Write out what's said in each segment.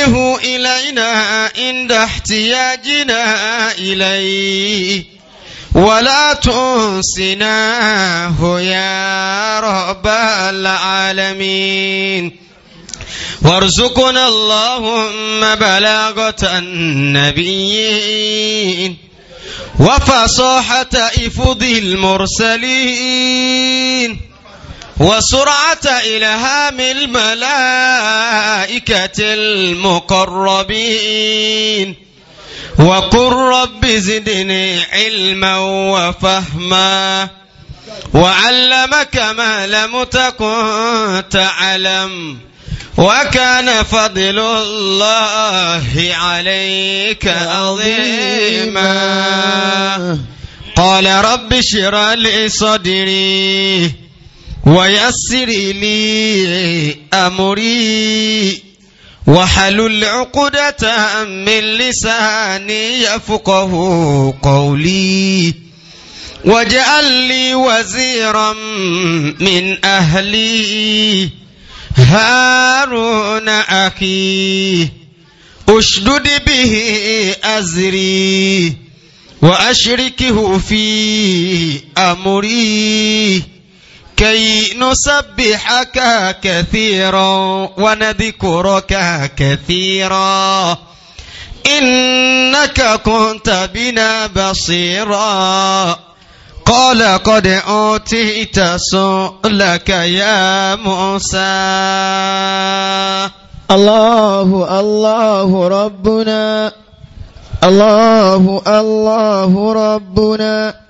يوجه إلينا عند احتياجنا إليه ولا تنسناه يا رب العالمين وارزقنا اللهم بلاغة النبيين وفصاحة إفض المرسلين وسرعة إلهام الملائكة المقربين وقل رب زدني علما وفهما وعلمك ما لم تكن تعلم وكان فضل الله عليك عظيما قال رب اشرح لي صدري ويسر لي أمري وحلل عقدة من لساني يفقه قولي واجعل لي وزيرا من أهلي هارون أخي أشدد به أزري وأشركه في أمري كي نسبحك كثيرا ونذكرك كثيرا إنك كنت بنا بصيرا قال قد أوتيت سؤلك يا موسى الله الله ربنا الله الله ربنا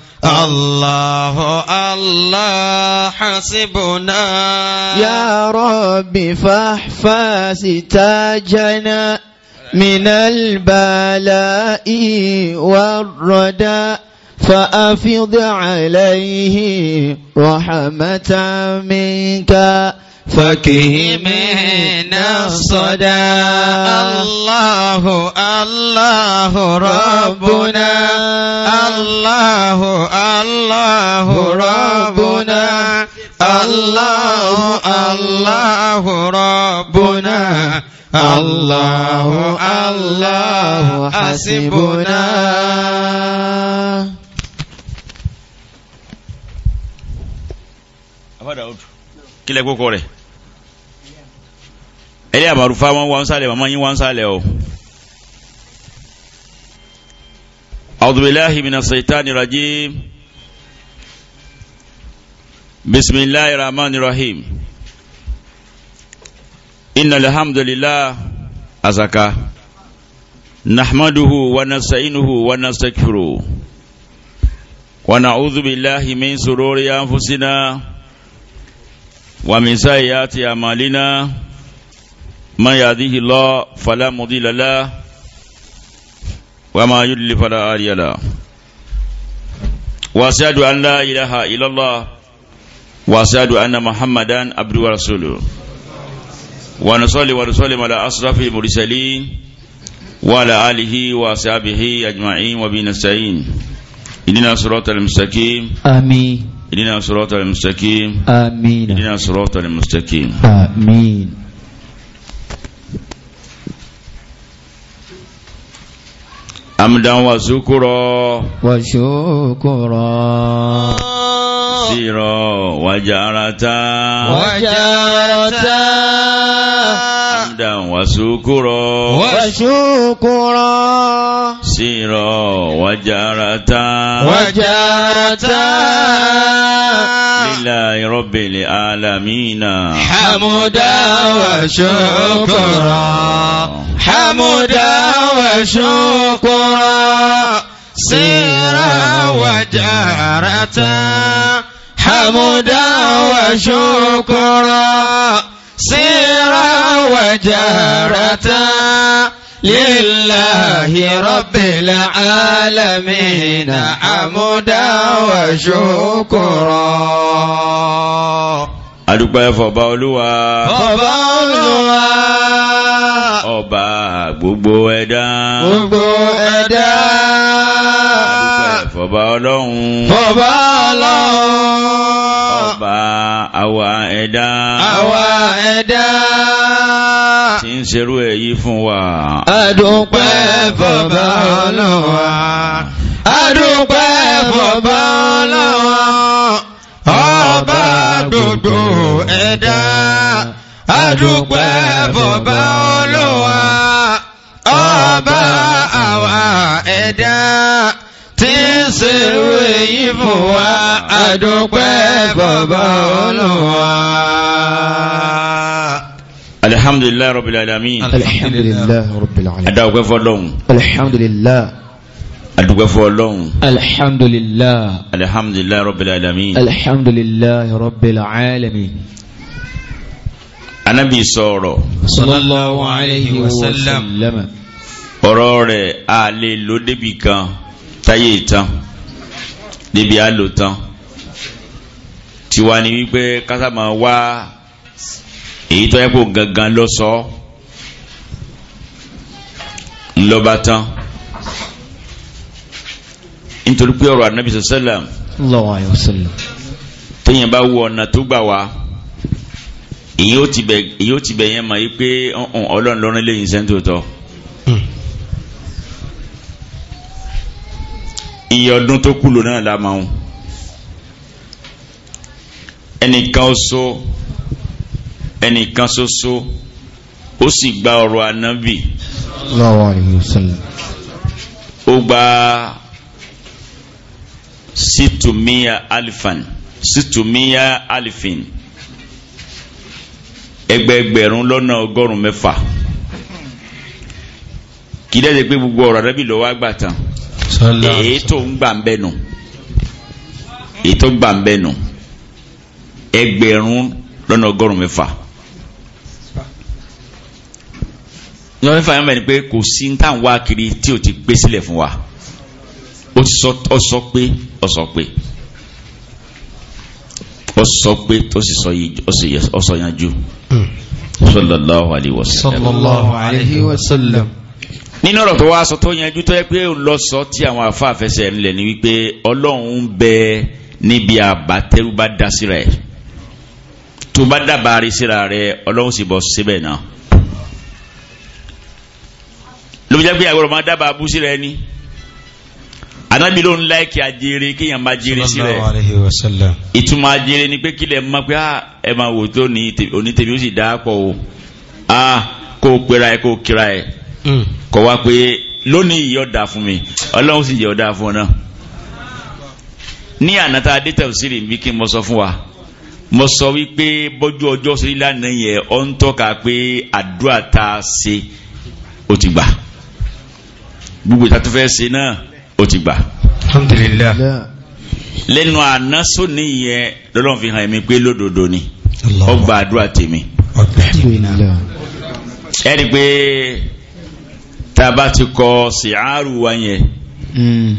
الله الله حسبنا يا رب فاحفظ تاجنا من البلاء والرداء فأفض عليه رحمة منك فقه من الصدى الله الله ربنا الله الله ربنا الله الله ربنا الله الله حسبنا আবার আউট কি লাগবো করে ẹlẹ́ àmàrúfá wọn wá ń sálẹ̀ màmá yín wá ń sálẹ̀ o. أعوذ بالله من الشيطان الرجيم بسم الله الرحمن الرحيم إن الحمد لله أزكى نحمده ونستعينه ونستغفره ونعوذ بالله من سرور أنفسنا ومن سيئات أعمالنا ما يهديه الله فلا مضل له وما يضل فلا هادي له واشهد ان لا اله الا الله واشهد ان محمدا عبده ورسوله ونصلي ونسلم على اشرف المرسلين وعلى اله وصحبه اجمعين وبنستعين اهدنا الصراط المستقيم امين اهدنا الصراط المستقيم امين اهدنا الصراط المستقيم امين حمدا وشكرا وشكرا سيرا وجارتا وجارتا حمدا وشكرا وشكرا سيرا وجارة وجارة لله رب العالمين حمدا وشكرا حمدا وشكرا سيرا وجارة حمدا وشكرا سرا وجارة لله رب العالمين حمدا وشكرا adúpẹ́ fọba olúwa fọba olúwa ọba gbogbo ẹ̀dá gbogbo ẹ̀dá ọba ọlọ́run. ọba ọlọ́run. ọba àwa ẹ̀dá. àwa ẹ̀dá. tí ń ṣerú ẹ̀ yìí fún wa. adúpẹ́ bàbá ọlọ́run wa. adúpẹ́ bàbá ọlọ́run wa. ọba gbogbo ẹ̀dá. adúpẹ́ bàbá ọlọ́run ọba àwa ẹ̀dá tí ń ṣerú èyí fún wa àdúpẹ́ bàbá olùwà. alhamdulilayi rabbil alamin. alhamdulilayi rabbil alamin. adúpẹ́ fọ́lọ́run. alhamdulilayi. adúpẹ́ fọ́lọ́run. alhamdulilayi. alhamdulilayi rabbil alamin. alhamdulilayi rabbil alamin. anabi sọ̀rọ̀. sallallahu alayhi wa sallam. ọ̀rọ̀ rẹ̀ a lè lo débi kan táyé ìtàn níbi àlò tán tiwa ni wípé kásámà wá èyí tó yẹ kó gangan lọ sọ ńlọba tán nítorí pé ọ̀rọ̀ ànábì sallam téèyàn bá wo ọ̀nà tó gbà wá èyí ó ti bẹ̀ yẹn mọ̀ yí pé ọlọ́run lọ́rùn lẹ́yìn sẹ́ńtò tọ́. iye ọdún tó kú lò náà la máa ń ẹnìkan ṣoṣo ẹnìkan ṣoṣo ó sì gba ọ̀rọ̀ ànábì ó gba situmiya alifan situmiya alifin ẹgbẹẹgbẹ̀rún lọ́nà ọgọ́rùn mẹ́fà kí dẹ́sẹ̀ pé gbogbo ọ̀rọ̀ ànábì ló wá tán èyí tó ń gbà ń bẹ nù èyí tó ń gbà ń bẹ nù ẹgbẹ̀rún lọ́nà ọgọ́rùn-ún mẹ́fà lọ́nà mẹ́fà yẹn mẹ́rin pé kò sí ní táwọn wá kiri tí o ti gbé sílẹ̀ fún wa ó sọ pé ó sọ pé ó sọ pé tó sì sọ yìí ó sọ yanjú hmm. sallallahu alayhi wa sallam. sallallahu alayhi wa sallam nínú ọ̀rọ̀ tó wá sọ tó yanjú tó yẹ pé lọ́sọ tí àwọn afáfẹsẹ̀ ńlẹ̀ ni wípé ọlọ́run ń bẹ níbi àbátẹ́rù bá dá síra ẹ̀ tó bá dábàá rí síra rẹ̀ ọlọ́run sì bọ̀ síbẹ̀ náà ló fi jẹ́ pé àgbọ̀rọ̀ máa dábàá bú síra ẹni anabi ló ń láìkí ajere kéèyàn máa jere sílẹ̀ ìtumọ̀ ajere ni pé kílẹ̀ máa pé ah, ẹ máa wò tó onítẹ̀bí ó sì dáa pọ̀ o ah, kó pera ẹ kó kira ẹ. Hmm. kọ wá pé lónìí yìí ọ̀dà fún mi ọlọ́run sì jẹ́ ọ̀dà fún ọ náà ní ànátà adé tẹ̀síìrì bí kí n mọ sọ fún wa mo sọ wípé bọ́jú ọjọ́ sí lánàá yẹn ọ ń tọ́ka pé àdúrà tá a ṣe ó ti gbà gbogbo ìta tó fẹ́ ṣe náà ó ti gbà. alhamdulillah. lẹ́nu àná sóní yẹn lọ́lọ́run fi hàn mí pé lódodo ni ó gba àdúrà tèmi. ẹni pé. tá a bá ti kọ ṣìárù wa yẹn hmm.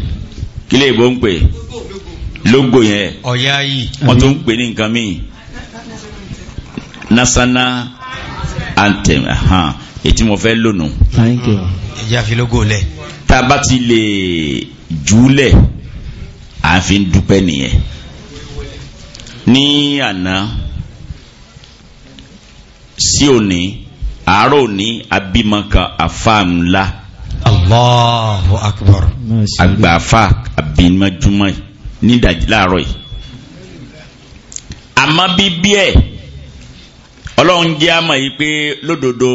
kí lè bó ń pè lógo yẹn ọ̀yá yìí wọ́n tún ń pè ní nǹkan míì national anthem ètí mo fẹ́ lónìí. thank you. ìjà hmm. fi lógo lẹ. tá a bá ti lè júlẹ̀ à ń fi dúpẹ́ nìyẹn ní àná sí òní. Si àárọ̀ ní abímọ kan àfáà ńlá. Allahu akbar. àgbà àfáà àbímọjúmọ́ yìí ní ìdajì láàárọ̀ yìí. àmọ́ bíbí ẹ̀ ọlọ́run jẹ́ àmọ̀ yìí pé lódodo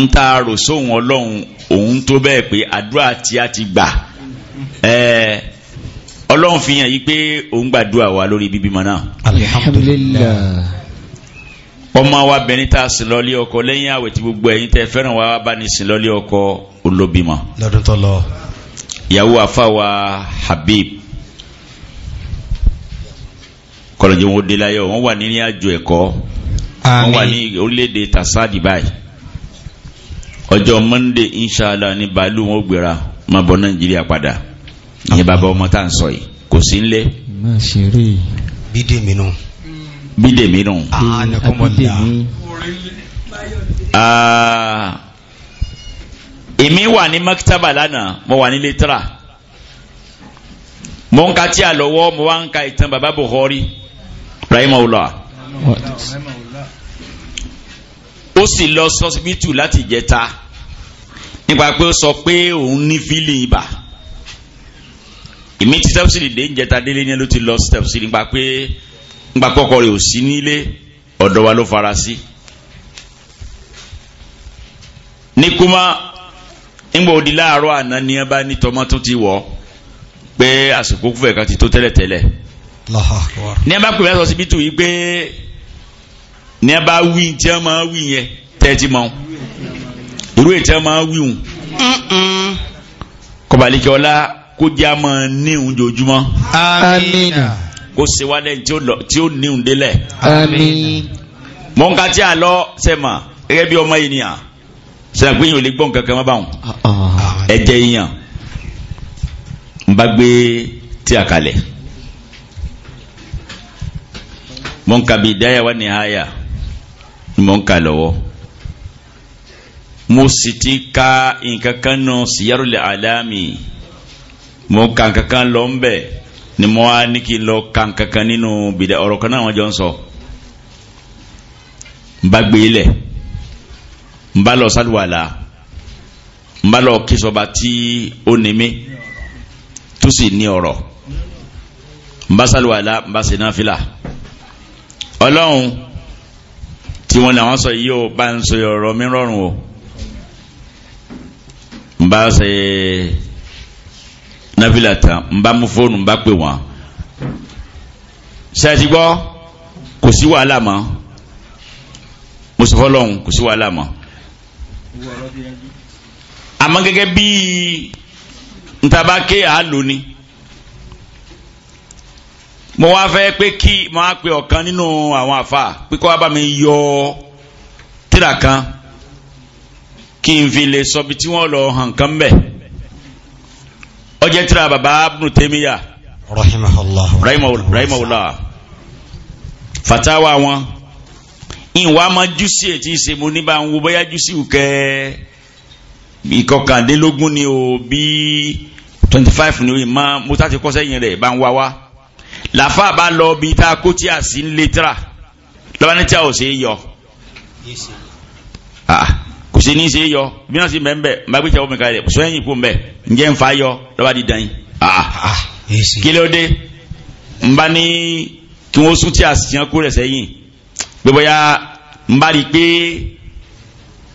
ń ta rò sóhun ọlọ́run òun tó bẹ́ẹ̀ pé àdúrà tí a ti gbà ẹ̀ẹ́ ọlọ́run fi hàn yìí pé òun gbàdúrà wa lórí bíbí náà. alhamdulillah ọmọ wa bẹni tá a sìn lọlé ọkọ lẹ́yìn àwẹ̀ tí gbogbo ẹ̀yin tẹ́ fẹ́ràn wa bá ní sìn lọlé ọkọ olóbìmọ. lọ́dún tó lọ. ìyàwó afa wa Habib kọlọjọ wọn dé láyọ̀ wọn wà nínú àjò ẹ̀kọ́ wọn wà ní orílẹ̀-èdè tasadi báyìí ọjọ́ Monday inshallah ní bàálù wọn gbéra máa bọ̀ Nàìjíríà padà ìyẹn bàbá ọmọ tá à ń sọ yìí kò sí ńlẹ̀. má ṣe rí No bídèmí nù. èmi wà ní maktaba lánàá mo wà ní létra mo ń ka tí a lọ́wọ́ mo wá ń ka ìtàn baba Bukhari rahimahullah ó sì lọ sọsibítù láti jẹta nípa pé ó sọ pé òun ní fílì ibà èmi ti steps dé ń jẹta délé ní ló ti lọ steps nípa pé ńgbà kọkọ rẹ̀ ò sí nílé ọ̀dọ̀ wa ló fara sí. ní kúmá ńgbà òdi láàárọ̀ àná ni ẹ bá ní tọmọ tó ti wọ̀ pé àsìkò kúfẹ̀ kan ti tó tẹ́lẹ̀tẹ́lẹ̀. ní ẹ bá pè mí àtọ́sí bí tù yí pé ní ẹ bá wí tí ẹ máa wí yẹn tẹ́ ẹ e ti mọ̀ irú ètí ẹ máa wí hùn kọ̀bálíkẹ́ ọlá kó jẹ́ àmọ́ ní oúnjẹ ojúmọ́. amina. amina kó ṣe wá lẹ́yìn tí ó níhùn délẹ̀. àmín. mọ nǹkan tí a lọ sẹ́mà gẹ́gẹ́ bí ọmọ ènìyàn sẹ́mà pé yìí ò lè gbọ́ nǹkan kan má báwọn. ẹ̀jẹ̀ yìnyàn n bá gbé tí a kalẹ̀. mọ nǹkan bíi dáyà wà ní àyà ni mọ nǹkan lọ́wọ́ mo sì ti ka nǹkan kan nù síyárò mo kà nǹkan lọ ń ni mo wá ní kí n lọ kan kankan nínú bìdà ọ̀rọ̀ kan náà wọ́n jọ ń sọ n bá gbé lẹ̀ n bá lọ sálùwàlà n bá lọ kí sọba tí ó ní mi tó n bá sálùwàlà n bá ṣe náfìlà ọlọ́run tí wọ́n làwọn sọ yìí ó bá ń sọ ọ̀rọ̀ mi rọrùn o n bá Se náfìlà tán n bá mú fóònù n bá pè wọ́n ṣáàtì gbọ́ kò sí wàhálà mọ́ mùsùlùmọ́ lọ́hùn kò sí wàhálà mọ́ àmọ́ gẹ́gẹ́ bíi ntaba ké àlò mo wá fẹ́ pé kí mo á pe ọ̀kan nínú àwọn àfa pé kó bá mi yọ tírà kan kí n fi lè sọ bí tí wọ́n lọ hàn kan bẹ́ẹ̀ ọjẹ́ tíra bàbá Ibn Taymiyyah rahimahullah fatawa wọn ìwà ma júsì ètí ìṣe mo ní bá ń wo bóyá júsì kẹ ìkọkàndínlógún ni o bí twenty five ni o ìmọ̀ mo tá ti kọ́ sẹ́yìn rẹ̀ bá ń wá wá làfà bá lọ bí tá a kó tí a sì ń lé tíra lọ́wọ́ ní tí a ò ṣe é yọ kò sí ní í ṣe yọ bí wọ́n sì bẹ̀ ń bẹ̀ ń bá gbé ìṣẹ́wọ́ mi kalẹ̀ sọ ẹ̀yìn kò ń bẹ̀ ń jẹ́ ń yọ lọ́ba di dan yìí. Ah, ah, ah. kí ló dé ní kí wọ́n sún tí a sìyàn kú rẹ̀ sẹ́yìn pé bóyá rí i pé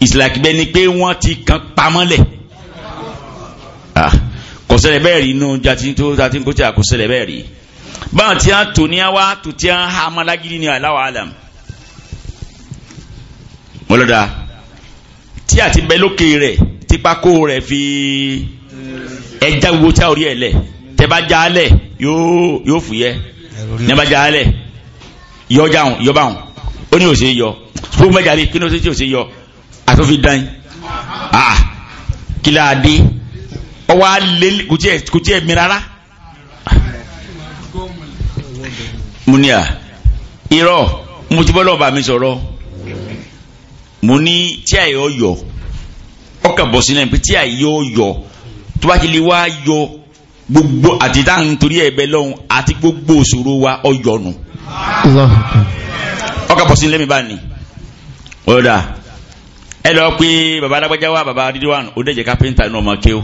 ìsìlàkíbẹ́ ni pé wọ́n ti kan pamọ́lẹ̀ kò bẹ́ẹ̀ rí inú jati tó jati kó tí a kò bẹ́ẹ̀ rí báwọn tí a tò ní a tó tí a ha amalagiri ni aláwọ̀ alam. wọ́n tí àti bẹ lókè rẹ̀ tipako rẹ̀ fi ẹja gbogbo tí a orí ẹ̀ lẹ̀ tẹ bá já lẹ̀ yóò yóò fúyẹ́ ní bá já lẹ̀ yọ já hùn yọ ó ní òsè yọ gbogbo mẹ́jà rí kí ní òsè tí òsè yọ àtúnfi dán ah kí la dé ọwọ́ alẹ́ kò tí ẹ̀ mi rárá mo ní mo ti bọ́ lọ́ọ̀bà mi sọ̀rọ̀ mo ní tí àyè ọ yọ ọkà bọ̀ sílẹ̀ pé tí àyè ọ yọ tó bá ti lè wá yọ gbogbo àti tá à ń torí ẹ̀ bẹ́ lọ́hùn àti gbogbo òṣòro wa ọ yọ nù. ọkà bọ̀ sílẹ̀ mi bá ọ̀dà ẹ lọ pé baba alágbájá wa baba adídíwàn ó dẹ̀jẹ̀ kápẹ́ńtà inú ọmọ kéw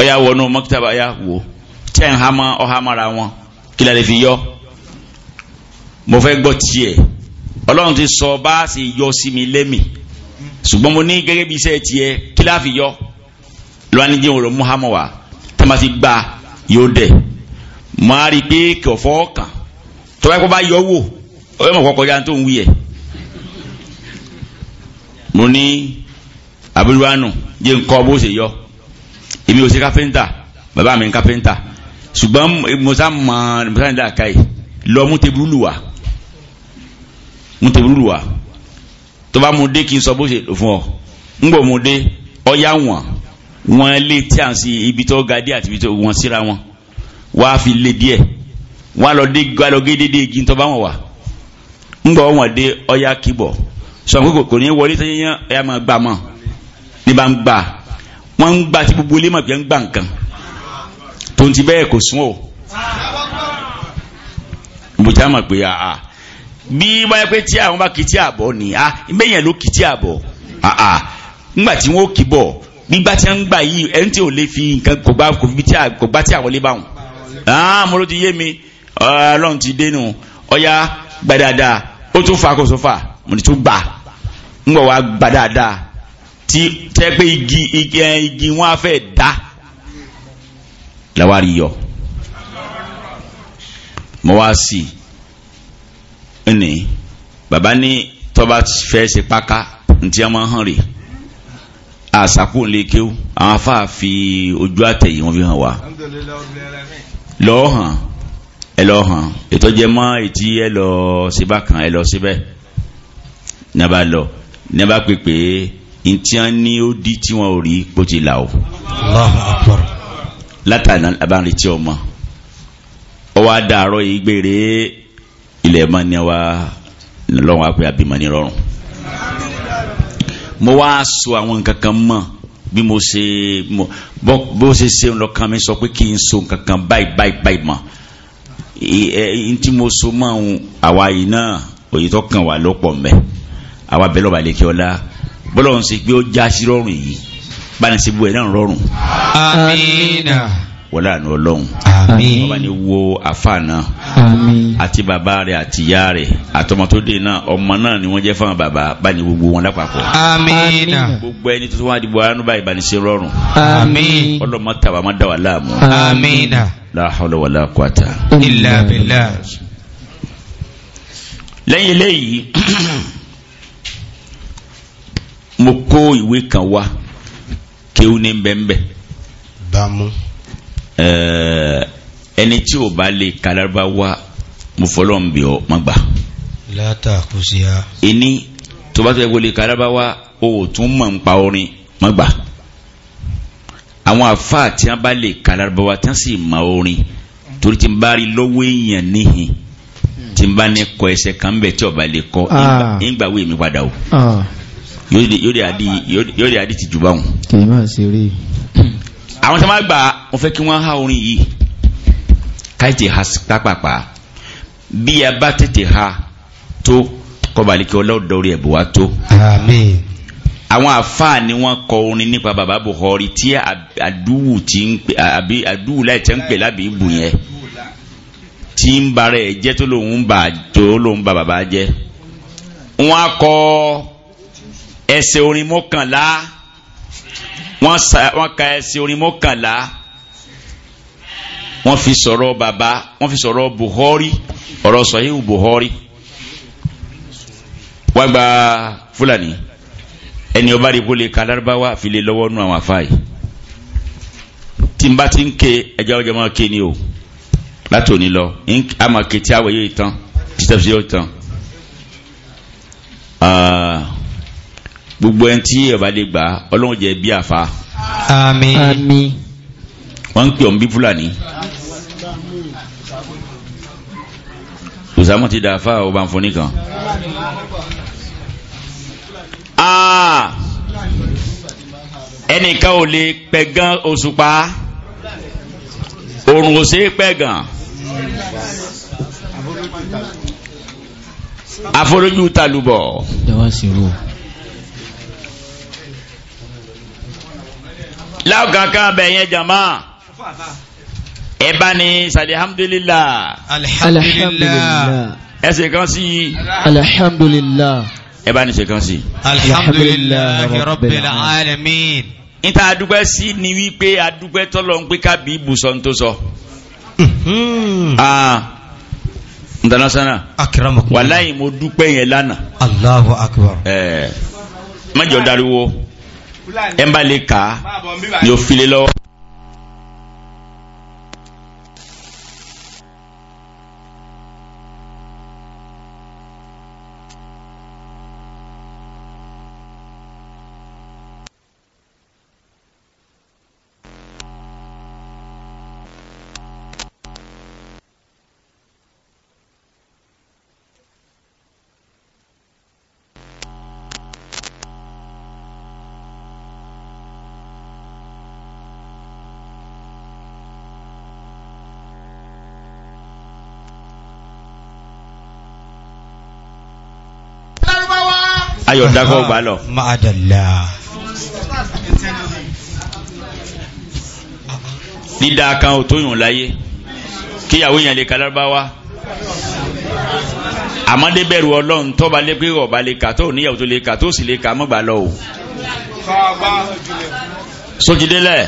ọ̀yà wọnú mọ́kítàbà ọ̀yà wò tẹ̀ ń hamọ́ ọ̀hámọ́ra wọn kí lálẹ́ fi yọ mo fẹ́ gbọ́ tiẹ̀ ọlọ́run ti sọ bá a sì yọ sí mi lẹ́mì ṣùgbọ́n mo ní gẹ́gẹ́ bí iṣẹ́ tiẹ̀ kí láà yọ lọ́wọ́n òrò muhammed wa tí wọ́n ti gbà yóò dẹ̀ mo á rí i pé kọ̀fọ́ kan tó bá yẹ bá yọ wò ọyọ́ mọ̀ kọ́kọ́ ya tó ń wí ẹ̀ mo ní abúlúwánù jẹ́ nǹkan bó ṣe yọ èmi ò ṣe káfíńtà bàbá mi ń káfíńtà ṣùgbọ́n mo sá mọ̀ ọ́n mo sá ń dà ká yìí lọ́mú tebúlù ń tẹ rúlù wa tó bá mu dé kí n sọ bó ṣe lò fún ọ ń gbọ́ mu dé ọyá wọn wọn lé tí à ń sí ibi tó ga dé àti ibi tó wọn síra wọn wá fi lé díẹ̀ wọn lọ dé gba lọ igi tó bá wọn wà ń gbọ́ wọn dé ọyá kíbọ̀ sọ̀rọ̀ kò ní wọlé tó yẹn ẹ̀yà máa gbà mọ́ ní bá ń gbà wọ́n ń gbà tí gbogbo ilé mọ̀ pé ń gbà nǹkan tó ń ti bẹ́ẹ̀ kò sún ọ́ bùjá mọ̀ pé àà bí wáyé pé tí àwọn bá kì í tí àbọ̀ ni a mẹ́yìn ló kì í tí àbọ̀ àà ńgbà tí wọ́n kì í bọ̀ nígbà tí wọ́n gbà yìí ẹni tí ò lè fi nǹkan kò bá kò fi kò bá tí àwọn lè bá wọn. àà mo ló ti yé mi ọlọ́run ti dénú ọ̀ya gbà dáadáa ó tún fa kó tó fa mo ní tún gbà ńgbà wá gbà tí tẹ́ pé igi igi wọn á fẹ́ dá làwárí yọ mo wá sí i ẹnì bàbá ní tọ́ba fẹ́ ṣe páká ntí a máa hàn rè àṣàkó ńlẹ̀ kéwù àwọn afáà fi ojú àtẹ̀yìn wọn fi hàn wá lọ́ọ́ hàn ẹ lọ́ọ́ hàn ètò jẹ mọ́ ètí ẹ lọ síbà kan ẹ lọ síbẹ̀ ní a bá lọ ní a bá pè pé ntí a ó di tí wọn ò rí bó ti là o látàlá abáńretí ọmọ ọwọ́ adarọ̀ yìí gbére ilẹ̀ máa ní wa lọ́wọ́ àpè àbímọ ní rọrùn mo wá so àwọn nǹkan kan mọ̀ bí mo ṣe bó ṣe ṣe ń lọ́kàn mi sọ pé kí n so nǹkan kan báyìí báyìí báyìí mọ̀ n tí mo so mọ́ àwọn àwa yìí náà òye tó kàn wá lọ́pọ̀ mẹ́ àwa bẹ́ẹ̀ lọ́ba lè kí ọlá bọ́lá òun ṣe pé ó já sí rọrùn yìí bá ní ṣe bu ẹ̀ náà rọrùn. amiina wọ́n láàánú ọlọ́run àmín ọba ni wo àfa náà àmín àti bàbá rẹ̀ àti ìyá rẹ̀ àtọmọ tó dé náà ọmọ náà ni wọ́n jẹ́ fáwọn bàbá bá ní gbogbo wọn lápapọ̀ àmín gbogbo ẹni tuntun wọn àdìbò aránú báyìí bá ní ṣe rọrùn àmín ọlọ́mọ tàbá má dá wà láàmú àmín la hawla wala quwata illa billah lẹ́yìn eléyìí mo kó ìwé kan wá kéwú ní bẹ́ńbẹ́ bámu. Eh, ẹni tí ò bá lè kalaba wa mo fọlọ́ ń bẹ̀ ọ́ má gbà. látà kò sí a. ìní tó bá tó yẹ kó lè kalaba wa o ò tún mọ̀ ń pa orin má gbà. àwọn àfáà tí wọn bá lè kalaba wa tí wọn sì mọ orin torí tí n bá rí lọ́wọ́ èèyàn níhìn tí n bá ní kọ ẹsẹ̀ kan bẹ̀ tí ọba lè kọ ah. ìgbà wo èmi padà o ah. yóò de àdí tìjú báwọn. kì í máa ṣeré àwọn tí wọ́n gbà wọ́n fẹ́ kí wọ́n há orin yìí káyìtì ha pápápá bí a bá tètè ha tó kọbalẹ̀kẹ́ ọlọ́dọ̀ rẹ̀ bò wá tó. àwọn àfáà ni wọ́n kọ orin nípa bàbá Buhari tí àdúwù tí ń pè àbí àdúwù láì tẹ́ ń pè lábì í bù yẹn tí ń bara ẹ̀ jẹ́ tó lòun ń bà tó lòun bà bàbá jẹ́. wọ́n kọ ẹsẹ̀ orin mọ́kànlá wọ́n ka ẹsẹ̀ orin mọ́kànlá wọ́n fi sọ̀rọ̀ bàbá wọ́n fi sọ̀rọ̀ Buhari ọ̀rọ̀ sọ̀híhù Buhari wọ́n gba Fúlàní ẹni ọba rí kó lè ka lárúbáwá fi lè lọ́wọ́ nú àwọn afáì tí n bá ti ń ké ẹjọ́ ọjọ́ máa ké ni o láti òní lọ a máa ké tí awọ yóò tán títẹ̀ sí yóò tán gbogbo ẹni tí ẹ bá lè gbà ọlọ́run jẹ bí àfa. àmín. àmín. wọ́n ń pè ọ́n bí fúlàní. òsàmù ti dà fa ọba nfoni kan. Ah! ẹnìkan ò lè pẹ́ gan òṣùpá òrùn ò ṣeé pẹ́ gan àforójú talùbọ̀. láwùkankan bẹ̀ yẹn jama ẹ bá ní sàdé alhamdulillah alhamdulillah ẹ ṣe kan sí alhamdulillah ẹ bá ní ṣe kan sí alhamdulillah rabbil alamin níta adúgbẹ́ sí ni wípé adúgbẹ́ tọ́lọ ń pé kábí ibùsọ̀ tó sọ mhm. ah, international wàláyé mo dúpẹ́ yẹn lánàá Allahu akbar ẹ eh, má jọ dariwo ẹ̀ ń bá lè kà á yóò file lọ́wọ́. yọ̀ǹda kọ́ gbà lọ. dídá kan ò tó yùn láyé kíyàwó yẹn lè kalárúbáwá àmọ́dé bẹ̀rù ọlọ́run tọ́ba lé pé ọba lè kà tó níyàwó tó lè kà tó sì lè kà mọ́gbà lọ o. sójúdélẹ̀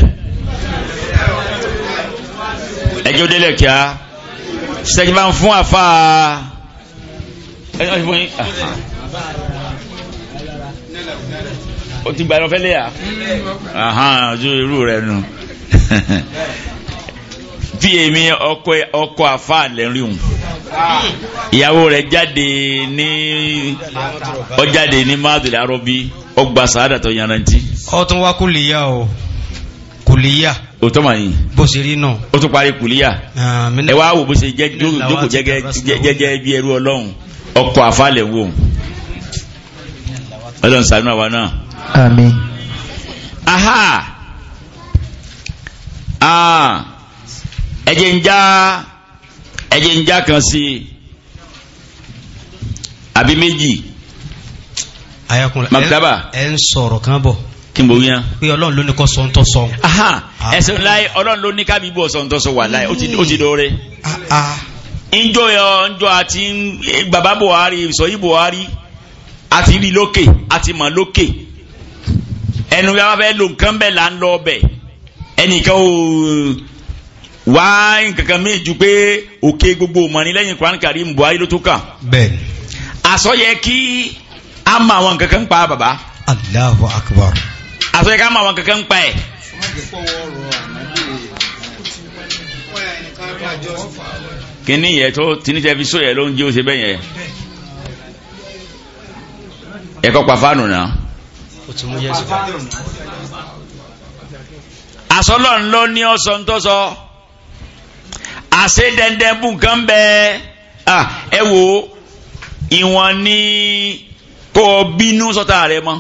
ẹjọ́ délẹ̀ kíá sẹ́jú bá ń fún àfa o ti gba ẹran fẹ́lẹ́ yà ojú irú rẹ nù fi èmi ọkọ ọkọ àfa lẹ́rìhùn ìyàwó rẹ̀ jáde ní ọjáde ní madul arọbí ọgbà sàádà tó yanrantí. ọtún wá kúlìyà o kùlíyà o tó ma yìí bó ṣe rí náà o tó parí kùlíyà ẹ wá wò bó ṣe jókòó jẹ́gẹ́ bí ẹrú ọlọ́run ọkọ̀ àfàlẹ̀ wò ọlọ́run ṣàánú àwa náà àmín aha ah ẹ̀jẹ̀ ń já ẹ̀jẹ̀ ń já kan sí àbí méjì ayakun maktaba ẹ ń sọ̀rọ̀ kan bọ̀ kí n bò yán. pé ọlọ́run ló ní kọ́ sọ́ńtọ́ sọ. Ah. ẹsẹ̀ láì ọlọ́run ló ní kábíbí ọ̀ sọ́ńtọ́ sọ wà láì ó ti dóore. Ah, ah. njọ yọ njọ àti baba Buhari sọyí Buhari àti rí lókè àti mọ̀ lókè ẹnu bí a bá fẹ́ lo nǹkan bẹ́ẹ̀ là ń lọ ọbẹ̀ ẹnìkan ò wá nǹkankan mi ju pé òkè gbogbo mọ̀ni lẹ́yìn Quran Karim Buhari ló tó kàn. bẹ́ẹ̀ni. àsọyẹ kí a mọ àwọn nǹkankan pa bàbá. Allahu Akbar. àsọyẹ ká mọ àwọn nǹkankan pa ẹ̀. kíní yẹ tó tinítẹ́ fi sóyẹ ló ń jẹ́ òṣèbẹ́ yẹn ẹ̀kọ́ pa fáànù náà ó ti mú yẹ́sù wá. àsọlọ́ ń lọ ní ọ̀sán tó sọ àṣẹ dandan bù kan bẹ́ẹ̀ ẹ wo ìwọ̀n ní kó o bínú sọ́tà rẹ mọ́.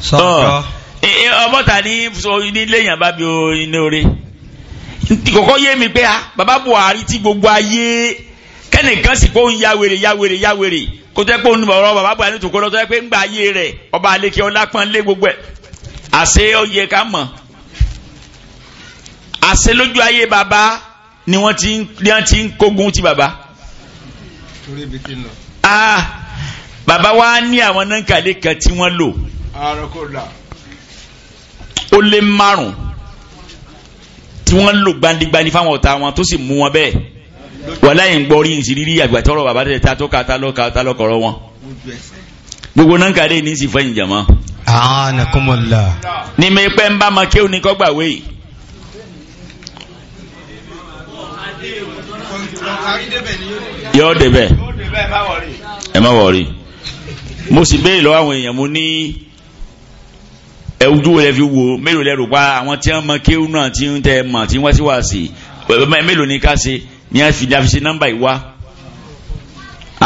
sọ́tà ní ilé yẹn bá bí o inú rẹ yé mi pé a bàbá Buhari ti gbogbo ayé kẹ́nìkan sì kó ń ya wèrè ya wèrè ya wèrè kó tó yẹ kó ń bọ̀ ọ̀rọ̀ bàbá Buhari tó kó lọ tó yẹ pé ń gba ayé rẹ̀ ọba àlekè ọlápọ̀n lé gbogbo ẹ̀ àṣẹ ọyẹ ká mọ̀ àṣẹ lójú ayé bàbá ni wọ́n ti ń kógun ti bàbá. ah bàbá wa ní àwọn nankàlẹ́ kan tí wọ́n lò ó lé márùn-ún tí wọ́n lò gbandigbani fáwọn ọ̀tá wọn tó sì mú wọn bẹ́ẹ̀ wàhálà yìí ń gbọ́ rí ìṣìrírí àgbàtọ́rọ̀ bàbá tẹ̀ ta tó ka ta lọ́ ka ta lọ́ kọ̀rọ̀ wọn. gbogbo náà kàdé ní sì fẹ́ ìjàmọ́. anakumola. ní mi pẹ́ ń bá ma kéwù ní kọ́gbà wéyì. yóò débẹ̀ ẹ má wọ̀rí mo sì béèrè lọ́wọ́ àwọn èèyàn mo ní ẹ̀wùjú rẹ̀ fi wo mélòó lẹ́rù pa àwọn tí wọ́n mọ kéwù náà tí ń tẹ́ mọ̀ tí wọ́n ti wá sí mélòó ni ká ṣe ní àfihàn àfihàn nọ́mbà yìí wá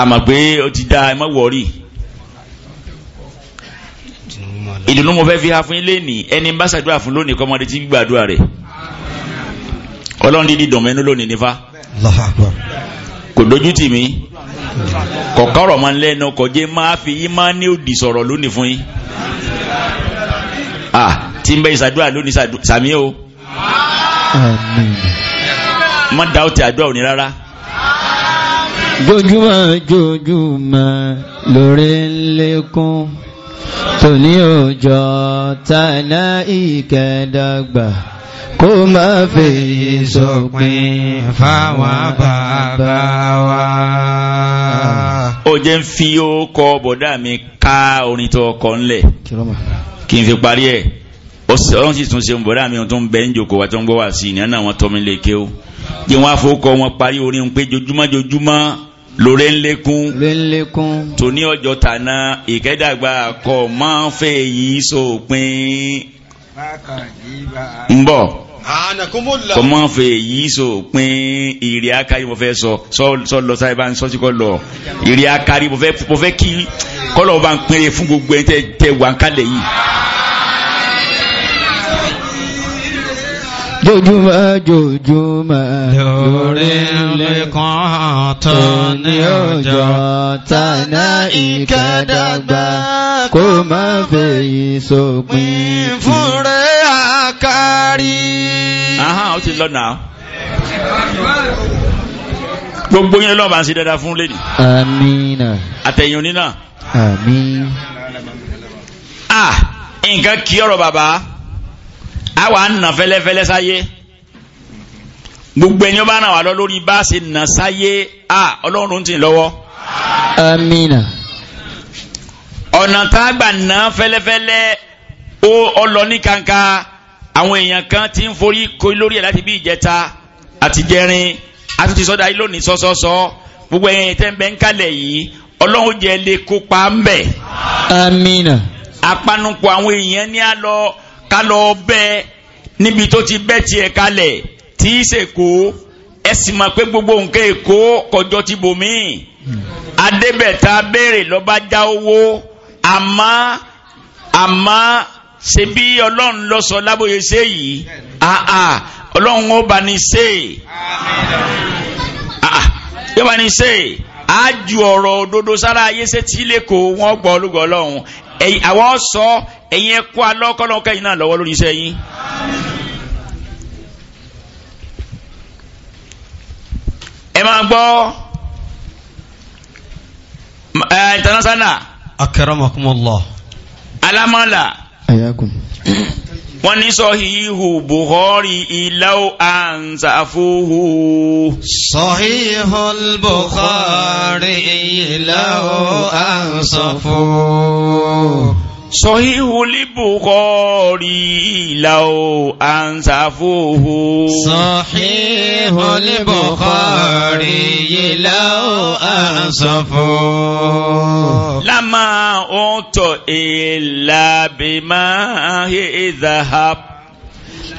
àmọ́ pé ó ti da ẹ má wọrí ìdùnnú mo fẹ́ fi ha fún ilé ní ẹni bá ṣàdúrà fún lónìí kọ́mọdé tí gbàdúrà rẹ̀ ọlọ́run dídì dọ̀mẹ́nu lónìí nífa kò dojú tì mí kọ̀kọ́rọ̀ máa ń lẹ́nu kọjẹ́ máa fi yí máa ní òdì sọ̀rọ̀ lónìí fún yín tí ń bẹ́ ìṣàdúrà lónìí sàmí o. Amen má dáwọ́ ti àdúrà òní rárá. jojúmọ́ jojúmọ́ lórí lékún tòní òjò tàná ìkẹdàgbà kó má fèyí sọpin fáwọn bàbá wa. ó jẹ́ ń fi ó kọ bọ̀dá mi ká orin tó kọ ńlẹ̀ kí n fi parí ẹ̀ ọlọ́run sì tún ṣe ń bọ̀dá mi tó ń bẹ ń jòkó wa tó ń gbọ́ wá sí ìnáná wọn tọ́ mi lè ké o jẹ́ wọn àfọwọ́kọ wọn parí orin pé jojúmọ́ jojúmọ́ lóore ń lékún lóore ń lékún tòní ọjọ́ tàná ìkẹ́dàgbà kọ́ máa ń fẹ́ yìí sópin ń bọ̀ kọ́ máa ń fẹ́ yìí sópin ìrì akari mo fẹ́ sọ sọ lọ sáré bá ń sọ sí kọ́ lọ ìrì akari mo fẹ́ kí kọ́lọ́ bá ń pèrè fún gbogbo ẹ̀ tẹ́ wà ń kálẹ̀ yìí. jojúmọ́ jojúmọ́ lórí lẹ́kàn tó ní ọjọ́ tánà ìkẹ́dàgbà kó má fèyí sópin fúnrẹ́ àkárí. ahán ó ti lọ́nà gbogbo yẹn lọ́ba ń ṣe dáadáa fún lẹ́nì. amina. àtẹ̀yìn oní náà. àmín. ah nǹkan kí ọ̀rọ̀ bàbá a wà nà fẹ́lẹ́fẹ́lẹ́ sáyé gbogbo ẹni ó bá nà wà lọ lórí bá a ṣe nà sáyé a ọlọ́run ti lọ́wọ́. amina. ọ̀nà tá a gbà nà fẹ́lẹ́fẹ́lẹ́ ó ọlọ ní kankan àwọn èèyàn kan ti ń forí ko lórí ẹ̀ láti bí ìjẹta àti jẹrin àti ti sọ́dọ̀ ayé lónìí sọ́sọ́sọ́ gbogbo ẹ̀yìn tẹ́ ń bẹ ń kalẹ̀ yìí ọlọ́run jẹ́ lè kópa ń amina. apanupọ̀ àwọn èèyàn ní a lọ ká lọ bẹ́ níbi tó ti bẹ́ tiẹ̀ kalẹ̀ tí í ṣe kó ẹ sì mọ̀ pé gbogbo nǹkan èkó kọjọ ti bò mí adébẹ̀ta béèrè lọ́ba já owó àmọ́ àmọ́ ṣe bí lọ sọ lábòye ṣe yìí àà ọlọ́run ó bá ní ṣe yóò bá ní ṣe àjù ọ̀rọ̀ òdodo sára ayé ṣe tí lè kó wọ́n gbọ́ olúgbọ́ ọlọ́run ẹ̀yìn àwọn sọ ẹ̀yìn ẹ̀kọ́ alọ́kọ́lọ́kọ́ yìí náà lọ́wọ́ lórí iṣẹ́ yín. ẹ máa gbọ́ international. akramakumullah. alamala. ayakum wọ́n ní sọ́híhù bukhari ilau ansafuhu. sọ́híhù bukhari ilau ansafuhu. صحيح البخاري لو أنصفوه صحيح البخاري لو أنصفوه لما أنت إلا بما ذهب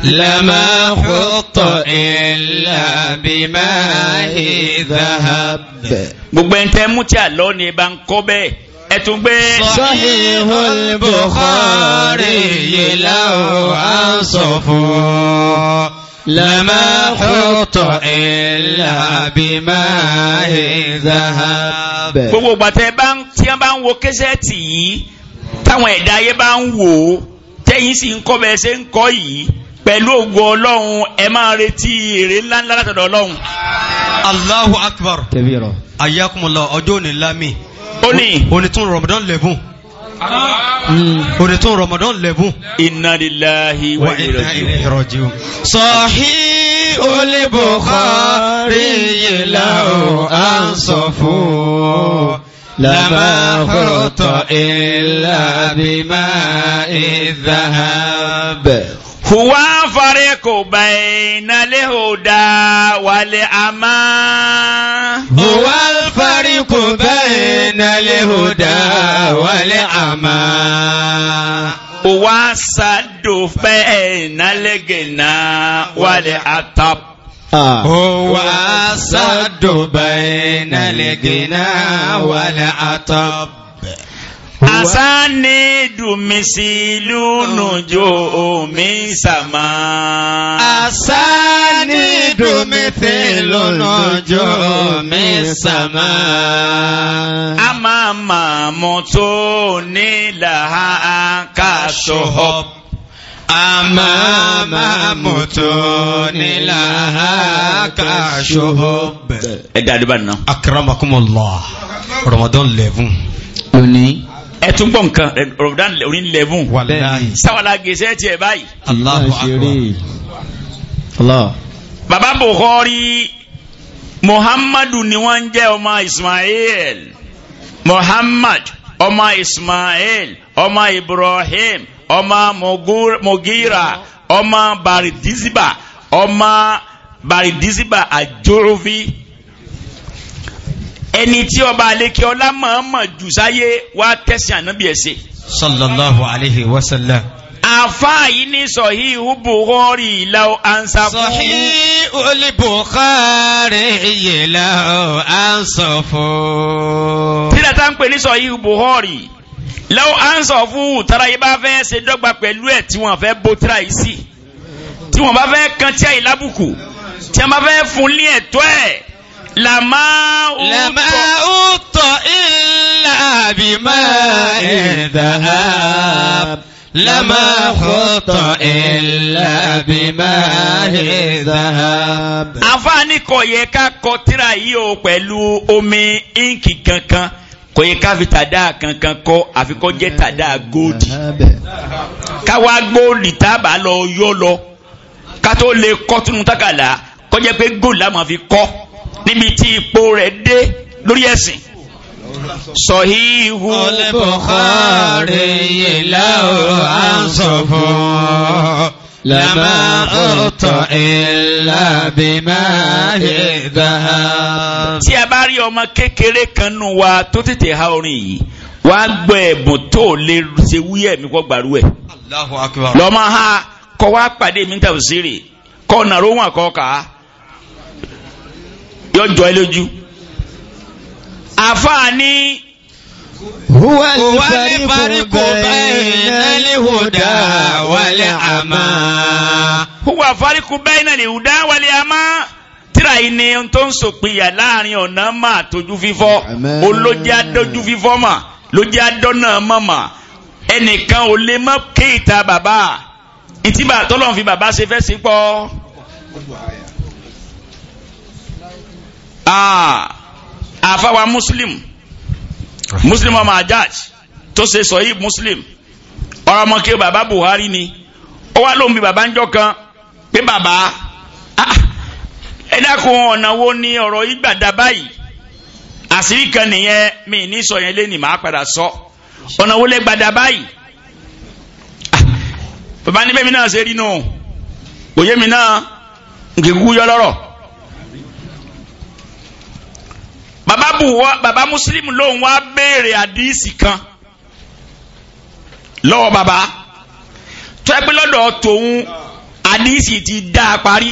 لما حط إلا بما ذهب gbogbo ẹntẹ mú tí àlọ́ ni bá ń kọ́ bẹ́ẹ̀ ẹ̀tún gbé Sahihul Bukhari yìláwó à ń sọ fún lama hutọ illa bima'i zahab gbogbo gbàtẹ́ tí wọ́n bá ń wo kẹ́sẹ̀tì yìí táwọn ẹ̀dá ayé bá ń wò ó tẹ́yìn sì ń kọ́ bẹ́ẹ̀ ṣe ń kọ́ yìí pẹ̀lú ògo ọlọ́run ẹ máa retí èrè ńláńlá látọ̀dọ̀ ọlọ́run. Allahu akbar. tẹ̀bí ọjọ́ òní lámì ó ní. ó ní tún Ramadan lẹ́bùn. ó ní tún Ramadan lẹ́bùn. Inna lillahi wa inna ilayhi raji'un. Sahihul Bukhari yìí làwọn à ń sọ fún. لما خرط إلا بماء الذهب هو فريق بين الهدى والأمان التفريق بين الهدى والعمى وصد بين الغنى والعطب هو صد بين الغنى والعطب asanidu misilu nujo mi sama. asanidu misilu nujo mi sama. ama mamu tó ní laha ka sohob. ama mamu tó ní laha ka sohob. ẹ dáadé bá nínú. akramakumullah Ramadan eleven. lónìí ẹ tún gbọ́ nǹkan rọ̀dán orí lẹ́bùn sáwàlá gèsè báyìí. Allahu Akbar. bàbá Bukhari muhammadu ni wọ́n ń ọmọ Ismail muhammad ọmọ Ismail ọmọ Ibrahim ọmọ Mugira ọmọ Baridiziba ọmọ Baridiziba àjòrúfi ẹni tí ọba àlékè ọlá mọ̀ọ́mọ̀ jù sáyé wá tẹ̀sìn ànábì ẹ̀sẹ̀. sallallahu alayhi wa sallam. àfáà yìí ní sọ̀híhù bukhari ìlàó ansafu. sọ̀híhù li bukhari ìlàó ansafu. tíra tá ń pè ní sọ̀híhù bukhari ìlàó ansafu tara yìí bá fẹ́ ṣe dọ́gba pẹ̀lú ẹ̀ tí wọ́n fẹ́ bó tíra yìí sí tí wọ́n bá fẹ́ kan tí àyè lábùkù tí wọ́n bá fẹ́ fún ní ẹ̀tọ́ ẹ̀ làmá útọ̀ ilà bímá ìdáhàb làmá útọ̀ ilà bímá ìdáhàb. àfáàní kò yẹ ká kọ tírà yìí o pẹ̀lú kankan kò yẹ ká fi tàdá kankan kọ àfi kó jẹ́ tàdá góòdì káwá góòdì tábà lọ yọ lọ ká tó lè kọ́ tunu tákàlà kọjá pé góòdì la fi kọ́ níbi tí ipò rẹ̀ dé lórí ẹ̀sìn sọ̀híhù Bukhari ìlà ọ̀rọ̀ à ń sọ fún lámà ọ̀tọ̀ ìlà bí máa dá. tí a bá rí ọmọ kékeré kan nù wa tó tètè há orin yìí wá gbọ́ ẹ̀bùn tó lè ṣe wúyẹ̀ mi kọ́ gbàrú ẹ̀. lọ́mọ ha kọ́ wá pàdé mi tàbí sírè kọ́ nàró wọn kọ́ kàá yọjọ́ ẹ lójú. àfààní. هو الفريق بين الهدى والعمى هو الفريق بين الهدى والعمى tíra yìí ni ohun tó ń sòpinya láàrin ọ̀nà mà tójú fífọ́ olójì adójú fífọ́ mà lójì adọ́nà mọ̀ mà ẹnìkan ò lè mọ kéèta bàbá ìtìbà tọ́lọ́run bàbá ṣe fẹ́ sí pọ́. afa ah, wa muslim muslim ọmọ ajaj to se sọ yìí muslim ọ̀rọ̀ ọmọ ke baba buhari ni ó wá lóun bí baba ń jọ kan pé baba ah, ẹ dákun ọ̀nà wo ni ọ̀rọ̀ yìí gbàdá báyìí àṣírí kan nìyẹn mi ní sọ yẹn lẹ́nìí máa padà sọ ọ̀nà wo lẹ gbàdá báyìí ah, baba níbẹ̀ mi náà ṣe rí nù òye mi náà nkè kúkú yọ lọ́rọ̀ Baba, buwa bàbá muslim lòun wa béèrè àdìsí kan lọ́wọ́ baba, tó ẹ pé lọ́dọ̀ tòun àdìsí ti dá a parí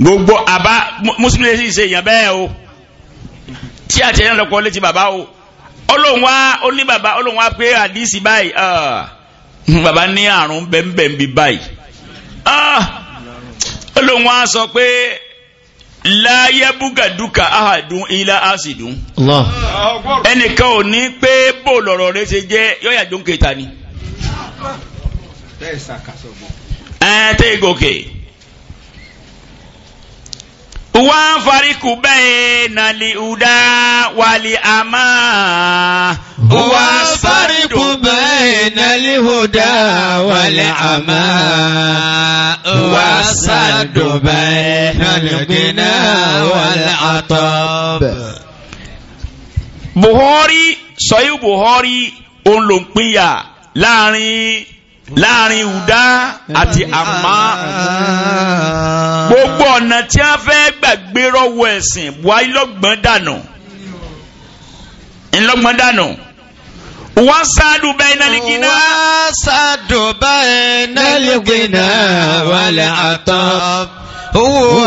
gbogbo àbá muslim lè ṣe èèyàn bẹ́ẹ̀ o tí àti ẹ̀yàn lọ́kọ́ létí bàbá o olóhùn wa ó ní bàbá olóhùn wá pé àdìsí báyìí bàbá ní àrùn bẹ́ẹ̀nbẹ́ẹ̀n bí báyìí olóhùn wa sọ pé láyébúgà dúkà áhàdún ilá àṣìdún ẹnìkan ò ní pé bó lọ̀rọ̀ rẹ ṣe jẹ́ yọ́yà jókè ta ni. ẹ tẹ́ ìgòkè. وفرق بين الهدى والعمى وفرق بين الهدى والعمى وصد بين الغنى والعطب Buhari sọyí Buhari òun ló ń pínyà láàrin láàrin ìwúdá àti àmá gbogbo ọ̀nà tí a fẹ́ gbàgbé rọ́wọ́ ẹ̀sìn buhari lọ́gbọ́n dànù ńlọ́gbọ́n dànù wọ́n sáàdù bẹ́ẹ̀ nẹ́lì gínà wọ́n sáàdù bẹ́ẹ̀ nẹ́lì gínà wàlẹ̀ àtọ́ هو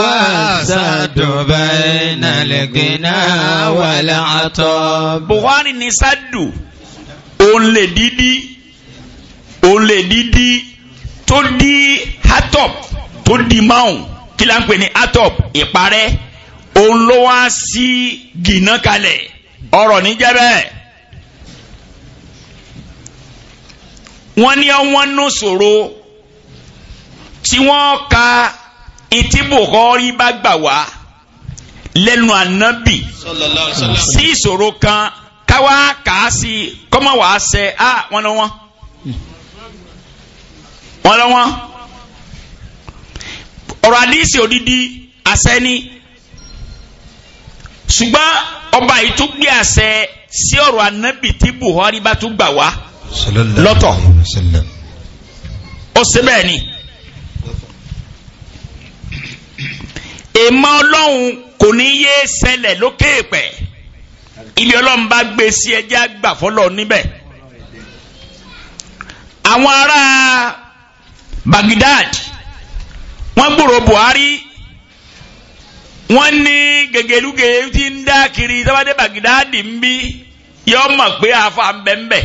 سد بين الغنى والعطب Buhari ni sádù òun lè dídí òun lè dídí tó dí atop tó dí máwùn kí la ń pè ní atop ìparẹ́ òun ló wá sí gìnà kalẹ̀ ọ̀rọ̀ níjẹ́ bẹ́ẹ̀. wọ́n ní wọ́n nù sòro tí wọ́n ka ìtìbùkọ́rí bá gbà wá lẹ́nu ànábì sí ìṣòro kan káwá kàá sí kọ́mọ̀wá sẹ́ ah wọ́n lọ́wọ́n wọn lọ wọn ọ̀rọ̀ àdìsí odidi àṣẹ ni ṣùgbọ́n ọba yìí tún gbé àṣẹ sí ọ̀rọ̀ anábì tí Buhari bá tún gbà wá lọ́tọ̀ ó ṣe bẹ́ẹ̀ ni èèmọ̀ ọlọ́run kò ní yé ṣẹlẹ̀ lókè pẹ̀ ilé ọlọ́run bá gbé sí ẹjẹ́ àgbà fọlọ́ níbẹ̀ àwọn ará Baghdad wọn gburu Buhari wọn ní gègéluge tí ń dá kiri sábàdé Baghdad ń bí yọ mọ̀ pé afa ń bẹ̀ ń bẹ̀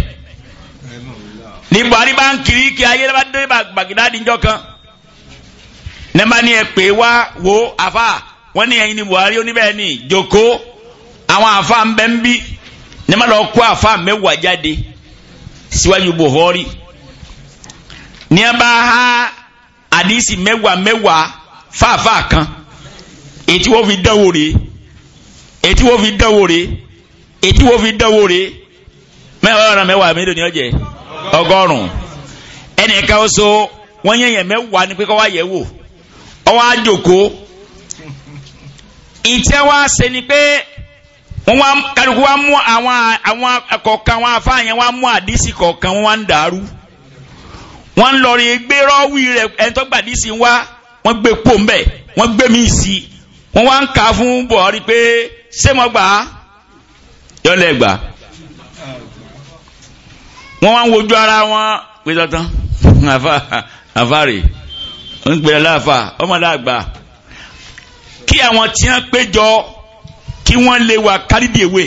ní Buhari bá ń kiri kí ayé sábàdé Baghdad ńjọ kan nẹ́ẹ̀ma ni ẹ wá wo afa wọ́n ní ẹyin ni Buhari oníbẹ̀ ni joko àwọn afa ń bẹ̀ ń bí nẹ́ẹ̀ma lọ kó afa mẹ́wàá jáde síwájú Buhari. Si ní a bá há àdísì mẹ́wàá mẹ́wàá fáfá kan ètí wọ́n fi dánwò rè ètí wọ́n fi dánwò rè ètí wọ́n fi dánwò rè mẹ́wàá ọ̀ràn mẹ́wàá mélòó ni ó jẹ́ ọgọ́rùn-ún ẹnìkan ó so wọ́n yẹ̀yẹ̀ mẹ́wàá ni pé kọ́ wá yẹ̀ wò ọwọ́ àjòkó ìtẹ́ wá ṣe ni pé wọ́n wá kálukú wá mú àwọn àkọ̀ọ̀kan wọn afáàyàn wá mú àdísì kọ̀ọ̀kan wọn wá ń dàrú wọ́n ń lọ rí gbé rọ́wì rẹ̀ ẹni tó gbàdí sí wá wọ́n gbé pò ń bẹ̀ wọ́n gbé mí sí wọ́n wá ń kà fún Buhari pé ṣé mo gbà á yọlẹ̀ gbà wọ́n wá ń wojú ara wọn pé dandan àfàrè ń pè é láàfà ọmọdé àgbà kí àwọn tí wọ́n péjọ kí wọ́n lè wà kárídìwé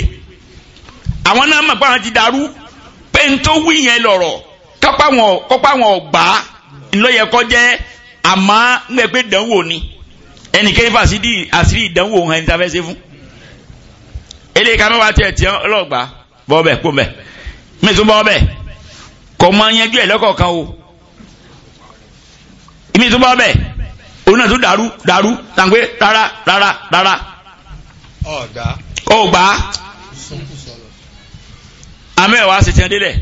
àwọn náà mọ̀ pé àwọn ti dàrú pé n tó wí yẹn lọ̀rọ̀ kápá wọn kọ́pá wọn gbà á ńlọ́yẹ kọjẹ́ àmọ́ ń gbẹ pé dánwò ni ẹnikẹ́ni fàṣídì àṣírí ìdánwò hàn ẹni tá a fẹ́ ṣe fún eléyìí ká mẹ́wàá tiẹ̀ tiẹ̀ ọlọ́gbà bọ́ bẹ́ẹ̀ kó bẹ́ẹ̀ mẹ́tò bọ́ bẹ́ẹ̀ kọ́ máa yanjú ẹ̀ lọ́kọ̀ọ̀kan o ìmí tó bọ́ òun náà tó dàrú dàrú tàǹgbé rárá rárá rárá ọ̀gbà àmẹ́wàá ṣètìlẹ́dẹ́lẹ̀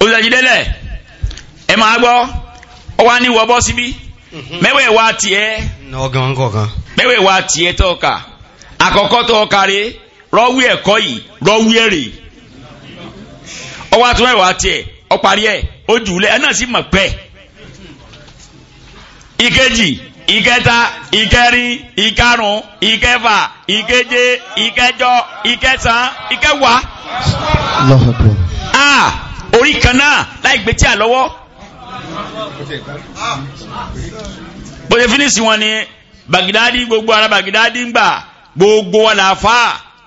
olùdajìdẹ́lẹ̀ ẹ máa gbọ́ ọ wá ní wọ́bọ́ síbí mhm. mẹ́wẹ́ wa tiẹ̀ mẹ́wẹ́ wa tiẹ̀ tọ́ka àkọ́kọ́ tọ́ka rẹ rọ́wí ẹ̀kọ́ yìí rọ́wí ẹ̀rẹ̀ ọ wá tún mẹ́wàá tiẹ̀ ọ parí ẹ̀ ó jùlẹ̀ ẹ náà sì mọ̀ pẹ́ ìkejì ìkẹta ìkẹrin ìkarùn ìkẹfà ìkeje ìkẹjọ ìkẹsàn ìkẹwàá a ah, orí kan náà láì gbé tí a lọ́wọ́ bó ṣe fínísì wọn ni Bagidadi gbogbo ara Bagidadi ń gbà gbogbo wa là fà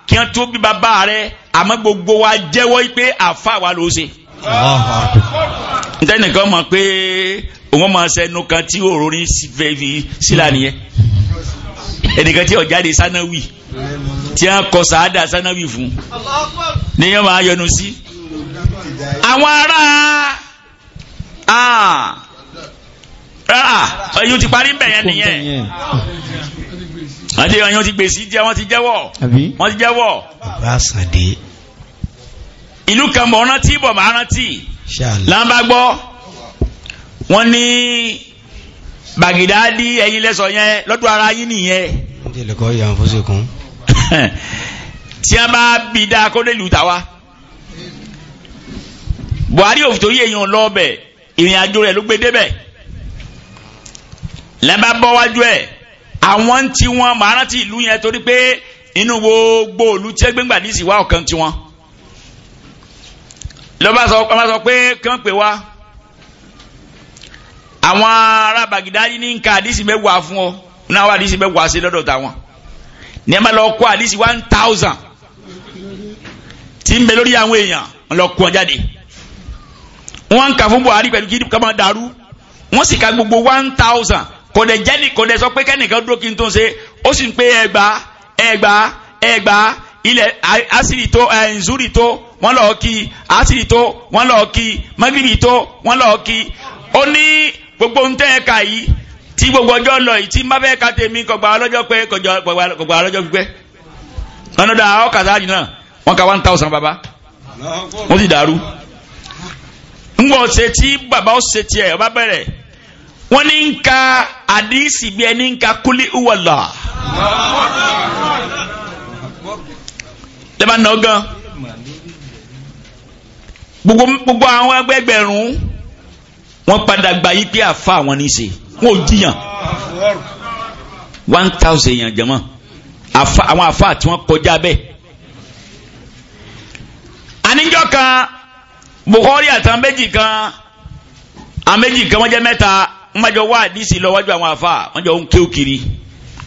kí wọn tó bí bàbá rẹ àmọ́ gbogbo wa jẹ́wọ́ pé àfà wa ló ṣe. ntẹ́nìkan mọ̀ pé òun máa ṣẹnu kan tí òrórin fẹ́ẹ́ sílá nìyẹn ẹnìkan tí ọ̀jáde sanawi tí wọn kọ sàádà sanawi fún ni wọn máa yọnu sí. Si àwọn ará ẹ̀yìn ti parí bẹ̀yẹn nìyẹn wọ́n ti ẹ̀yìn ti gbèsè jẹ́ wọ́n ti jẹ́wọ́ wọ́n ti jẹ́wọ́. bàbá sàdé. ìlú kan mọ̀ rántí bọ̀ máa rántí lámbá gbọ́ wọ́n ní bàgìdáàdì ẹ̀yìn lẹ́sọ̀ yẹn lọ́dọ̀ ara yín nìyẹn. tí a bá bí dáa kó dé tàwa buhari ò fi torí èèyàn lọ́ọ̀bẹ̀ ìrìn àjò rẹ̀ ló gbé débẹ̀ lẹ́bàá bọ́ wájú ẹ̀ àwọn tí wọ́n máa rántí ìlú yẹn torí pé inú gbogbo òlu tí ẹgbẹ́ ńgbà ní ìsìwá ọ̀kan tiwọn lọ́ba sọ pé kí wọ́n pè wá àwọn ará Bàgídádì ní nǹkan àdìsí mẹ́wàá fún ọ náà wà àdìsí mẹ́wàá sí lọ́dọ̀ táwọn ní ẹ má lọ kó àdìsí one thousand tí ń bẹ lórí àwọn èèyàn lọ kó ọ jáde wọ́n ń kà fún Buhari pẹ̀lú gidi kama dàrú wọ́n sì ka gbogbo one thousand kò dẹ̀ jẹ́ni kò dẹ̀ sọ pé kẹ́nìkan dúró kí n tó ń ṣe ó sì ń pé ẹgbàá ẹgbàá ẹgbàá ilẹ̀ asiri tó ẹ nzuri tó wọ́n lọ kí asiri tó wọ́n lọ kí magiri tó wọ́n lọ kí ó ní gbogbo ń tẹ́ ẹ kà yìí tí gbogbo ọjọ́ lọ yìí tí má bẹ́ẹ̀ tèmi kọ̀gbà ọlọ́jọ́ pé kọ̀gbà ọlọ́jọ́ pípẹ́ lọ́nà dáa ọkà sáájú náà wọ́n ka one thousand baba wọ́n sì dàrú ngbọ̀n ṣe tí bàbá ó ṣe tiẹ̀ ọba bẹ̀rẹ̀ wọ́n ní ń ka àdísì bí ẹni ń ka kúlí ìwọ̀lá. lẹ́bàá nà ọ́ gan gbogbo gbogbo àwọn ẹgbẹgbẹ̀rún wọ́n padà gba yí pé àfa àwọn ní í ò jiyàn one thousand èèyàn jẹ́mọ́ àwọn àfa tí wọ́n kọjá bẹ́ẹ̀. àníjọ́ kan. Bukhari àtàn méjì kan àwọn méjì kan wọ́n jẹ́ mẹ́ta wọ́n bá jọ wá àdìsí lọ wájú àwọn àfa wọ́n jọ ń kéw kiri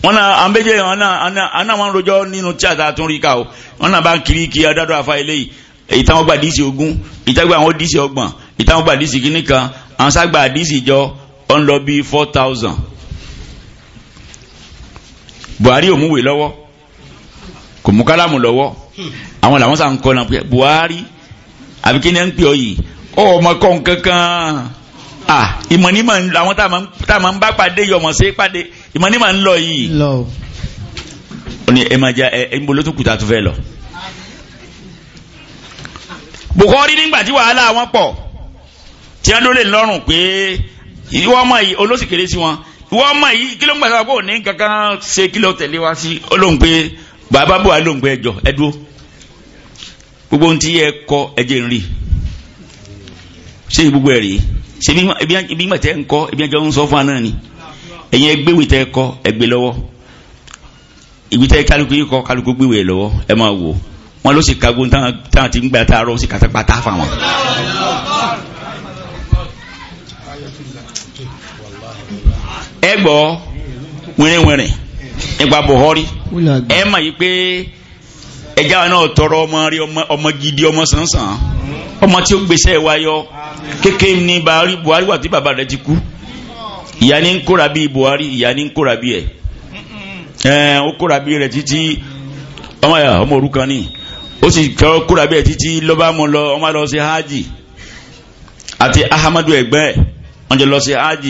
wọ́n náà àwọn méjì wọn náà àwọn náà wọ́n rojọ́ nínú tí àtà tún rí ká o wọ́n náà bá ń kiri kiri ọ̀dọ́dọ́ àfa eléyìí èyí táwọn gba àdìsí ogún èyí táwọn gba àwọn àdìsí ọgbọ̀n èyí táwọn gba àdìsí kínní kan àwọn sá gba àdìsí jọ ó lọ bíi four thousand Buhari ò múwèé lọ́wọ́ kò mú kálámù lọ́wọ́ àwọn làwọn sá ń kọ́ náà Buhari àbí kí ni à ń pè ọ yìí ọ ọmọ kọ́ nkankan à ìmọ̀ ní mà ń lọ àwọn tá a máa ń bá pàdé yìí ọmọ sí pàdé ìmọ̀ ní mà ń lọ yìí. ó ní ẹ máa jẹ ẹ ń bolo tó kùtà tó fẹ́ lọ. Bukhari nígbà tí wàhálà wọn pọ̀ tí wọn lè lọ́rùn pé ìwọ ọmọ yìí olóṣì kéré sí wọn ìwọ ọmọ yìí kí ló ń gbàgbọ́ kó ní kankan ṣe kí ló tẹ̀lé wá sí ó bàbá Buhari lóun pé ẹjọ́ ẹ dúró gbogbo ohun tí yẹ kọ ẹjẹ ń rí ṣé gbogbo ẹ rí ṣé ibi ìgbà tẹ ń kọ ibi àjọ ń sọ fún aná ni ẹ̀yin ẹgbẹ́wì tẹ kọ ẹgbẹ́ lọ́wọ́ ìwé tẹ kálukú yìí kọ kálukú gbéwì ẹ lọ́wọ́ ẹ máa wò wọn ló sì kagbó táwọn ti ń gbà tá a rọ sí kàtàkàtà fáwọn. ẹ gbọ́ wẹ́rẹ́wẹ́rẹ́ ẹ gba bọ̀họ́rí ẹ mà yí pé ẹja wa náà tọrọ ọmọ rí ọmọ gidi ọmọ sànsàn ọmọ tí ó gbèsè wa yọ kékeré ní Buhari wà tí bàbá rẹ ti kú ìyá ní ń kóra bíi Buhari ìyá ní ń kóra bíi ẹ ẹ ó kóra bíi rẹ títí ọmọ yà ọmọ òrukàn ni ó sì fẹ́ kóra bíi rẹ títí lọ́ba mọ lọ ọmọ lọ sí hajj àti Ahamadu ẹgbẹ́ ẹ̀ wọ́n lọ sí hajj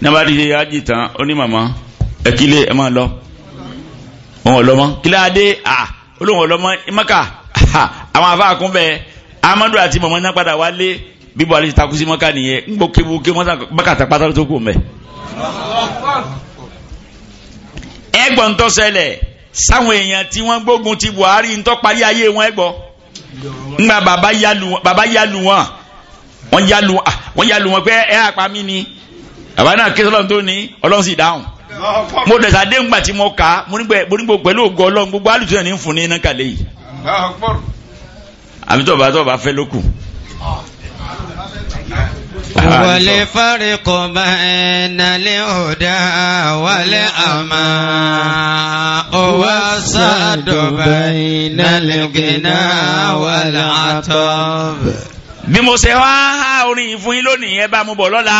ní ṣe hajj tán ó ní màmá ẹ kílé ẹ máa lọ wọn ò lọ mọ́ kílé adé à. Ah olóhùn ọlọmọ maka àwọn afa kún bẹ amadu àti mọmọ náà padà wálé bíbọ alẹ ti takú sí maka nìyẹn ń gbọ kéwu kéwu wọn sàn maka ta pátá tó kù mẹ. ẹ̀gbọ́n tó ṣẹlẹ̀ sáwọn èèyàn tí wọ́n gbógun ti Buhari ń tọ́ parí ayé wọn ẹ̀gbọ́n ńgbà bàbá yalu wọn wọ́n yalu ah, wọn pé ẹ àpá mi ni bàbá náà kí sọlọ́n tó ní ọlọ́run sì dáhùn mo dẹ̀sà dé ńgbà tí mo kà á mo nígbò pẹ̀lú ògo ọlọ́run gbogbo alùsùn ní fún ní iná kàlẹ́ yìí àmì tọ́ba tọ́ba fẹ́ lókù. ولفرق بين الهدى والأمى والصد بين الغنى والعطب bí mo ṣe wá orin ìfún yín lónìí ẹ bá mú bọ̀ lọ́la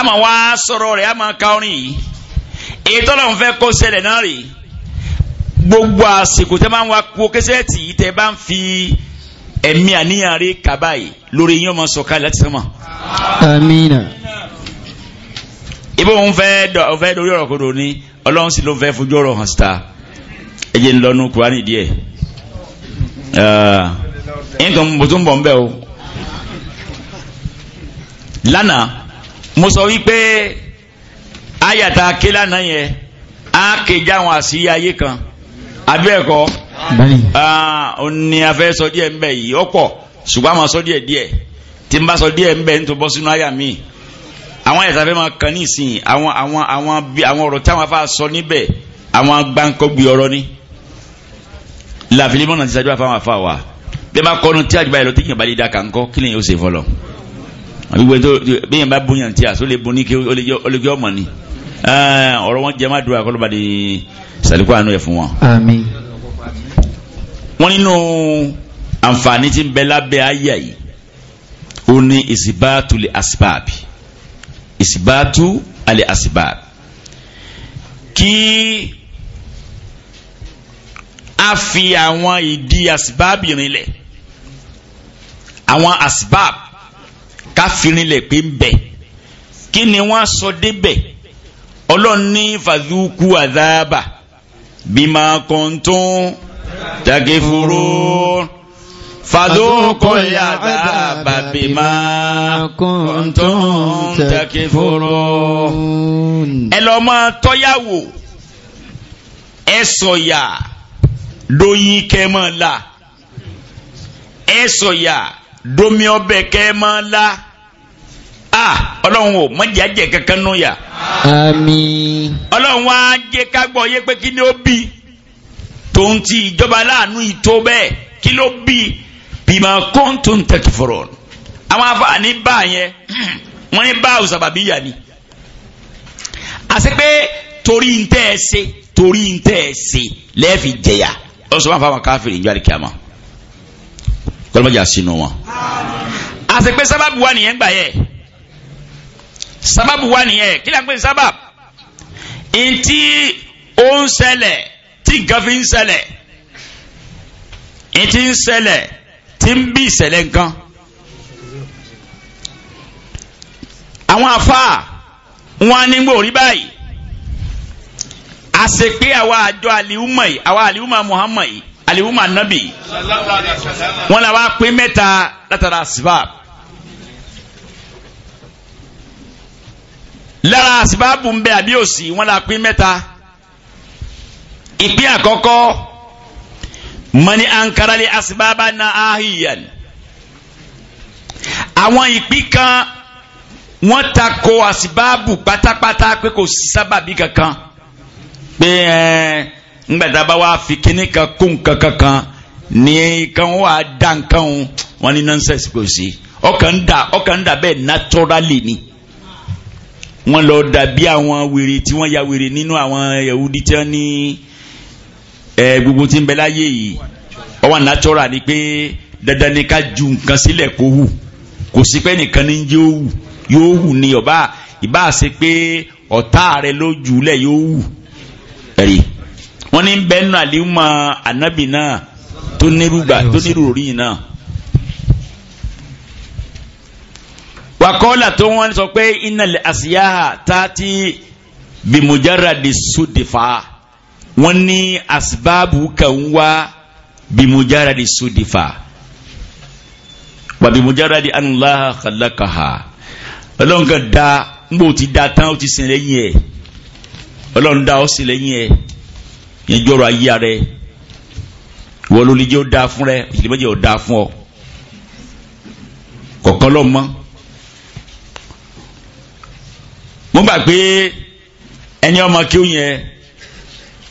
Ama wa wá sọ̀rọ̀ rẹ̀ a máa ka orin yìí èyí tọ́lọ̀ ń fẹ́ kó ṣẹlẹ̀ náà rè gbogbo àsìkò tẹ́ máa ń wá kó kẹsẹ́ẹ̀tì yìí tẹ́ bá ń fi ẹ̀mí àníyàn rẹ̀ kaba yìí lórí yín ọmọ sọ̀kalẹ̀ láti sọ́mọ̀. amiina. ibo ń fẹ́ dọ̀ ọ fẹ́ dorí ọ̀rọ̀ kodò ni ọlọ́run sì ló ń fẹ́ fojú hàn síta ẹ jẹ́ ń kurani díẹ̀ ẹ̀ ń tún bọ̀ ń bẹ̀ o lánàá mo sọ wípé ayàtà kílànà yẹn á kéjà àwọn àṣírí ayé kan àbí ẹ̀kọ́ ó ní afẹ́ sọ díẹ̀ ń bẹ̀ yìí ọ̀pọ̀ ṣùgbọ́n àwọn sọ díẹ̀ díẹ̀ tí n bá sọ díẹ̀ ń bẹ̀ ń tó bọ́ sínú àyà mi àwọn ayàtà fẹ́ máa kàn ní ìsìn àwọn àwọn àwọn àwọn ọ̀rọ̀ tí àwọn afá sọ níbẹ̀ àwọn gbáǹkọ́gbì ọ̀rọ̀ ni làfílímọ̀nà ti ṣàdúrà fáwọn afá wa bí a bá kọ́nu tí àjùbáyé lọ tí yìnbọn lè dá kà àbígbẹ́ tó bẹ́yẹn bá bóyá tí a sọ lè bo ní kí olùjọ́ ọmọ ni eh, ọ̀rọ̀ wọn jẹ́ má dúró àkọlùbà di sàlùkù àánú ẹ̀ fún wọn. àmín. wọ́n nínú àǹfààní tí ń bẹ lábẹ́ àyà yìí ó ní ìsìbáàtú lè àsìbáàbì ìsìbáàtú àlè àsìbáàbì kí a fi àwọn ìdí àsìbáàbì rinlẹ̀ àwọn àsìbáàbì káfírinlẹ̀ pé ń bẹ̀ kí ni wọ́n sọ débẹ̀ ọlọ́run ní fàdúkú àdáàbà bímọ kọ́ńtún tàgéfóró fàdúkú àdáàbà bímọ kọ́ńtún tàgéfóró. ẹ lọ máa tọ́yàwó ẹ sọ̀yà lóyin kẹ́ la ẹ sọ̀yà domi ọbẹ̀ kẹ́ máa la a ọlọ́run ò mọ̀jì àjẹ́ kankan nù yà. àmín. ọlọ́run wa jẹ́ ká gbọ́ yé pé kí ni ó bí tòun ti ìjọba láàánú ìtó bẹ́ẹ̀ kí ló bí bímọ kóńtò ń tẹ̀kì fọ̀rọ̀ àwọn afáàní bá yẹn wọ́n ní bá òsàbàbí yà ni àti pé torí ń tẹ́ ẹ ṣe torí ń tẹ́ ẹ ṣe lẹ́ẹ̀fì jẹ̀yà ọ̀sán máa fa àwọn káfíìn ìjọ àdìkí kọlọmọjà sínú wọn. àti pé sábàbù wà nìyẹn gbà yẹ sábàbù wà nìyẹn kí ni a pè ní sábàbù ntí ó ń ṣẹlẹ̀ tí nǹkan fi ń ṣẹlẹ̀ ntí ń ṣẹlẹ̀ tí ń bí ìṣẹ̀lẹ̀ nǹkan. àwọn afáà wọn á nígbò rí báyìí àṣepé àwa àjọ àlìhùmọ̀ yìí àwa àlìhùmọ̀ Muhammad yìí aliwuma anabi wọn la wá pín mẹ́ta látara sibab lára sibabu ń bẹ àbí òsì wọn la pín mẹ́ta ìpín àkọ́kọ́ mani ankarali asibaba na ahiyan àwọn ìpín kan wọ́n tako asibabu pátápátá pé kò sí sábàbí kankan pé ẹẹ. Eh, ngbàtà bá wà fi kíní kan kó nǹkan kankan ní kan wà dá nǹkan o wọn ní nonsense kò sí ọkàn ń ọkàn ń dà naturally ni wọn lọ dàbí àwọn wèrè tí wọn ya wèrè nínú àwọn Yahudi tí wọn ní ẹ gbogbo tí ń bẹ láyé yìí ọwọ́ natural ni pé dandan ni ká ju nǹkan sílẹ̀ kó wù kò sí pé nìkan ní yóò wù yóò wù ni ọba ìbá ṣe pé ọ̀tá rẹ ló jù yóò wù ẹ̀rí wọ́n ní bẹ́ẹ̀ nù àlímọ̀ ànábì náà tó nírúgba tó nírúurú yìí náà. wàkọ́lá tó wọ́n sọ pé ìnàlẹ̀ àṣìyáhà tá ti di sódìfà wọ́n ní àṣìbáàbù kan wá bìmùjáradì sódìfà wà bìmùjáradì anúláhà kàlákàhà ọlọ́nkà da ń bò ti da tán ó ti sìn lẹ́yìn ẹ̀ ọlọ́run ó sì lẹ́yìn ẹ̀ yẹn jọrọ ayé rẹ wọ́n ló lè jẹ́ ó dáa fún rẹ ìṣẹ̀lẹ̀ méjì ó dáa fún ọ kọ̀ọ̀kan lọ mọ́. mo gbà pé ẹni ọmọ kí ó yẹn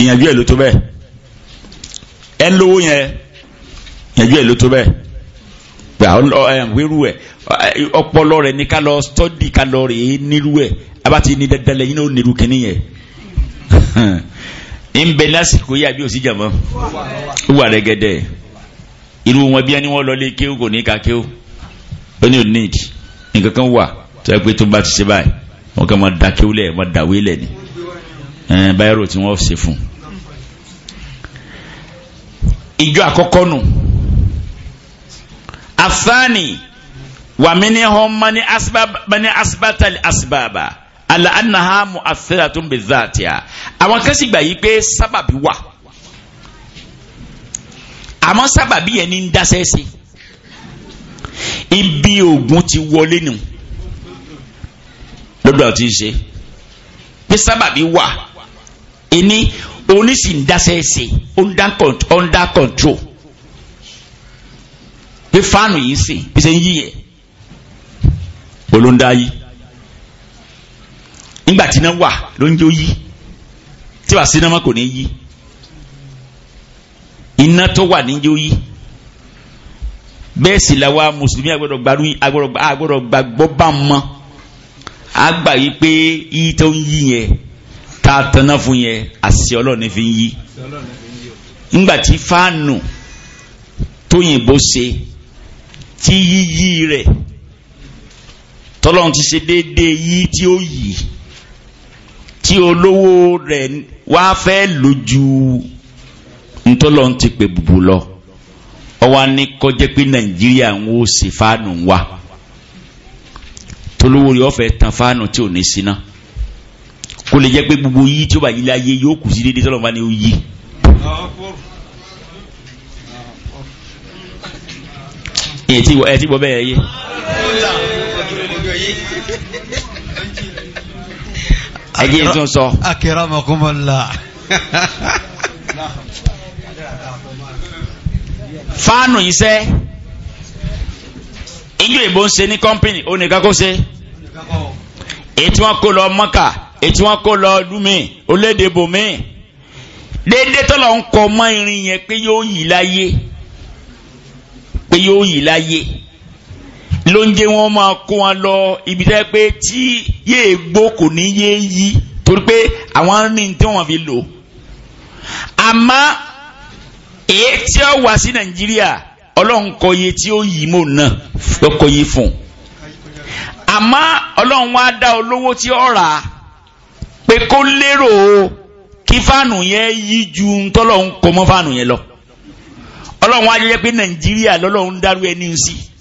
ìyànjú ẹ̀ ló tó bẹ́ẹ̀ ẹ̀ lówó yẹn ìyànjú ẹ̀ ló tó bẹ́ẹ̀ gbà wíru ẹ̀ ọpọlọ rẹ̀ ní ká lọ stọ́dì ká lọ rèé nírú ẹ̀ abá ti ní dandan lẹ́yìn náà ó nírú kínní yẹn. ń bẹ lásìkò yà bí ò sí jàmọ́ ó wà rẹ́gẹ́dẹ́ irú wọn bí ẹni wọn lọ lé kéwù kò ní ká kéwù ó ní ò níìdì nǹkan kan wà tó yẹ tó bá ti ṣe báyìí wọn kàn máa da kéwù lẹ̀ máa dàwé lẹ̀ ni báyìí rò tí wọ́n ṣe fún un ìjọ àkọ́kọ́ nù afáàní wà mí ní hàn mani asibaba mani asibatali asibaba ala anaha mu afẹ́ra tó ń bẹ záàtìá àwọn kan sì gbà yí pé sábàbí wà àmọ́ sábàbí yẹn ní ń dáṣẹ́ sí ibi oògùn ti wọlé nù lọ́dọ̀ àti ṣe pé sábàbí wà ẹni oníṣì ń dáṣẹ́ under control pé fáànù yìí sìn bí ṣe ń yí yẹ olóńdá yìí nígbà tí iná wà ló ń jó yí tí wàá sí iná mọ́ kò ní yí iná tó wà ní jó yí bẹ́ẹ̀ sì làwa mùsùlùmí agbọ́dọ̀ gbarú agbọ́dọ̀ gbàgbọ́ bá mọ́ a gbà yí pé yí tó ń yí yẹn tá tanná fún yẹn àṣì ọlọ́ọ̀ni fi ń yí nígbà tí fáànù tóyìnbó ṣe tí yíyí rẹ̀ tọ́lọ́run ti ṣe déédéé yí tí ó yí tí olówó rẹ̀ wá fẹ́ lójú ntọ́lọ́ ti pè bùbù lọ ọwọ́ ni kọjá pé nàìjíríà ń wo sí fáànù wa tolówó rẹ̀ ọ̀fẹ́ tan fáànù tí ò ní síná kó lè jẹ́ pé gbogbo yìí tí ó bá yí láyé yóò kù sí déédéé tọ́lọ́ bá ní ó yí. ẹ ti wọ bẹ́ẹ̀ yé ẹjẹ́ tó sọ. akramakumullah. fáànù iṣẹ́ ìjọ ìbò ń ṣe ní kọ́mpìnì ó nìkan kó ṣe ètí wọn kó lọ mọ́kà ètí wọn kó lọ dúmí olédè bòmí déédé tọ́lọ̀ ń kọ́ mọ́ irin yẹn pé yóò yí láyé pé yóò yí láyé ló ń jẹ́ wọ́n máa kó wọn lọ ibi tẹ́ pé tí yéé gbó kò ní yéé yí torí pé àwọn ní tí wọ́n fi lò àmọ́ èyí tí ó wá sí nàìjíríà ọlọ́run kọ iye tí ó yí mò náà ló kọ iye fún un àmọ́ ọlọ́run wá dá olówó tí ó rà á pé kó lérò kí fáànù yẹn yí ju tọ́lọ́run kọ mọ́ fáànù yẹn lọ ọlọ́run wá jẹ́ pé nàìjíríà lọ́lọ́run dárú ẹni sí i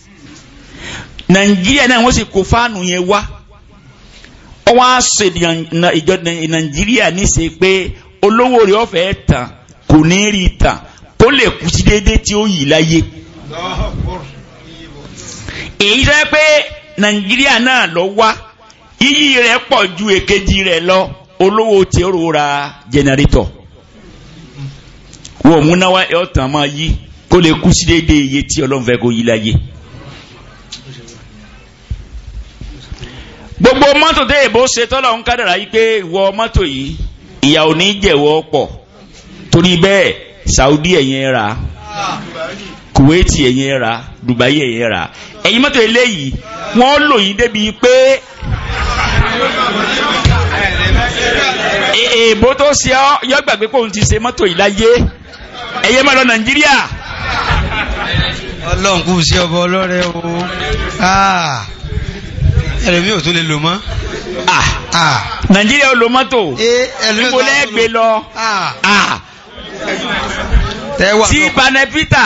nàìjíríà náà wọ́n sì kó fáànù yẹn wá wọ́n á ṣe ìjọ nàìjíríà níṣe pé olówó rẹ̀ ọ̀fẹ́ tàn kò ní rí tàn kó lè kú sí déédéé tí ó yìí láyé. èyí sọ pé nàìjíríà náà lọ wá iyì rẹ̀ pọ̀ ju èkejì rẹ̀ lọ olówó tí ó rora jẹnẹrétọ̀ wọ́n múnáwá ẹ̀ ọ̀tàn máa yí kó lè kú sí déédéé iye tí ọlọ́run fẹ́ kó yí láyé. gbogbo mọ́tò tẹ́ èbó ṣe tọ́lọ̀ ń kádàrá yí pé wọ mọ́tò yìí ìyà ní jẹ̀wọ́ pọ̀ torí bẹ́ẹ̀ Saudi ẹ̀yẹn ra Kuwait ẹ̀yẹn ra Dubai ẹ̀yẹn ra ẹ̀yìn mọ́tò eléyìí wọ́n lò yín débi pé èbó tó ṣe ọ yọ gbàgbé pé òun ti ṣe mọ́tò yìí láyé ẹ̀yẹ máa lọ Nàìjíríà. Ọlọ́run kù sí ọbọ̀ ọlọ́rẹ́ o. Ah ẹlòmí ò tún lè lò mọ́. Ah, ah. nàìjíríà ò lo mọ́tò eh, níbo lẹ́gbẹ̀ẹ́ lọ ah. tí banẹ́pítà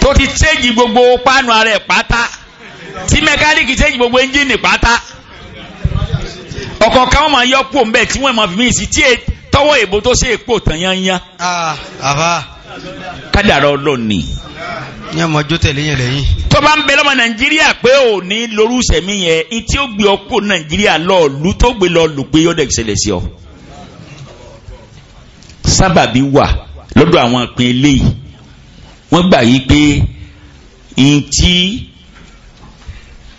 tó ti ṣéjì gbogbo pánu ara ẹ̀ pátá tí mẹkáníìkì ṣéjì gbogbo ẹ́ńjìnì pátá ọkọ̀ káwọn máa yọ pò ń bẹ̀ tí wọ́n máa fi mí sí tí tọwọ́ èbó tó ṣe é pò tán yányán kádàrá ọlọ́run ni. ní ọmọ ọjọ́ tẹ̀lé yẹn lẹ́yìn. tó bá ń bẹ lọ́mọ nàìjíríà pé ò ní lórí ìṣẹ̀mí yẹn ìtí ó gbé ọkọ̀ nàìjíríà lọ lù tó gbé lọ lù pé yọ̀dẹ̀ ìṣẹ̀lẹ̀ sí ọ. sábàbí wà lọ́dọ̀ àwọn ìpín eléyìí wọ́n gbà yí pé ìtí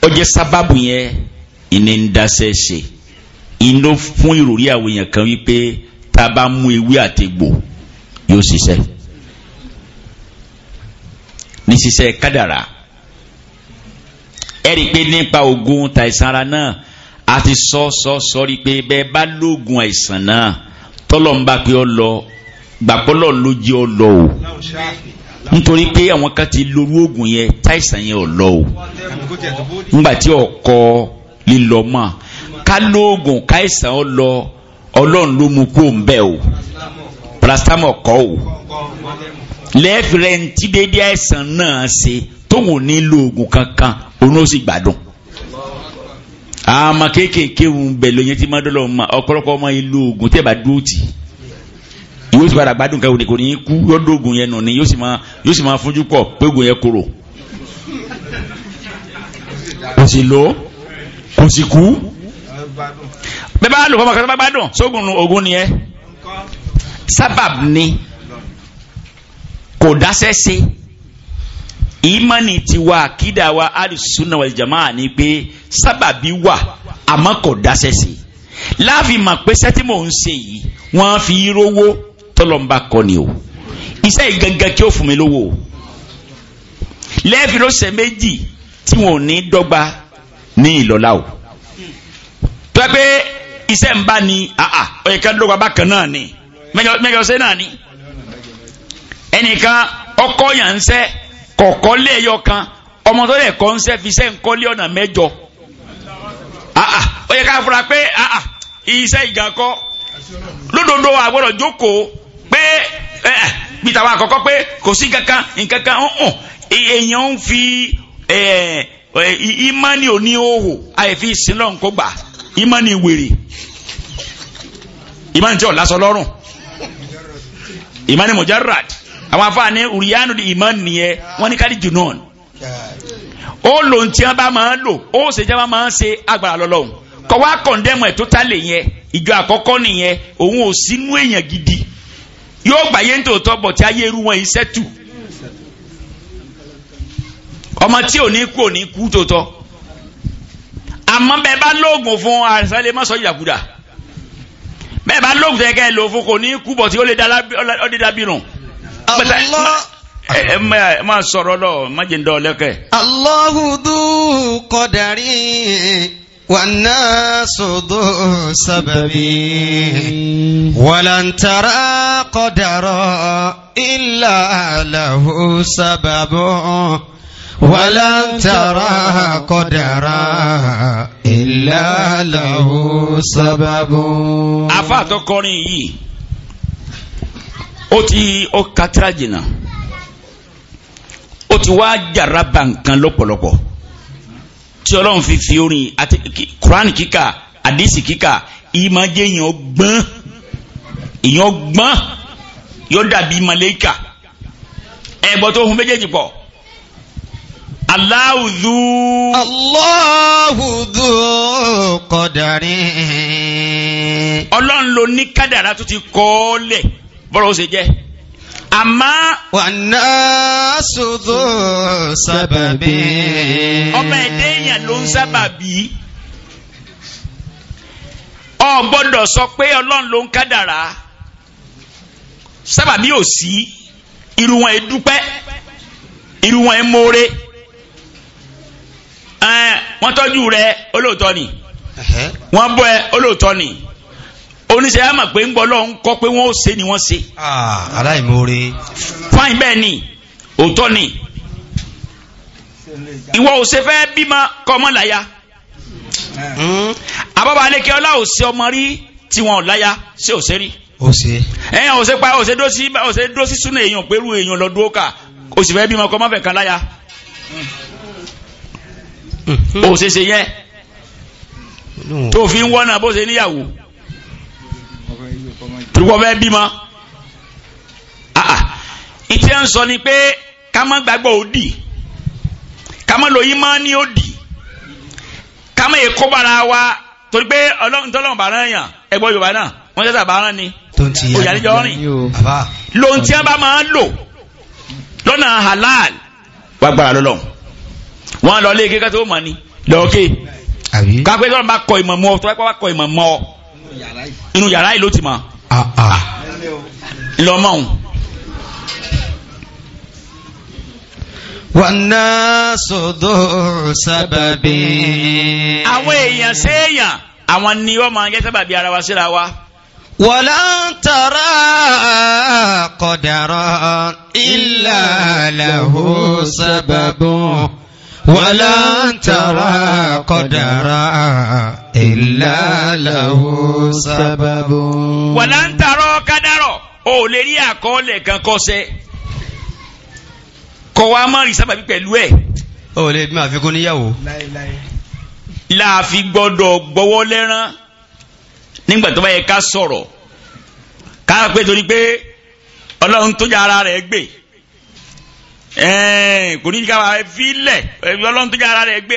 ọjẹ́ sábàbù yẹn ìní ń daṣẹ́ ṣe ìní fún ìròrí àwọn kan wípé tá a bá mú ewé àtegbò yóò ṣiṣẹ́ ṣiṣẹ́ kádàrà ẹ rí i pé nípa oògùn tàìsanra náà a ti sọ sọ sọ rí i pé bẹ́ẹ̀ bá lóògùn àìsàn náà tọ́lọ̀ ń bá pé ọ lọ gbàpọ́lọ̀ ló jẹ́ ọ lọ o nítorí pé àwọn kan ti lórí oògùn yẹn táìsàn yẹn ò lọ o nígbà tí ọkọ lílọ mọ ká lóògùn káìsàn ọ lọ ọlọ́run ló mú kó ń bẹ́ o paracetamol kọ́ o lẹ́ẹ̀fìrẹ́ ti tí déédéé àìsàn náà ṣe tóun ò ní lo oògùn kankan òun ó sì gbádùn. àmọ́ kéékèèké ń bẹ̀ lóyún tí mọ́dọ́lọ́ ma ọ̀pọ̀lọpọ̀ ọmọ yìí lo oògùn tẹ́ bá dúró tì yóò sì padà gbádùn kẹ́wọ́n kò ní kú yọ́dọ̀ oògùn yẹn nù ni yóò sì máa fojú kọ̀ pé oògùn yẹn korò. kò sì lo kò sì kú. bẹ́ẹ̀ bá lò fọmọ kan tó bá gbádùn sóògùn oògùn ni ẹ sábàb ni kò dáṣẹ́ ṣe ìmánì tiwa àkídà wa alùsùnà wal jamaa ni pé sábàbí wà àmọ́ kò dáṣẹ́ ṣe láàfin mà pé sẹ́tí mò ń ṣe yìí wọ́n fi rówó tọ́lọ́mbà kọ́ ni o iṣẹ́ ìgangan kí ó fún mi lówó o lẹ́ẹ̀fin ló ṣe méjì tí wọn ní dọ́gba ní ìlọ́lá o tó iṣẹ́ ń bá ni àà ọ̀yẹ̀ká dọ́gba bákan náà ni mẹ́jọ ṣe náà ni ẹnìkan ọkọ yàn ń sẹ́ kọ̀ọ̀kọ́ lé ẹyọ kan ọmọ tó lẹ̀ kọ́ ń sẹ́ fi sẹ́ ń kọ́ lé ọ̀nà mẹ́jọ. Ah, ah, ó yẹ ká fura pé ah, iṣẹ́ ìjà kọ́ lódodo àgbọ̀dọ̀ jókòó pé gbìtà eh, eh, wa àkọ́kọ́ pé kò sí kankan nkankan ọ̀hún èèyàn ń fi ìmánì eh, òní òhò àìfi ìsinlọ̀ nǹkó gbà ìmánì wèrè ìmánì tí ò lásọ lọ́rùn ìmánì mujarrad àwọn afáàní uriyanu di iman nìyẹn wọ́n ní kárí junon ó lò ń tí wọ́n bá máa ń lò ó ṣe jẹ́ wọ́n máa ń ṣe agbára lọ́lọ́hún kọ́ wá kọ̀ndẹ́mù ẹ̀ tó tálẹ̀ yẹn ìjọ àkọ́kọ́ nìyẹn òun ò sínú èèyàn gidi yóò gbàyé ń tòótọ́ bọ̀ tí ayé irú wọn yìí sẹ́tù ọmọ tí ò ní kú ò ní kú tòótọ́ àmọ́ bẹ́ẹ̀ bá lóògùn fún àìsàn lè ìyàkúdà bẹ́ẹ̀ bá lóògùn tẹ́kẹ́ lò fún kò ní kú bọ̀ tí ó lè dá bírùn. Allah ẹ ẹ máa sọ̀rọ̀ lọ má jẹ́ ń dọ̀ lẹ́kẹ̀. Allahu dhu qadari والناس ذو سبب ولن ترى قدرا إلا له سبب ولن ترى قدرا إلا له سبب. àfáà yìí. ó ti ó katira jìnnà ó ti wá jàrá ba lọ́pọ̀lọpọ̀ tí orin kuran kíkà àdísì kíkà ìmọ̀jẹ́ èèyàn gbọ́n èèyàn dàbí màláíkà ẹ̀gbọ́n tó hun méjèèjì pọ̀ aláwùdú. bọ́rọ̀ ó ṣe jẹ́ àmá wàná sódò sábàbí ọmọ ẹ̀dẹ́ èèyàn ló ń sábàbí ọ gbọ́dọ̀ sọ pé ọlọ́run ló ń kádàrá sábàbí ò sí irú wọn ẹ dúpẹ́ wọ́n tọ́jú rẹ olóòótọ́ ni wọ́n bọ́ ẹ olóòótọ́ ni oníṣẹ́ yà pé ń gbọ́lọ́ ń kọ́ pé wọ́n ó ṣe ni wọ́n ṣe. Ah, aláìmoore. fáìn bẹ́ẹ̀ ni òótọ́ ni ìwọ ò ṣe fẹ́ bímọ kọ́ ọmọ láya hmm? àbábà aleke ọlá ò ṣe ọmọ rí tí wọn ò láya ṣé ò ṣe rí. ó ṣe. ẹ̀yàn ò ṣe pa ò ṣe dó sí ò ṣe dó sí súnà èèyàn pẹ̀lú èèyàn lọ dúró kà ò sì fẹ́ bímọ kọ́ ọmọ fẹ̀ kan láya. Hmm. ò ṣe ṣe yẹ hmm. tó fi ń wọ́nà bó ṣe níyàwó torúkọ fẹ́ bímọ ah, ah. ìtí à ń sọ ni pé ká má gbàgbọ́ òdì ká má lo ìmánì òdì ká má èkó bára wa torí pé ọlọ́run tọ́lọ́run bá rán yàn ẹgbọ́ yorùbá náà wọ́n jẹ́ sábà rán ni òyàlejò rìn lóhun tí a bá máa ń lò lọ́nà halal wàá gbára lọ́lọ́run wọ́n lọ lé kékeré tó mọ̀ ni lọ́ọ̀kẹ́ kápẹ́ tọ́lọ́run bá kọ ìmọ̀ mọ́ tọ́lọ́pẹ́ bá kọ ìmọ̀ mọ́ inú yàrá yìí ló ti mọ̀ Aa, lọ́mọ́un wọ́nà sọ́dọ̀ sábàbí àwọn èèyàn séèyàn àwọn ni wọ́n máa jẹ́ sábàbí ara wa síra wa wọ́lá ń tọ́rọ kọ̀dàrọ̀ ìlàlàhó sábàbùn ولا ترى قدرا إلا له سبب ولا ترى قدرا ó lè rí àkọọ́lẹ̀ kan kò ṣe kò wá má rí sábàbí pẹ̀lú ẹ̀ ó lè máa fi kún níyàwó láàfi gbọ́dọ̀ gbọ́wọ́ lẹ́rán nígbà tó bá yẹ ká sọ̀rọ̀ ká pé torí pé ọlọ́run tó yára rẹ̀ gbé kò ní ká fi lẹ̀ ọlọ́run tó jẹ́ ara rẹ̀ gbé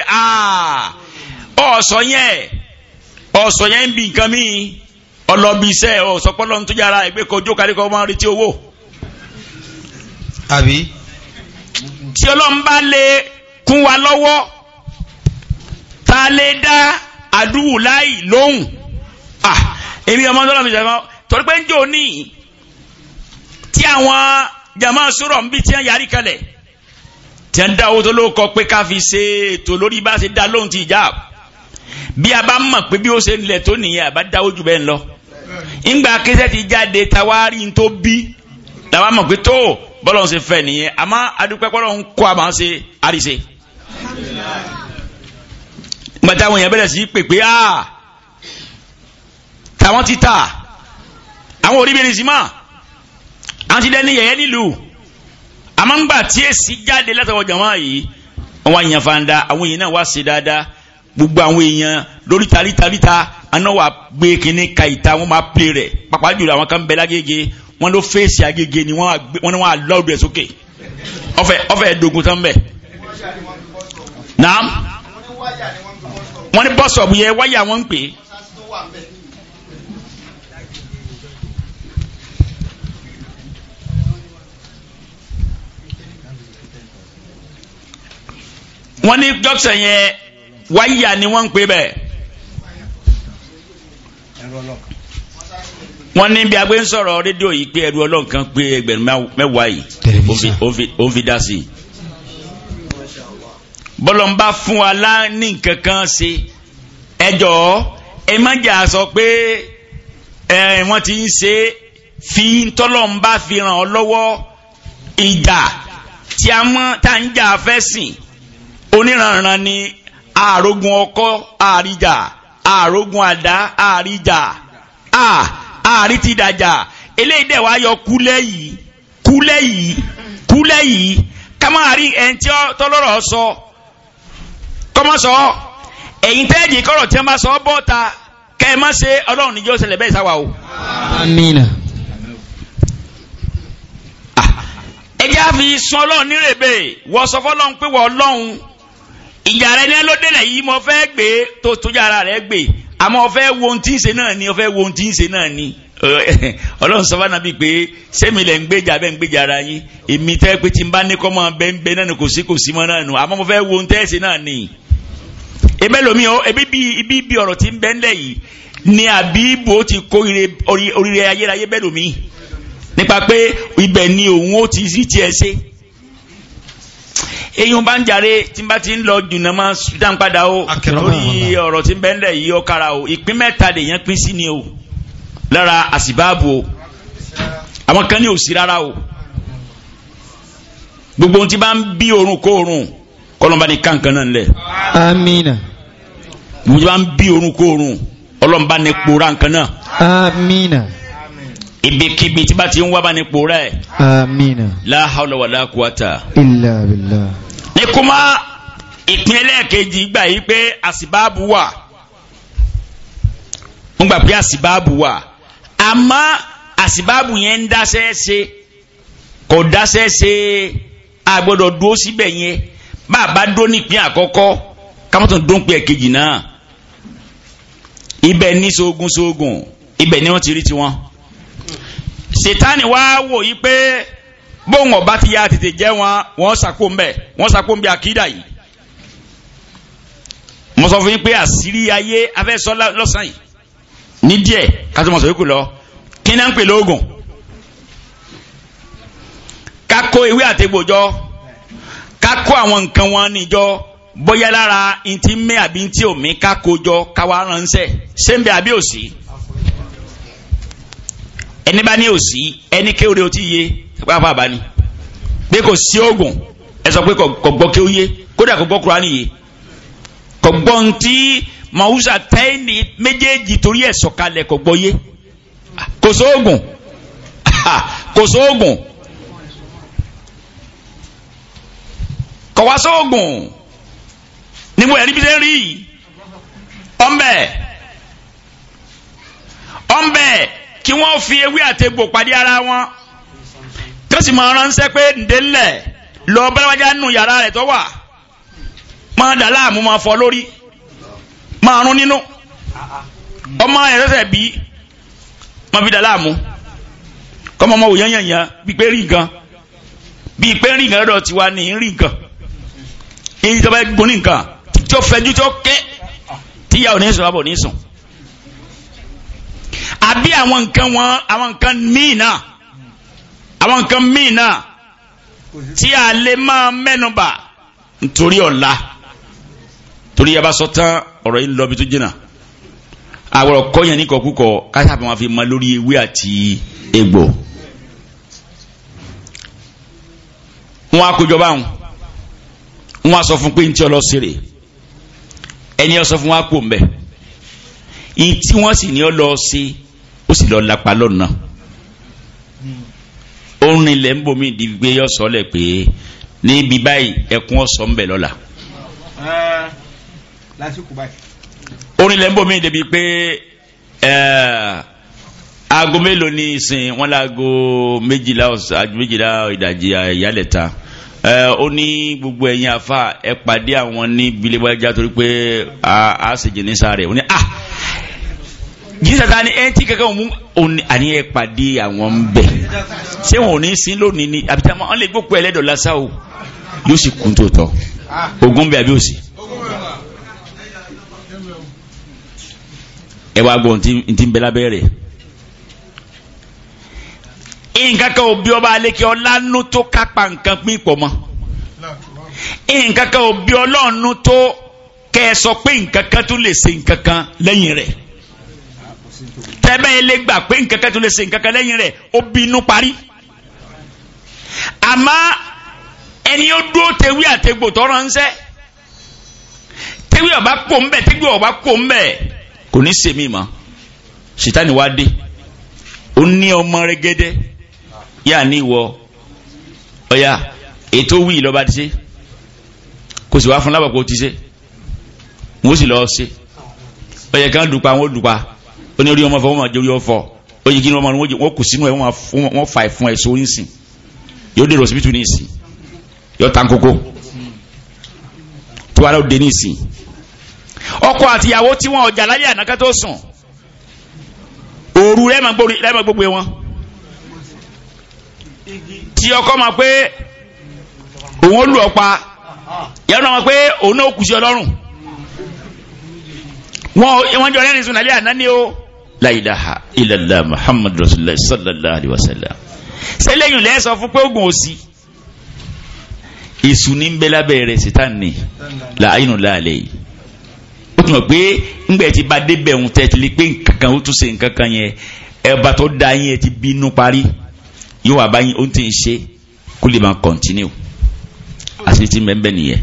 ọ̀sọ̀ ah! yẹn mi ọlọ́bi iṣẹ́ ọ̀sọ̀ pọ́lọ́run tó jẹ́ ara rẹ̀ gbé kojú kárí owó. àbí. tí ọlọ́run lè kún wa lọ́wọ́ ta lè dá àdúgbò láì lóhùn ah! èmi ọmọ ọlọ́run mi torí pé ń jò ní tí àwọn sọ̀rọ̀ tí a ń dá owó tó ló kọ pé ká fi ṣe ètò lórí bá ṣe dá lóhùn ti ìjà bí a bá mọ̀ pé bí ó ṣe ń lẹ̀ tó nìyẹn àbá dáwó jù bẹ́ẹ̀ ń lọ ńgbà kẹsẹ̀ ti jáde tawari tó bí làwa mọ̀ pé tó bọ́lọ̀ ń ṣe fẹ́ nìyẹn àmọ́ adúpẹ́pọ́lọ́ ń kọ́ àmọ́ ṣe àríṣe. gbàtà àwọn èèyàn bẹ̀rẹ̀ sí pèpè á tàwọn ti ta àwọn orí bẹ̀rẹ̀ sí mọ́ àwọn ti dẹ́ni yẹ̀yẹ́ nílùú àmọ́ ń gbà tí èsì jáde látọwọ́ jàmá yìí wọ́n wá yan fanda àwọn èèyàn náà wá ṣe dáadáa gbogbo àwọn èèyàn lórí talitalita aná wà gbé kínní ka ìta wọ́n máa pè rẹ̀ pàápàá jùlọ àwọn kan bẹ lágége wọ́n ló fèsì agége ni wọ́n wá lọ́ọ̀dù ẹ̀ sókè ọfẹ ọfẹ ẹ̀dógún tán bẹ̀. naam wọ́n ní bọ́sọ̀bù yẹ wáyà wọ́n ń pè é. wọ́n ní jọ́sẹ̀ yẹn wáyà ni wọ́n ń pè bẹ́ẹ̀. wọ́n ní bí agbé ń sọ̀rọ̀ rédíò yìí pé ẹrú ọlọ́run kan pé ẹgbẹ̀rún mẹ́wàá yìí ó fi dá sí i. bọ́lọ̀ ń bá fún wa lá ní nǹkan kan ṣe ẹ ẹ má jà sọ pé wọ́n ti ń ṣe fi tọ́lọ̀ ń bá fi ràn ọ́ lọ́wọ́ ìjà tí a ń jà fẹ́ sìn oníranran ni àrógun ọkọ́ àríjà àrógun àdá àríjà à àrí ti dàjà eléyìí dẹ̀ wá yọ kúlẹ̀ yìí kúlẹ̀ yìí kúlẹ̀ yìí ká máa rí ẹni tí tọ́lọ́rọ̀ sọ kọ́mọ́ sọ ẹ̀yin tẹ́ẹ̀jì kọ́rọ̀ tí wọ́n bá sọ bọ́ta kẹ́ ẹ má ṣe ọlọ́run níjọ́ ṣẹlẹ̀ bẹ́ẹ̀ sáwà o. Ah, ẹ jẹ́ àfi sun ọlọ́run nírèbè wọ́n sọ fọ́lọ́run pé wọ́n ọlọ́run ìjà rẹ ní ẹlọ́dẹ̀lẹ̀ yìí mo fẹ́ gbé tó tójú ara rẹ gbé àmọ́ o fẹ́ wo ohun tí ń ṣe náà ni o fẹ́ wo ohun tí ń ṣe náà ni ọlọ́run sọ fún mi pé sẹ́mi lẹ̀ ń gbèjà bẹ́ẹ̀ ń gbèjà ara yín èmi tẹ́ pé tí n bá ní kọ́ mọ́ bẹ́ẹ̀ ń bẹ́ẹ̀ náà ni kò sí kò sí mọ́ náà nù àmọ́ mo fẹ́ wo ohun tẹ́ ṣe náà ni. ebe lomi o ebi bi ibi bi ọ̀rọ̀ tí ń bẹ́ẹ̀ lẹ̀ yìí ni àbíbo ti kó oríire ayérayé bẹ́ẹ̀ lomi nípa pé ibẹ̀ ni òun ó ti sí tiẹ̀ ṣe eyín bá ń jàre tí bá ti ń lọ jùnà máa dán padà o lórí ọ̀rọ̀ tí n bẹ́ ń lẹ̀ yí ọ̀kara o ìpín mẹ́ta lèèyàn pín sí ni o lára àsìbáàbò o àwọn kan ní òsì rárá o gbogbo ohun tí bá ń bí òórùn kó òórùn kọlọ́mbà ní kankan náà lẹ̀. amina. gbogbo tí bá ń bí òórùn kó òórùn ọlọ́mbà ní kpora nǹkan náà. amina ibikíbi tí bá ti ń wá bá ní pòórá ẹ̀. amina. la hawla wala quwata. billah. ní kúmá ìpínlẹ̀ kejì gbà yí pé àsìbáàbù wà ń gbà pé àsìbáàbù wà àmọ́ àsìbáàbù yẹn ń dáṣẹ́ ṣe kò dáṣẹ́ ṣe àgbọ̀dọ̀ dúró síbẹ̀ yẹn bá a bá dúró nípìn àkọ́kọ́ kámọ́tò dún pé ẹ̀kejì náà ibẹ̀ ní sógun sógun ibẹ̀ ni wọ́n ti rí tiwọn sitani wa wò yí pé bóun ọba ti ya tètè jẹ wọn wọn sako ń bẹ wọn sako ń bẹ àkídà yìí mo sọ fún yín pé àṣírí ayé afẹsọ lọ́sàn yìí ní díẹ̀ kátó mọ sọ yìí kù lọ kí náà ń pè lóògùn kakó ewé àtẹgbòjọ kakó àwọn nǹkan wọn níjọ bóyá lára ntí mẹ àbí ntí omi kakó jọ káwa ránṣẹ́ ṣé àbí òsì ẹni bá ní òsì ẹni kéwòrè otí yé pápá àbáni pé kò sí oògùn ẹ sọ pé kò gbọ́ kí ó yé kódà kò gbọ́ kúránì yé kò gbọ́ ntí màwùsà tẹ́ẹ̀nì méjèèjì torí ẹ̀ sọ̀kalẹ̀ kò gbọ́ yé kò sóògùn kò sóògùn kò wá sóògùn ni mo ẹ̀rí bí sẹ́ ń rí yìí kí wọ́n fi ewé àtegbò pàdé ara wọn kí wọ́n sì máa ránṣẹ́ pé ǹdẹ́lẹ̀ lọ bẹ́lẹ́wájá nù yàrá rẹ̀ tó wà máa dà láàmú máa fọ lórí máa rún nínú ọmọ ẹ̀rẹ́sẹ̀ bí máa fi dà láàmú kọ́mọ ọmọ òyìn yànyàn bíi pé rí nǹkan bíi pé rí nǹkan lọ́dọ̀ tiwa ní rí nǹkan èyí tó gbóni nǹkan tí ó fẹjú tó kẹ́ tíyà ò ní sùn àbọ̀ ní sùn àbí àwọn nǹkan wọn àwọn nǹkan míì náà àwọn nǹkan míì náà tí a lè máa mẹ́nubà nítorí ọ̀la torí yaba sọ tán ọ̀rọ̀ yìí lọ bí tó jìnnà àwọn ọ̀kọ́ yẹn ní kọ̀kúkọ̀ káṣá fi máa fi máa lórí ewé àti egbò wọn akójọba àwọn wọn sọ fún pé ntí ọlọ́sẹ̀rè ẹni ọ fún wọn a mbẹ ntí wọn sì ní ọlọ́sẹ̀ ó sì lọ lápá lọ́nà òun ilẹ̀ ń bomi di gbé ọ̀sọ́ lẹ̀ pé níbi báyìí ẹkún ọ̀sọ́ ń bẹ̀ lọ́la. òun ilẹ̀ ń bomi débi pé aago mélòó ní ìsìn wọn láago méjìlá méjìlá ìdajì ìyálẹ̀ta ó ní gbogbo ẹ̀yin afa ẹ pàdé àwọn ní bilẹ̀ torí pé a ṣèjì ní sáré ó ní ah jísà ta ni ẹ ti kankan mú àní ẹ pàdé àwọn ń bẹ ṣé wọn ò ní sin lónìí ni àbí táwọn ọ lè gbókò ẹlẹ́dọ̀ lásán o yóò sì kún tó tọ ogun bẹ àbí òsì. ẹ wá gbọ́ ntí ń bẹ lábẹ́rẹ́ nǹkan kan ò bí ọba alékè ọlánú tó kápá nǹkan pín pọ̀ mọ́ nǹkan kan ò bí ọlọ́ọ̀nù tó kẹ́ ẹ sọ pé nǹkan kan tó lè ṣe nǹkan kan lẹ́yìn rẹ̀ tẹ́bẹ́ ilé gbà pé nǹkan kan tó lè ṣe nǹkan kan lẹ́yìn rẹ̀ ó bínú parí. àmọ́ ẹni ó dúró tewí àtegbò tọrọ ń sẹ́ tewí ọba kò ń bẹ̀ tewí ọba kò ń bẹ̀ kò ní sèmi mọ́ sitani wa dé ó ní ọmọ rẹ́gẹ́dẹ́ yà ní ìwọ ọ̀yà ètò wí lọ́ba ti ṣe kò sì wá fún lábàkó ti ṣe wọ́n sì lọ́ọ́ ṣe ọ̀yẹ̀ kan wọ́n dùpa onírí ọmọ fọ wọn máa jẹ orí ọfọ oye kí ni wọn máa wọn kù sínú ẹ wọn fà fún ẹ sórí nsìn yóò dèrò síbítù ní ìsìn yóò tan koko tí wàá lọ dé ní ìsìn ọkọ àtìyàwó tí wọn ọjà láyé ànákà tó sùn òru lẹ́ẹ̀mà gbogbo wọn tí ọkọ máa pé òun ó lù ọ pa yẹn náà máa pé òun náà kù sí ọlọ́run wọn jọ lẹ́rìn sùn lálẹ́ àná ni o la ilaha illallah muhammadu rasulillah sallallahu alayhi wa sallam sẹ́lẹ̀yìn lẹ́ sọ fún pé ogun òsì èsù ní bẹ́ lábẹ́ rẹ̀ sítán ni láàyínú láàlẹ́ yìí ó tún mọ̀ pé ńgbẹ́ ti bá débẹ̀ ń tẹ́ ti lè pé nǹkan ó tún ṣe nǹkan yẹn ẹba tó da yín ẹ ti bínú parí yóò wà báyìí ó ti ń ṣe kó lè máa kọ̀ntínú àti ti mẹ́ńbẹ́ nìyẹn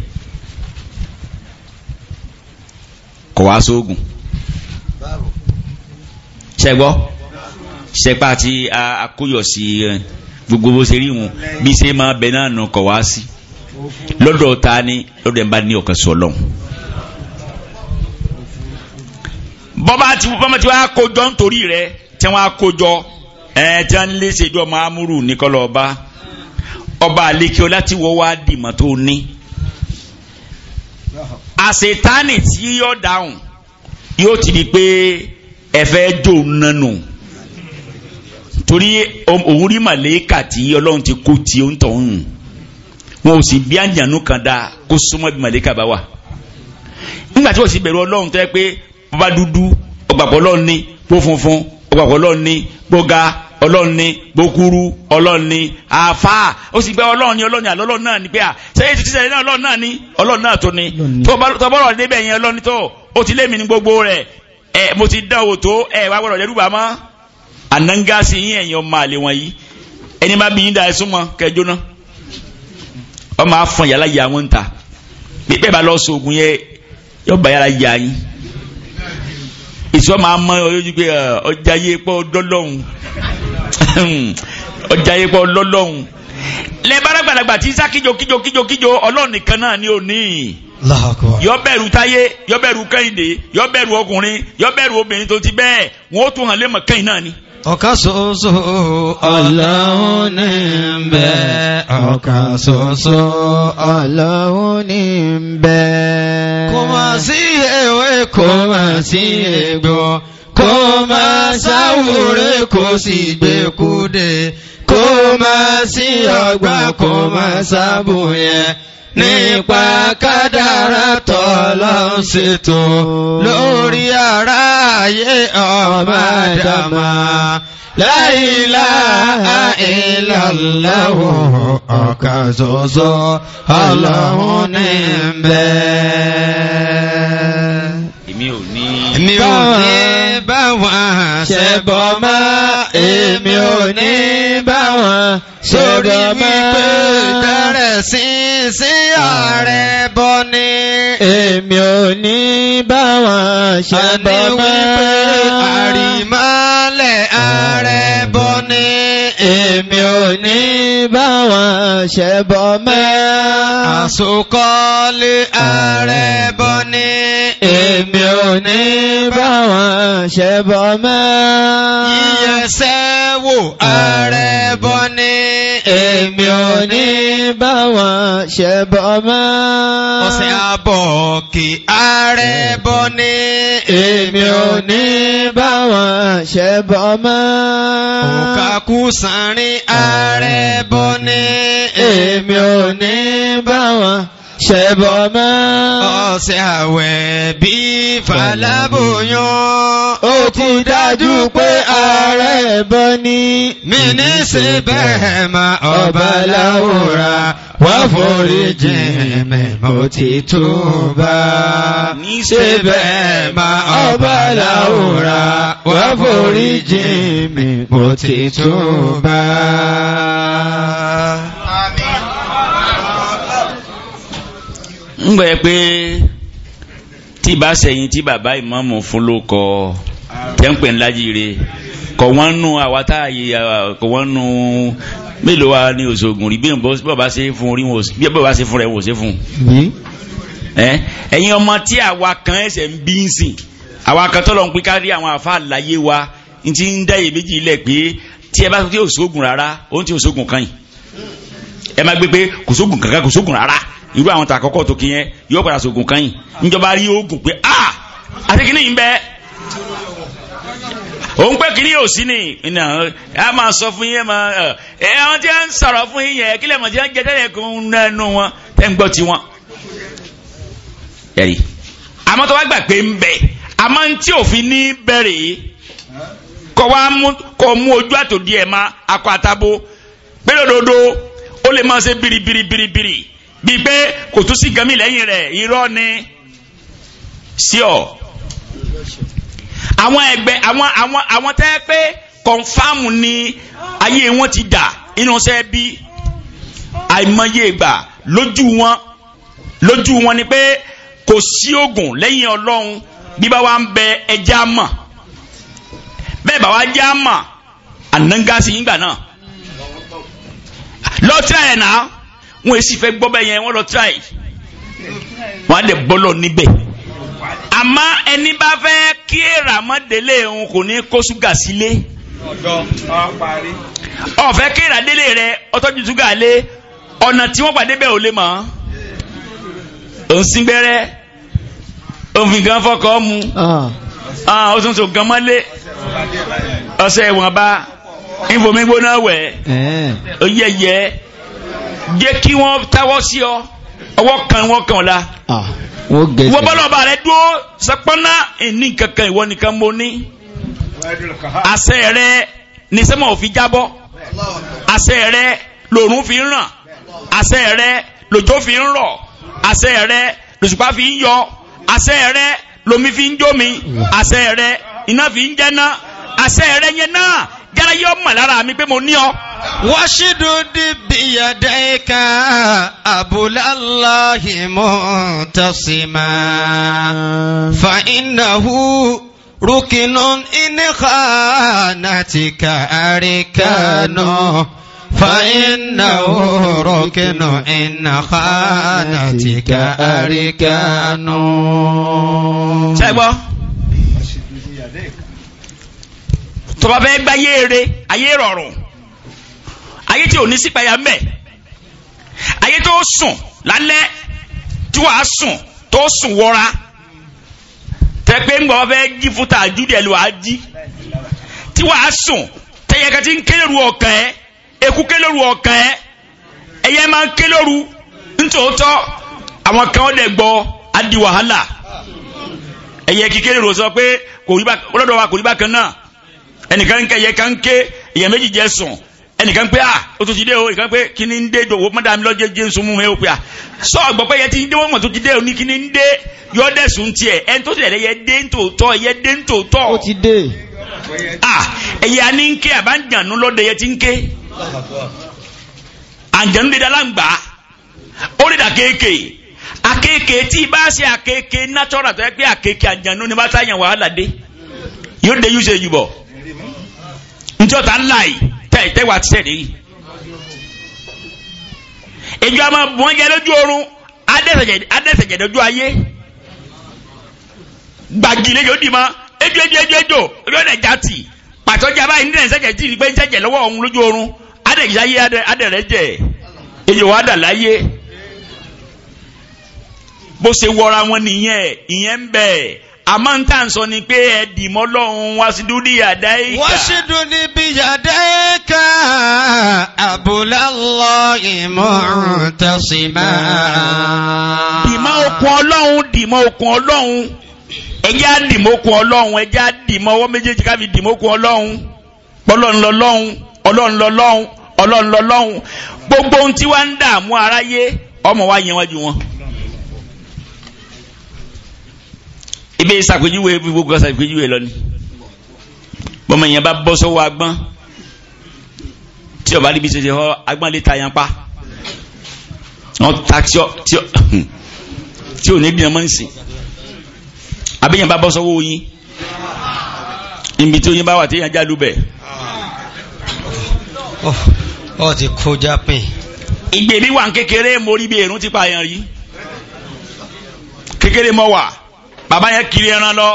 kọ̀ wá sóògùn ṣẹgbọ́ ṣẹpa àti akóyọ̀ sí gbogbo bó ṣe rí wọn bí ṣe máa bẹ náà nù kọ̀ wá sí lọ́dọ̀ ta ni lọ́dọ̀ ẹ̀ bá ní ọ̀kan sọ lọ́hùn. bọ́bá ti bọ́mọ ti wá kójọ nítorí rẹ tí wọ́n á kójọ ẹ̀ tí wọ́n lè ṣèjú ọmọ amúrù ní kọ́lọ́ ọba ọba àlekí ọlá tí wọ́n wá dìmọ̀ tó ní àṣetánì tí yóò dáhùn yóò ti di pé ẹ̀fẹ́ jò nánu torí òun rí màlẹ́kà tí ọlọ́run ti kó tí ó ń tọ̀ ń wọn ò sì bí àjànú kan dáa kó súnmọ́ bí màlẹ́kà bá wà nígbà tí ó sì bẹ̀rù ọlọ́run tó yẹ pé bàbá dúdú ọgbàgbọ́ ọlọ́run ni bó funfun ọgbàgbọ́ ọlọ́run ni bó ga ọlọ́run ni bókúrú ọlọ́run ni àfa ó sì gbé ọlọ́run ni ọlọ́run ni àlọ́ ọlọ́run náà ni pé à sẹ́yìn tuntun sẹ́yìn náà ọlọ́run náà ni ọlọ́run náà tó ni tó bọ́rọ̀ débẹ̀ yẹn ọlọ́run tó ó ti lé mi ní gbogbo rẹ̀ ẹ mo ti dán o tó ẹ wá gbọ́dọ̀ dẹ́rùbà mọ́ ànángásí yín ẹ̀yin ọmọ àlè wọ̀nyí ẹni bá bí yín da ẹsùn mọ́ kẹjọ náà ọmọ afọ̀n yàrá yà wọ́n ta bẹ́ẹ̀ bá lọ sóògùn yẹ yọ bá yàrá yà yín ìṣọ́ máa mọ ojú pé ọjà yé pọ̀ lọ́lọ́hún ọjà yé pọ̀ lọ́lọ́hún lẹ́ẹ̀bá rágbàlagbà tí sá kíjo kíjo kíjo kíjo ọlọ́ọ̀nìkan náà ni ò níyìn yọ́bẹ̀rù táyé yọ́bẹ̀rù kẹ́hìndé yọ́bẹ̀rù ọkùnrin yọ́bẹ̀rù obìnrin tó ti bẹ́ẹ̀ wọ́n tún hàn lé mọ̀ kẹ́hìn náà ni. ọ̀kan ṣoṣo ọlọ́run ní ń bẹ ọ̀kan ṣoṣo ọlọ́run ní ń bẹ. kò mà sí ewé kò mà sí egbò kò mà sáwùrẹ́ kò sì gbẹ́kúdé kò mà sí ọgbà kò mà sábò nípa kádàrá tọ́lọ́ ṣètò lórí ara ayé ọmọ dàmà láìláà ìlàláwọ̀ ọ̀kan ṣoṣo ọlọ́run ní bẹ́ẹ̀ èmi ò ní. èmi ò bá wọn ṣẹbọ mọ́ èmi ò ní bá wọn sórí wípé bẹ̀rẹ̀ sí sí ààrẹ bọ́ ni. èmi ò ní bá wọn ṣe bọ́ mọ́. àní ààrẹ bọ́ ni. èmi ò ní bá wọn ṣe bọ́ mọ́. àsokọ́lé ààrẹ bọ́ ni. èmi ò ní bá wọn ṣe bọ́ mọ́. yíyẹsẹ́ wo ààrẹ bọ́ ni èmi ò ní bá wọn ṣe bọ́ mọ́. ọ̀sẹ̀ àbọ̀ kí ààrẹ bọ́ ní èmi ò ní bá wọn ṣe bọ́ mọ́. òkàkú sanrin ààrẹ bọ́ ní èmi ò ní bá wọn ṣe bọ́ mọ́. ọ̀sẹ̀ àwẹ̀ bí yan. ó ti dájú pé ààrẹ bọ́ ni. mínísì bẹ́ẹ̀ ma ọba láwùrà wá foríjì mi mo ti túbà. níṣẹ́ bẹ́ẹ̀ ma ọba láwùrà wá foríjì mi mo ti túbà. ń gbẹ pé tí bá sẹ́yìn tí bàbá ìmáàmù fún ló kọ tẹ́ ń pè ńlájíire kọ̀ wọ́n nù àwa tá àyè kọ̀ wọ́n nù mélòó wa ní òṣogùn rí bí bàbá ṣe fún rí wọn bí bàbá ṣe fún rẹ wò ṣe fún. ẹ̀yin ọmọ tí àwa kan ẹsẹ̀ ń bí ń sìn àwa kan tọ́lọ̀ ń pín kárí àwọn àfa àlàyé wa ní ti ń dá iye méjì ilẹ̀ pé tí ẹ bá ti òṣogùn rárá ó ń ti òṣogùn kan yìí ẹ má gbé pé kò kankan kò rárá irú àwọn tà kọ́kọ́ tó kí yẹn yóò padà sógun kan yìí rí oògùn pé ah, a àti yìí ń bẹ òun pé kìíní yóò sí ni a máa sọ fún yẹn máa ẹ ẹ wọn ti ń sọ̀rọ̀ fún yẹn kílẹ̀ mọ̀ tí wọ́n jẹ tẹ́lẹ̀ kó ń nẹnu wọn tẹ́ ń gbọ́ tiwọn. yẹ́rì àmọ́ tó wá gbà pé ń bẹ àmọ́ tí òfin ní bẹ̀rẹ̀ kọ́ wá kọ́ mú ojú àtòdí ẹ̀ máa akọ àtàbó pé ó lè máa ṣe bìrìbìrìbìrìbìrì bíi pé kò tún sí gami lẹ́yìn rẹ̀ irọ́ ni sí ọ. àwọn ẹgbẹ́ àwọn àwọn àwọn tẹ́ pé kọ̀nfàmù ni ayé wọn ti dà inú sẹ́ bí àìmọye ìgbà lójú wọn lójú wọn ni pé kò sí oògùn lẹ́yìn ọlọ́run bí bá wa ń bẹ ẹja mọ̀ bẹ́ẹ̀ bá wa já mọ̀ ànángá sí yín gbà náà lọ́tírà náà wọn èsì fẹ́ gbọ́ bẹ́ẹ̀ yẹn wọ́n lọ tíráì wọ́n á lè bọ́lọ̀ níbẹ̀ àmọ́ ẹni bá fẹ́ kí èrà mọ́délé òun kò ní kó ṣúgà sílé ọ̀fẹ́ kí èrà délé rẹ ọtọ́jú ṣúgà lé ọ̀nà tí wọ́n pàdé bẹ́ẹ̀ ò lè mọ̀ òun sí gbẹ́rẹ́ òun fi gan fọkọ̀ mu ah. Ah, ó tún gan mọ́lé ọ̀sẹ̀ ìwọ̀nba ìfòmígbóná wẹ̀ eh. ó jẹ́ kí wọ́n táwọ́ sí ọ ọwọ́ kan wọ́n kan ọ̀la. wọ́n bá lọ́ba rẹ dúró sọpọ́nà ìní kankan ìwọ nìkan mo ní. àṣẹ rẹ ní sẹ́mọ̀ òfin jábọ́ àṣẹ rẹ lòrùn fi ń ràn àṣẹ rẹ lòjò fi ń rọ̀ àṣẹ rẹ lòṣùpá fi ń yọ àṣẹ rẹ lomi fi ń jómi àṣẹ rẹ iná fi ń jẹ́ná àṣẹ rẹ yẹn náà jára yọ mọ̀ lára mi pé mo ní ọ. واشدد بيديك أبو الله منتصما فإنه ركن إن خانتك أركان فإنه ركن إن خانتك أركان سيبا tó bá fẹ́ gbáyé eré ayé rọrùn ayé tí ò ní sípayà ń bẹ ayé tó sùn lálẹ́ tí wàá sùn tó sùn wọra tẹ́gbẹ́ ń gbọ́ fẹ́ jí fún tàjú dẹ̀ ló wàá jí tí wàá sùn tẹ́yẹ̀kẹ́ ti ń kéleru ọ̀kàn ẹ́ eku kéleru ọ̀kàn ẹ́ ẹ̀yẹ́ máa ń kéleru nítòótọ́ àwọn kan ó dẹ̀ gbọ́ á di wàhálà ẹ̀yẹ́ kí kéleru sọ pé kò rí bá lọ́dọ̀ wa kò rí bá kan náà ẹnìkan ń kẹ́ ẹ̀yẹ́ kan ń ké ẹ̀yẹ́ méjì jẹ́ sùn ẹnìkan pé a ah, o tún ti dé o ìkan pé kí ni ń dé jòwó mọ́dà mi lọ́jọ́ jẹ́ nsúmú mi ó pè ah, sọ pé yẹn ti dé wọ́n mọ̀ tó ti dé o ní kí ni ń dé yọ dẹ̀sùn tiẹ̀ ẹni tó ti dé. Ah, a yẹ natural tó yẹ pé akéèké àjànú ni bá wàhálà dé yóò dé tẹ ìtẹ́wà ti tẹ̀lé yìí. ìjọ àmọ́ wọ́n jẹ́ lójú oorun adẹ́sẹ̀jẹ̀ lójú ayé gbàgì lẹ́jọ́ dì mọ́ ejò ejò ejò ejò lórí ẹ̀já tì pàtọ́jà báyìí nílẹ̀ ìṣẹ̀jẹ̀ tì pé ìṣẹ̀jẹ̀ lọ́wọ́ ọ̀hún lójú oorun adẹ́jẹ̀ ayé adẹ́rẹ́jẹ̀ èyí wàá dà láyé bó ṣe wọra wọn nìyẹn ìyẹn ń bẹ́ẹ̀ àmọ́ ń tà ń sọ ni pé ẹ dìmọ́ lọ́hún wá sí dúdú yàdá yìí ká. wọ́n ṣe dúdú bí yàdá yìí ká àbúlálọ́ ìmọ̀ọ́tàṣìmá. dìmọ́ okun ọlọ́hun dìmọ́ okun ọlọ́hun ẹjẹ́ á dìmọ́ okun ọlọ́hun ẹjẹ́ á dìmọ́ ọwọ́ méjèèjì ká fi dìmọ́ okun ọlọ́run ọlọ́run lọ́lọ́hun ọlọ́run lọ́lọ́hun gbogbo ohun tí wàá ń dààmú aráyé ọmọ wa yẹn wájú wọn. ibi ìsàpèjúwe ibi gbogbo ìsàpèjúwe lọ ni bọ́mọ yẹn bá bọ́ sọ́wọ́ agbọ́n tí ọba níbi ṣe ṣe họ agbọ́n lè ta yan pa wọn ta tí ọ tí ọ tí ò ní bí wọn mọ̀ nísìn àbí yẹn bá bọ́ sọ́wọ́ oyin ibi tí oyin bá wà tí yẹn já lúbẹ̀. ọ oh, oh, ti kó jápìn. ìgbèrí wà kékeré mórí bí èrún ti pààyàn rí kékeré mọ́ wà. Baba yẹn kiri ẹran lọ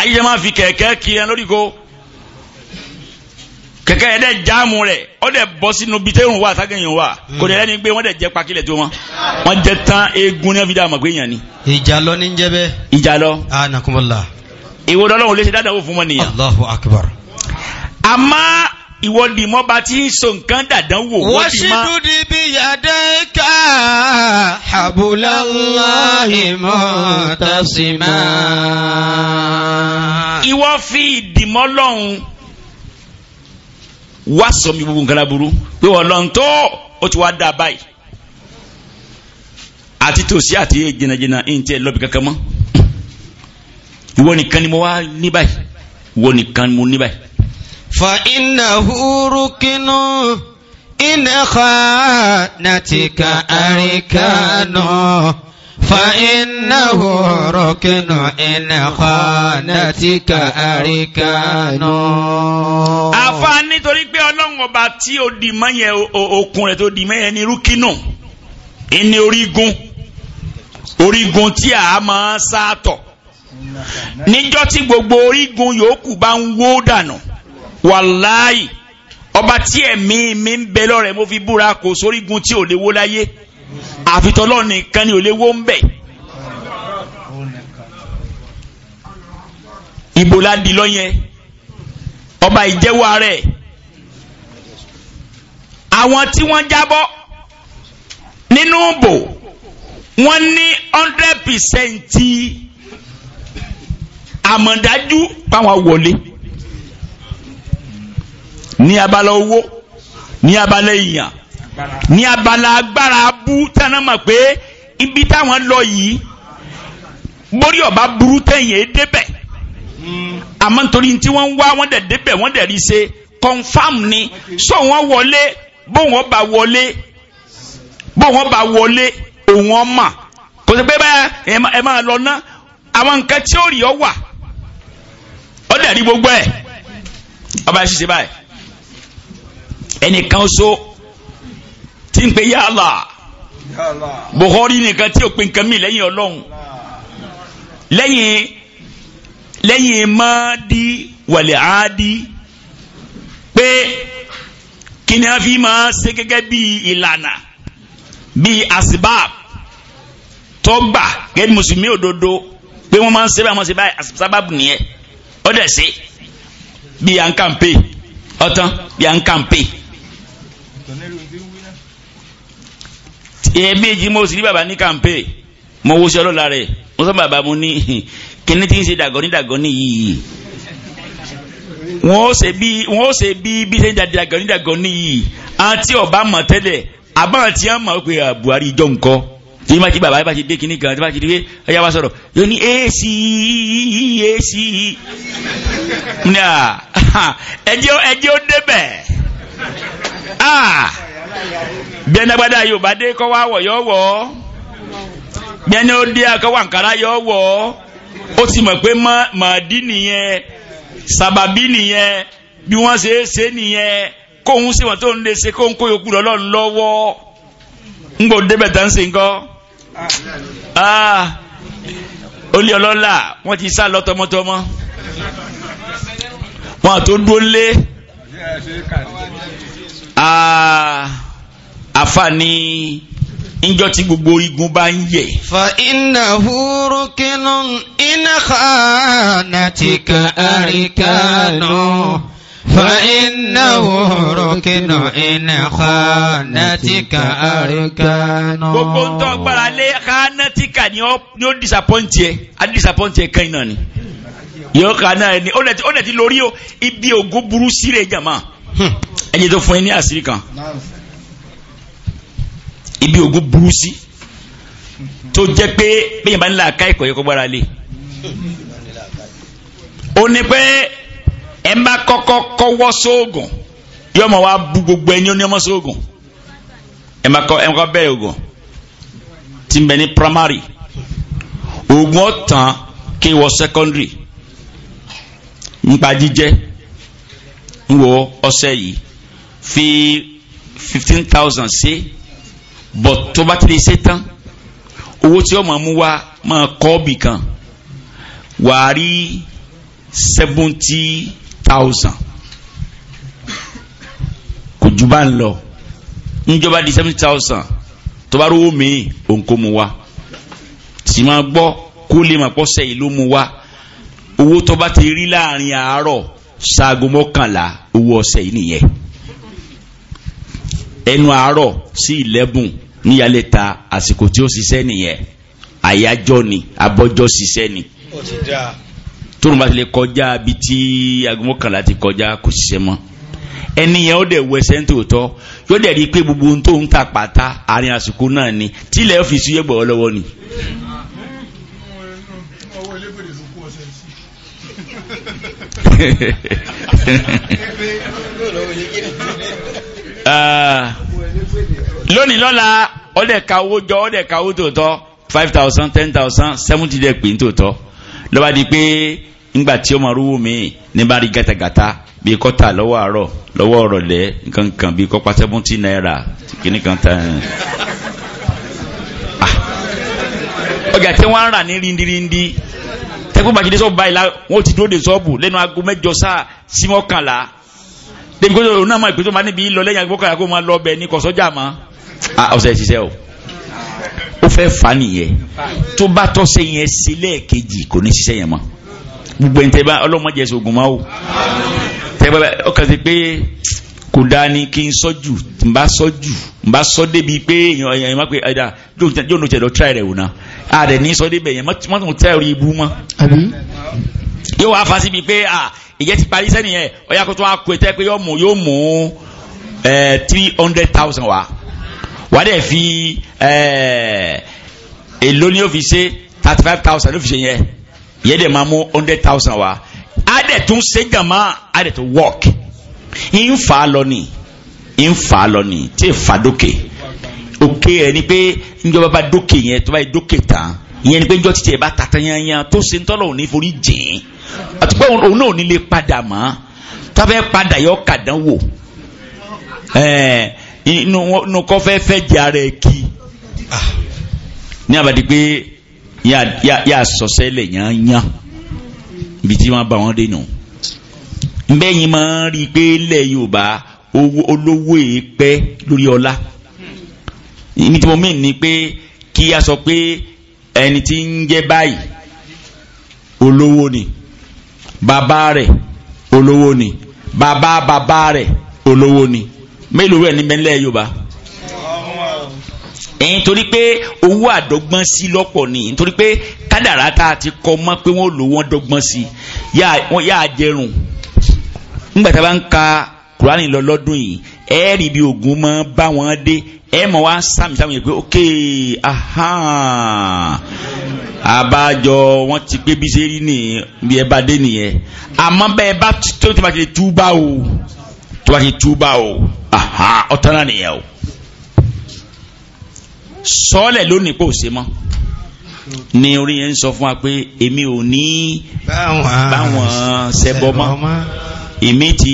ayíṣẹ́ máa fi kẹ̀kẹ́ kiri ẹran lórí ko kẹ̀kẹ́ yẹn dẹ̀ jáàmù rẹ̀ ó dẹ̀ bọ́ sínú bíi tẹ́hùn wà sákẹ́yìn wà hmm. kò dẹ̀ lẹ́ni gbé wọ́n dẹ̀ jẹ́ pakílẹ̀ tó wọn wọ́n jẹ́ tán eegun ní wọ́n fi dá àmọ̀ pé ni. ìjà lọ ní jẹ́ bẹ́ẹ̀. ìjà ìwé ọlọ́run lè ṣe dáadáa fún wọn nìyà. Allahu akbar. àmọ́ ìwọ lè mọ́ bá ti ń so nǹkan dàdán wò wọ́n ti má. wọ́n ṣíjú di bí yàdá ká habulallahi mutasima. ìwọ fi ìdìmọ́ lọ́hùn wá sọ mi gbogbo nǹkan láburú pé ọlọ́run tó o ti wá dá a báyìí àti tòsí àti jìnnàjìnnà ń tẹ lọ́bì kankan mọ́ ìwọ nìkan ni mo wá ní báyìí ìwọ nìkan ni mo ní báyìí. فإنه ركن إن خانتك أركان فإنه ركن إن خانتك أركان àfáà nítorí pé ọlọ́run ọba tí ó di mọ́yẹ okùn rẹ̀ tó di mọ́yẹ ní rúkínù ìní orígun orígun tí a máa ń sáàtọ̀ níjọ́ tí gbogbo orígun yòókù bá ń wó dànù. No wàláì ọba tí ẹ̀mí mi ń bẹ lọ́rẹ̀ mo fi búra kò sórígun tí ò léwó láyé àfitọ́lọ́ nìkan ni ò léwó ń bẹ. ibo la di lọ́yẹn ọba ìjẹ́wọ́ rẹ̀ àwọn tí wọ́n jábọ́ nínú bò wọ́n ní hundred percent àmọ̀dájú pàwọn wọlé ní abala owó ní abala èèyàn ní abala agbára abú tẹ́ná mọ̀ pé ibi táwọn lọ yìí borí ọba burú tẹ̀yìn é débẹ̀ àmọ́ nítorí tí wọ́n ń wá wọ́n dẹ̀ débẹ̀ wọ́n dẹ̀ rí ṣe confam ni so wọ́n wọlé bó wọ́n bá wọlé bó wọ́n bá wọlé òun ọmọ kò sí pé báyà ẹ máa lọ ná àwọn nǹkan tí ó rí ọ wà ọ dẹ̀ rí gbogbo ẹ̀ ọba ẹ ṣiṣẹ́ báyìí ẹnìkan so tí ń pe ya Allah Bukhari nìkan tí ò pe nǹkan mi lẹ́yìn ọlọ́run lẹ́yìn lẹ́yìn máàdí wàlẹ̀ áàdí pé kí ni a fi máa ṣe gẹ́gẹ́ bí ìlànà bí asibab tó gbà gẹ́gẹ́ mùsùlùmí òdodo pé wọ́n máa ń ṣe báyìí wọ́n ṣe báyìí asibab nìyẹn ó dẹ̀ ṣe bí à ń kàǹpé ọ̀tán bí à ń kàǹpé ẹ̀ẹ́mẹ́jì mo sì rí bàbá ní kàmpé mo wo sí ọlọ́la rẹ̀ mo sọ bàbá mo ní kíní tí ń ṣe dàgọ́ ní dàgọ́ ní yìí wọ́n ó ṣe bí wọ́n ó ṣe bí bí ṣe ń jáde dàgọ́ ní dàgọ́ ní yìí àti ọba mọ̀ tẹ́lẹ̀ àbá àti àmọ̀ pé Buhari jọ nǹkan tí ma ti bàbá bá ti dé kíní kan tí ma ti dé ẹyà wa sọ̀rọ̀ yóò ní èsì èsì ẹjẹ́ ó débẹ̀. Ah! bí ẹni agbádá yóò bá kọwa awọ wá wọ̀ yọ wọ̀ bí ẹni ó dé akọ́wà nkàrà ma ó ti mọ̀ pé màdí nìyẹn sàbàbí nìyẹn bí wọ́n ṣe é kóhun wọn tó ń lè ṣe kóhun kó yòókù lọ́lọ́run àfààní njọ tí gbogbo igun bá ń yẹ. fa iná huru kinu iná xaana ti ka arikanu. fa iná huru kinu iná xaana ti ka arikanu. gbogbo ń gbára lé xaana ti ka ni ó disappoint yẹ a disappoint yẹ kan náà ni. yóò kan náà ni ó nà ti lórí ibi ògo burú sí rẹ̀ jàmá. Hmm. ẹni tó fún yín ní àṣírí kan ibi ògùn burú sí tó jẹ́ pé bẹ́ẹ̀ bá ń là ká ẹ̀kọ́ yẹ kó gbára lé ó ní pé ẹ má kọ́kọ́ kọ́wọ́ sóògùn yóò mọ̀ wá bú gbogbo ẹni ó sóògùn ẹ má kọ́ ẹ má kọ́ bẹ́ẹ̀ ògùn tí bẹ ní primary ògùn ọ̀tàn kí secondary nípa jíjẹ́ ń wo ọ̀sẹ̀ yìí fi fifteen thousand ṣe bọ̀ tó bá ti lè ṣe tán owó tí ó máa mú wá máa kọ́ bì kan wàá rí seventy thousand kò jù bá ń lọ níjọba di seventy thousand tó bá rówó mi òǹkó mu wá sì máa gbọ́ kó lè máa pọ́ sẹ́yìn ló mu wá owó tó bá ti rí láàrin àárọ̀ ṣaago mọ́kànlá owó ọ̀sẹ̀ yìí nìyẹn ẹnu àárọ̀ sí eleven níyàlẹ́ta àsìkò tí ó ṣiṣẹ́ nìyẹn àyájọ́ ni abọ́jọ́ ṣiṣẹ́ ni tóun bá ti lè kọjá bí tí aago mọ́kànlá ti kọjá kò ṣiṣẹ́ mọ́ ẹnìyẹn ó dẹ̀ wọ ẹsẹ̀ ń tòótọ́ yóò dẹ̀ rí i pé gbogbo ohun tó ń ta pàtà àárín àsìkò náà ni tílẹ̀ ọ́fíìsì yẹ gbọ́ ọ lọ́wọ́ ni. Eh, lónìí lọ́la ó lè ka owó jọ ó lè ka owó tòótọ́ five thousand ten thousand dẹ̀ pé tòótọ́ lọ́ba di pé ńgbà tí ó máa ní bá rí gàtàgàtà bí kọ́tà lọ́wọ́ àárọ̀ lọ́wọ́ ọ̀rọ̀lẹ́ nǹkan kan eh. ah. ọjà tí wọ́n ń rà ní rindirindi tẹ́gbọ́n bàjẹ́ sọ́ọ̀bù báyìí la wọ́n ti dúró de sọ́ọ̀bù lẹ́nu aago mẹ́jọ sáà sí mọ́kànlá débi kó o náà máa ìpèsè máa níbi lọ lẹ́yìn agbókan àgó máa lọ bẹ̀ ní kọ̀sọ́jà mọ́ ah, ọ̀sẹ̀ ṣiṣẹ́ o ó fẹ́ fà nìyẹn tó bá tọ́sẹ̀ yẹn ṣe lẹ́ẹ̀kejì kò ní ṣiṣẹ́ yẹn mọ́ gbogbo ẹ̀ ń tẹ́ bá ọlọ́mọ jẹ́ sọ̀gùn kò dáa ni kí n sọ́jù n bá sọ́jù n bá sọ́ débi pé èèyàn èèyàn má pé ẹ̀dá yóò nù tẹ̀dọ̀ tíráì rẹ̀ wò ná a rẹ̀ ní sọ́ débi èèyàn má tún tíráì rí ibú mọ́. yóò wá fa síbi pé a ìjẹ́ ti parí sẹ́ni yẹn ọ̀yà kó tó wá kó tẹ́ pé yóò mú yóò mú three hundred thousand wa wà á dẹ̀ fi èlò ní òfin ṣe thirty five thousand òfin ṣe yẹn yẹ́n dẹ̀ máa mú hundred thousand wa á dẹ̀ tún ṣe gàmá á dẹ̀ tún work ń fà á lọ ni ń fà á lọ ni tí ì fà dókè òkè ẹ ni pé njọba bá dókè yẹn tó bá yẹ dókè tán ìyẹn ni pé njọ títí ẹ bá tata yanyan tó ṣe ń tọ́lọ̀ òní forí jìn àti pé òun náà ò ní lè padà mọ́ tábẹ́ padà yọ kàdán wò inú kọfẹ́ fẹ́ jẹ ara kí ah, ní abàdí pé yà sọ̀sẹ́ lẹ̀ yanyan ibi tí wọ́n bá wọn dé nù. No mbẹ́yìn máa ń rí i pé ilẹ̀ Yorùbá olówó yìí lórí ọlá ní tí mo mìn ni pé kí a sọ pé ẹni tí ń jẹ́ báyìí olówó ni bàbá rẹ̀ olówó ni bàbá bàbá rẹ̀ olówó ni mélòó rẹ̀ níbẹ̀ ńlẹ̀ Yorùbá ẹ̀yin torí pé owó àdọ́gbọ́n sí lọ́pọ̀ ni nítorí pé kádàrá tá a ti kọ́ mọ́ pé wọ́n lò wọ́n dọ́gbọ́n sí yáa jẹrùn ńgbàtà bá ń ka kurani lọ lọ́dún yìí ẹ̀ẹ́rì bí ogun máa bá wọn dé ẹ̀ mọ̀ wá sàmì sàmì pé ok àbájọ wọn ti gbé bí ṣe rí ni bí ẹ bá dé nìyẹn àmọ́ bẹ́ẹ̀ bá tó ti bá túbà o tó bá túbà o ọ̀tán náà nìyẹn o sọ́ọ̀lẹ̀ lónìí pò ṣe mọ́ ni orí yẹn ń sọ fún wa pé èmi ò ní báwọn ṣẹbọ mọ́ èmi ti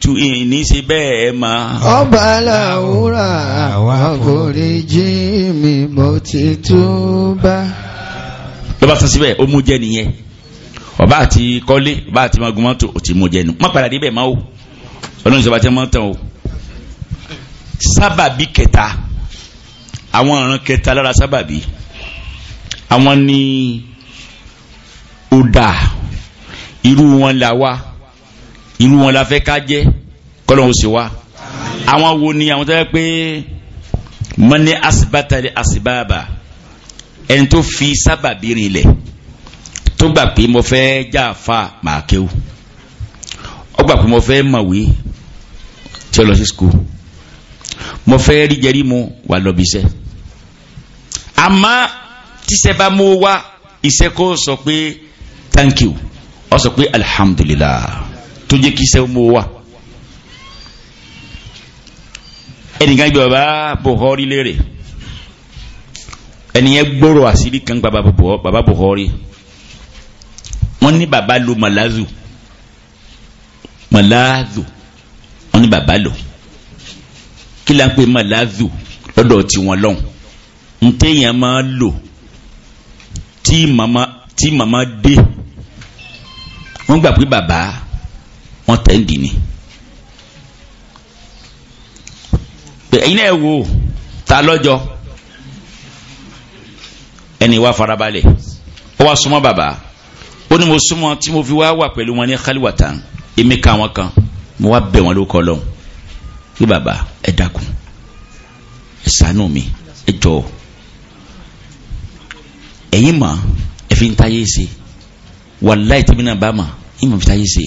tu ní ṣe bẹ́ẹ̀ ma. ọba aláwúrà wà foríjì mi mo ti túbà. lọ́ba sọ síbẹ̀ ó mú jẹ́ nìyẹn ọba àti kọ́lé ọba àti magun mọ́tò ó ti mú jẹ́ nu má padà débẹ̀ má o ọlọ́run ìṣọba tẹ́ mọ́ tán o. sábàbí kẹta àwọn ọ̀ràn kẹta lára sábàbí àwọn ni ó dà irú wọn là wá irú wọn la fẹ́ ká jẹ́ kọ́lọ́hún sì wá àwọn wo ni àwọn tó yẹ pé mọ́ni asibatali asibaba ẹni tó fi sábàbí rinlẹ̀ tó gbà pé mo fẹ́ jáfa màá kéwù ó gbà pé mo fẹ́ mọ̀wé tí ó lọ sí skul mo fẹ́ rí jẹrí mu wà lọ́bi iṣẹ́ àmọ́ tíṣẹ́ bá mú wa iṣẹ́ kó sọ pé thank you ó sọ pé alhamdulillah tó jẹ́ kí iṣẹ́ ọmọ wa ẹnìkan gbé bàbá Buhari léèrè ẹnìyẹn gbọ́rọ̀ àṣírí kan bàbá Buhari wọ́n ní bàbá lo malazu malazu wọ́n ní bàbá lò kí la ń pè malazu lọ́dọ̀ tiwọn lọ́hùn ntẹ́yìn máa lò tí màmá dé wọ́n gbà pé bàbá wọ́n tẹ̀ ń dì ní. ẹ̀yin náà wo ta lọ́jọ́ ẹni wá farabalẹ̀ ó wá súnmọ́ bàbá ó ní mo súnmọ́ tí mo fi wá wà pẹ̀lú wọn ní kálíwàtà èmi ka wọn kan mo wá bẹ̀ wọn ló kọ́ lọ́hùn bí bàbá ẹ dákun ẹ ṣàánú mi ẹ jọ ẹ̀yin mọ̀ ẹ fi ń táyé ṣe wàláì tẹ́mi bá mọ̀ ẹ mọ̀ fi táyé ṣe.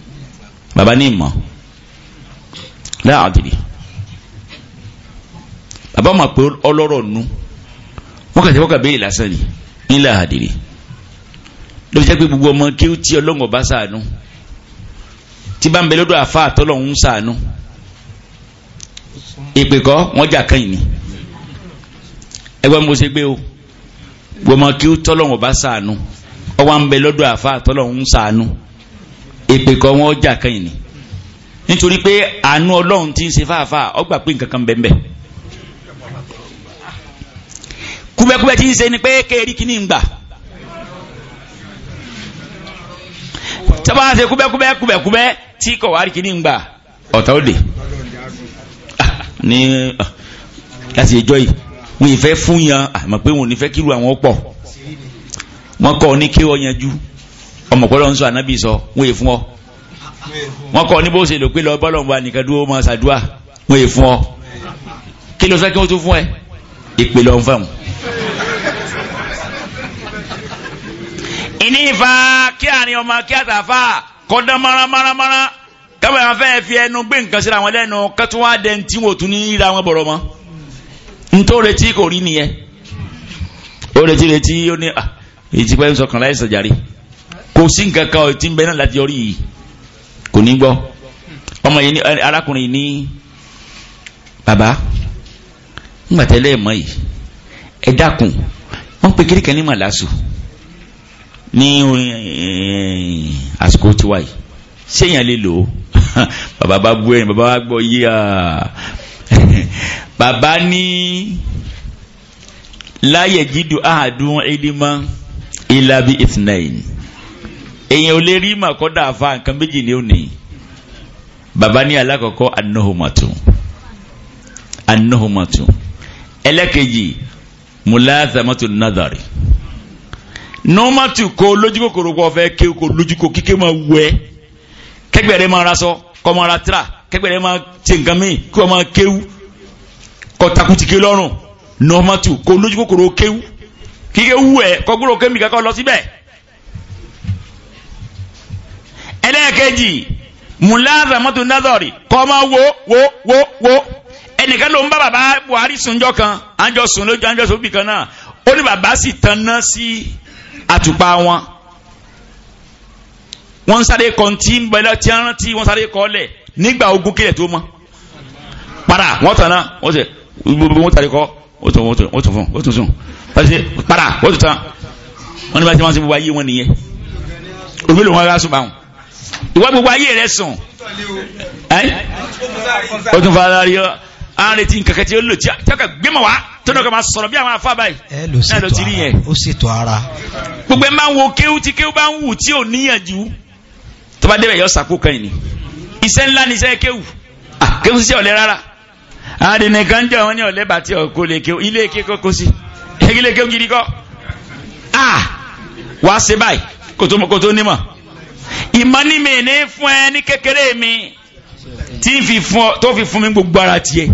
bàbá ní ìmọ̀ láàdìrí bàbá ọmọ pé ọlọ́rọ̀ nu wọ́n kàtí wọ́n kà béèrè lásán ni ní láàdìrí lóbi jẹ́ pé gbogbo ọmọ kí ó ti ọlọ́ngọ̀ bá sàánú tí bá ń bẹ lọ́dọ̀ àfa àtọ́lọ́hún ń sàánú ìpè kọ́ wọ́n jà kan yìí ẹgbẹ́ mo ṣe gbé o gbogbo ọmọ kí ó tọ́lọ́hún bá sàánú ọwọ́ ń bẹ lọ́dọ̀ àfa àtọ́lọ́hún sàánú èpè kọ́ wọn ọjà kan yìí ni nítorí pé àánú ọlọ́run ti ń ṣe fáfá ọgbà pé nǹkan kan bẹ́ẹ̀ kúbẹ́kúbẹ́ ti ń ṣe ni pé kéèrí kìíní ń gbà tọ́ba ṣe kúbẹ́kúbẹ́ kúbẹ́kúbẹ́ tí kò wárí kìíní ń gbà ọ̀tá ó dé ah, ní ah, láti ìjọ yìí wọn ì fẹ́ fún yan àmọ́ pé wọn ò ní fẹ́ kíru àwọn pọ̀ wọn kọ́ ọ ní kí ọ yanjú ọmọ pọlọ ń sọ ànábì sọ wọn yé fún ọ wọn kọ ní bó ṣe lò pé lọ bọlọ wà nìkan dúró máa ṣàdúà wọn yé fún ọ kí ló sọ kí wọn tún fún ẹ ìpè lọ ń fáwọn. ìnífa kí àárín ọmọ kí àtàfà kọ́dán máramáramárá káwọn àwọn afẹ́ fi ẹnu gbé nǹkan síra wọn lẹ́nu kẹ́tún wá dẹ́n tí wọ́n tún ní ìra wọn bọ̀rọ̀ mọ́ ntòretí kò rí nìyẹn ó retí retí ó ní ìtìpẹ́ ah, ń sọ kàn láì sàjàrí kò sí nǹkan kan ọ̀ tí ń bẹ náà láti orí yìí kò ní gbọ́ ọmọ yìí ní arákùnrin ní bàbá ńgbà tẹ́lẹ̀ mọ́ yìí ẹ dákun wọ́n pe kékeré ní màlásù ní eh, àsìkò tiwa yìí séèyàn lè lò ó bàbá bá bú ẹ̀yìn bàbá bá gbọ́ yí bàbá ní láyé jídù ahàdùn ìlímọ́ ìlàbí ìtìnnáyìn. èèyàn ò lè rí mà kọ́dà fa nǹkan méjì ni ó ní baba ní alákọ̀ọ́kọ́ anuhumatu anuhumatu ẹlẹ́kejì mulazamatu nadari numatu kó lójúkòkòrò kó fẹ́ ké kó lójúkò kíké máa kẹgbẹ̀rẹ́ máa kọ́ máa kẹgbẹ̀rẹ́ máa nǹkan kí wọ́n máa kọ́ takuti ké lọ́rùn kó lójúkòkòrò kíké kọ́ kémi kakọ́ lọ síbẹ̀. ẹlẹ́ẹ̀kejì mùláàzà mọ́tò názọ̀rì kọ́ wo wo wo wo ẹnìkan ló ń bá bàbá Buhari sunjọ́ kan àjọ sùn lójú àjọ sùn bìkan náà ó ní bàbá sì tanná sí àtùpà wọn wọ́n ń sáré kọ́ tí ń bẹ̀rẹ̀ tí ń rántí wọ́n sáré kọ́ lẹ̀ nígbà ogun kílẹ̀ tó mọ́ para wọ́n tanná wọ́n sẹ̀ gbogbo wọ́n tàrí kọ́ ó tún fún ó tún sùn pàṣẹ para ó tún tán wọ́n ní bá ti wọ́n ti wáyé wọn nìyẹn òbí lòun wá sùn báwọn ìwọ gbogbo ayé rẹ sùn ó tún fa ara rí ọ à ń retí nǹkan kan tí ó lò tí a kà gbé mọ̀ wá tó náà kà máa sọ̀rọ̀ bí àwọn afá báyìí náà ló ti rí yẹn ó ṣètò ara gbogbo ẹ máa ń wo kéwú tí kéwú bá ń wù tí ò níyànjú tó bá débẹ̀ yọ sàkó kan yìí ni iṣẹ́ ńlá ni iṣẹ́ kéwù kéwù sí ọ̀lẹ́ rárá àdìnìkan jẹ́ wọn ní ọ̀lẹ́ bàtí ọ̀kọ́ lè kéwù ilé ké kókó sí ilé kéwù gidi kọ́ wàá ṣe báyìí kótó nímọ̀ ìmọ̀ni mi ní fún ẹ ní kékeré mi tí fi fún ọ tó fi fún mi gbogbo ara tiẹ̀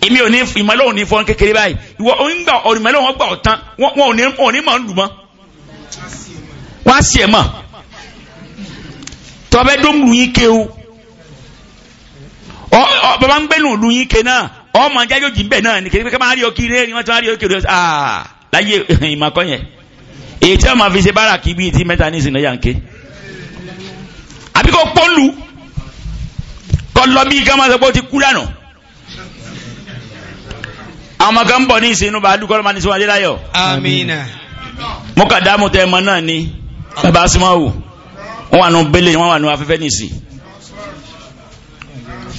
èmi ò ní ìmọ̀lẹ́ òní fún ọ kékeré báyìí ìwọ onígbà ìmọ̀lẹ́ wọn gbà ọ tán wọn ò ní wọn ò ní mọ̀ ń lù mọ́ wọn á sì ẹ̀ mọ̀ tọ́ bẹ́ dóńgù yín ké o bàbá ń gbẹ́nu òlu yín ké náà ọmọ ajá yóò jí bẹ́ẹ̀ náà ni kékeré máa rí ọ kiri ni wọ́n ti máa rí ọ kiri láyé ìmọ̀kọ́ yẹn èyí tí wọ́n máa fi ṣe bára kí bíi ti mẹ́ta ní ìsìn náà yà ń ké àbí kò pọ́nlù kọ́ lọ bí ká máa sọ pé ó ti kú lánàá àwọn ọmọ kan ń bọ̀ ní ìsinú bá dúkọ́ lọ́mọ ní sọ́wọ́n adéláyọ̀ mo kà dá mo tẹ ẹmọ náà ni bàbá súnmọ́wò wọ́n wà nù bẹ́lẹ̀ wọ́n wà nù afẹ́fẹ́ nìsí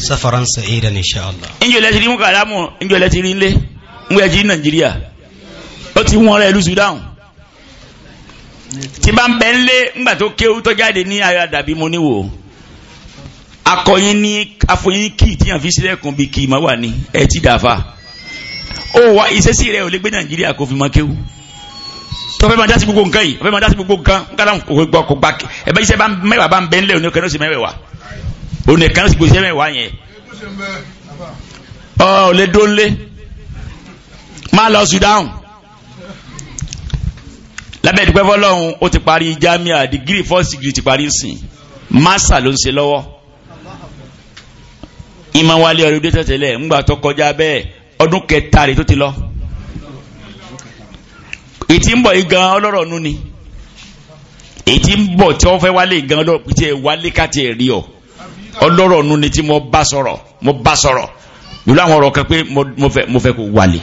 safaran sa'idan insha Allah injo lẹ́tìrí mú kàdámù injo lẹ́tìrí nlé ń gbẹ̀jì nàìjíríà ó ti wọ́n rẹ̀ ìlú Sudan tí bá ń bẹ ńlé ńgbà tó kéwú tó jáde ní ayọ̀ àdàbí mo níwò akọyin ní afọyin kì í tí yàn fi sílẹ̀kùn bí kì í má wà ní ẹ ti dàáfà ó wá ìṣesí rẹ ò lè gbé nàìjíríà kó fi mọ kéwú tọ́fẹ́ máa dásí gbogbo nǹkan yìí tọ́fẹ́ máa dásí gbogbo nǹkan nǹkan náà kò gbọ́ kò gbà ẹ̀bẹ́ iṣẹ́ mẹ́wàá bá ń bẹ ńlẹ̀ oníkan náà sì mẹ́wàá oníkan náà sì gbòòṣẹ́ mẹ́wàá yẹn. ọ ò lè dóńlé máa lọ Sudan lábẹ́ ìdúpẹ́ fọlọ́run ó ti parí jamia degree first degree ti parí sìn masa ló ń ṣe lọ́wọ́ ìmọ̀ wálé ọdún dé tẹ̀tẹ̀lẹ̀ ńgbà tó kọjá bẹ́ẹ̀ ọdún kẹta rẹ̀ tó ti lọ ètí ń bọ̀ yìí gan ọlọ́rọ̀ nú ni ètí ń bọ̀ tí wọ́n fẹ́ wálé gan ọlọ́rọ̀ tí wálé ká rí ọ ọlọ́rọ̀ nú ni tí mo bá sọ̀rọ̀ mo bá sọ̀rọ̀ ìlú àwọn ọ̀rọ̀ kan pé mo fẹ́ kó wálé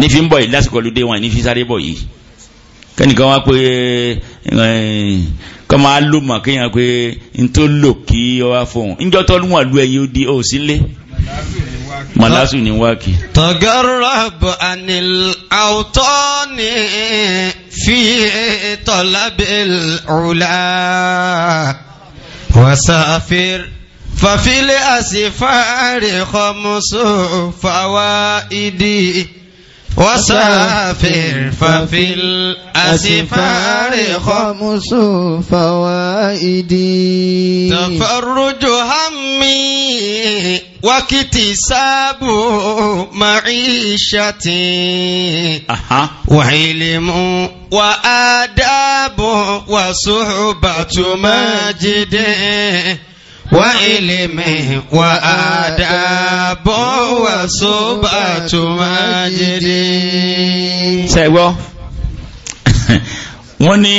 ní fi ń bọ̀ yìí lásìkò olùdé wọn ní fi sáré bọ̀ yìí kẹ́nìkan wá pé kọ́ máa lò mọ̀ kéèyàn pé n tó lò kí ọ wá fóun níjọ́ tó lùwọ̀n lu ẹ̀yìn odi ó sì lé màlásù ní wákì. tọ́gọ́rọ̀bù anil àwùtọ́ni fi tọ́lábìl ọ̀la wàsáfìr fàfilẹ̀ àsìfáàrí kọ́mùsù fàwa ìdí. وسافر ففي الأسفار خمس فوائد تفرج همي واكتساب معيشتي وعلم وآداب وصحبة مجد وعلم وآداب وصبعة مجد ṣẹ̀gbọ́ wọ́n ní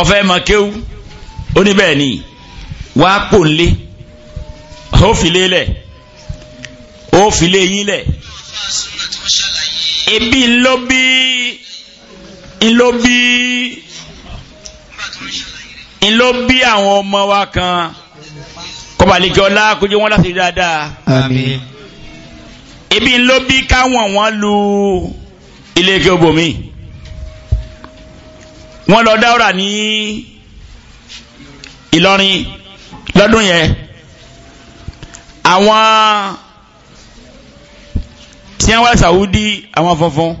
ọ̀fẹ́ makéwú ó ní bẹ́ẹ̀ ni wá pò ń lé ó ebi ńlọ bí ńlọ bí ńlọ bí àwọn ọmọ wa kan kọ́balẹ̀kẹ́ ọlá kójú wọn láti dáadáa. àmín. ebi ń ló bí káwọn wọn lu ilé ike obomi wọn lọ dáwọ́rà ní Ìlọrin lọ́dún yẹn àwọn tí wọn wá Saudi àwọn funfun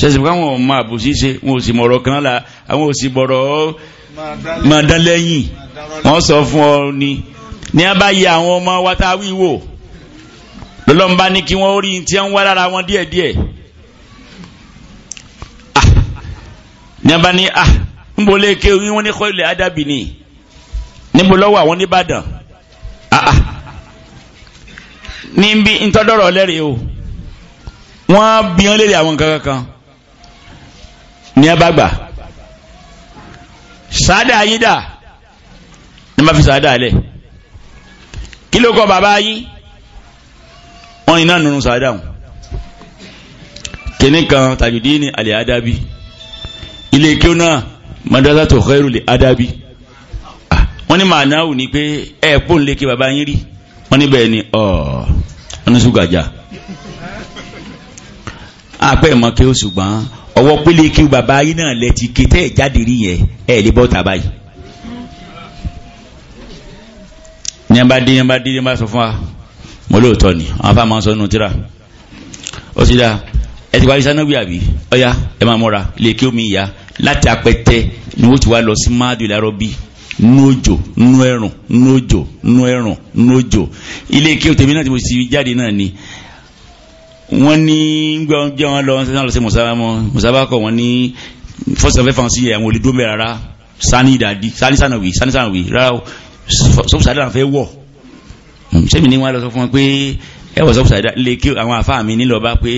ṣẹ̀ṣẹ̀ káwọn ọmọ àbòsí ṣe wọn ò sì mọ̀rọ̀ kan la àwọn ò sì bọ̀rọ̀ máa lẹ́yìn wọ́n sọ fún ọ ni ní a bá yẹ àwọn ọmọ wa tá a wí wò lọ́lọ́mbá ní kí wọ́n rí tí wọ́n wá lára wọn díẹ̀díẹ̀ ah, ní a bá ní ah ń lè ké wọ́n ní kọ́ ilẹ̀ ádàbì ni níbo lọ́wọ́ àwọn nìbàdàn ah, ah ní bí ntọ́dọ̀rọ̀ lẹ́rìí o wọ́n bí wọ́n lè rí àwọn kankan kan ní a bá gbà sáádà yídà ní a bá fi sáádà lẹ̀ kí ló kọ bàbá yín wọn iná nínú sàdáhùn kìnní kan tajudini ali adabi ilé kí ó náà madrasa tó khairu li adabi ah, wọn ní màánáwù ni pé ẹ pò ń lé kí bàbá yín rí wọn níbẹ̀ ni ọ wọn ní sùgàjà àpẹ ìmọ̀ kí ó ṣùgbọ́n ọwọ́ pélé kí bàbá yín náà lẹ ti ké ẹ̀ jáde rí yẹn ẹ̀ lè bọ́ tàbá ní ẹn bá dé ẹn bá sọ fún wa mo lóòótọ́ ni àwọn afá máa ń sọ nínú tíra ó sì dá ẹ ti parí sanáwí àbí ọyá ẹ máa múra lè kí omi ìyá láti apẹtẹ ni wọ́n ti wá lọ sí máàdù ìlàrọ̀ bí nú òjò nú ẹ̀rùn nú òjò nú ẹ̀rùn nú òjò ilé kí o náà ti mo sì jáde náà ni wọ́n ní gbọ́n jẹ́ wọn lọ sẹ́sán lọ sí musaba kọ̀ wọ́n ní fọ́sọ̀fẹ́ fansi àwọn olùdó sani ìdàdí sani sani sanawi rárá o sọ́fùsàdà náà fẹ́ wọ̀ sẹ́mi hmm, ni wọ́n lọ sọ fún wọn pé ẹ wọ̀ sọ́fùsàdà lè kí àwọn àfáà mi nílò bá pé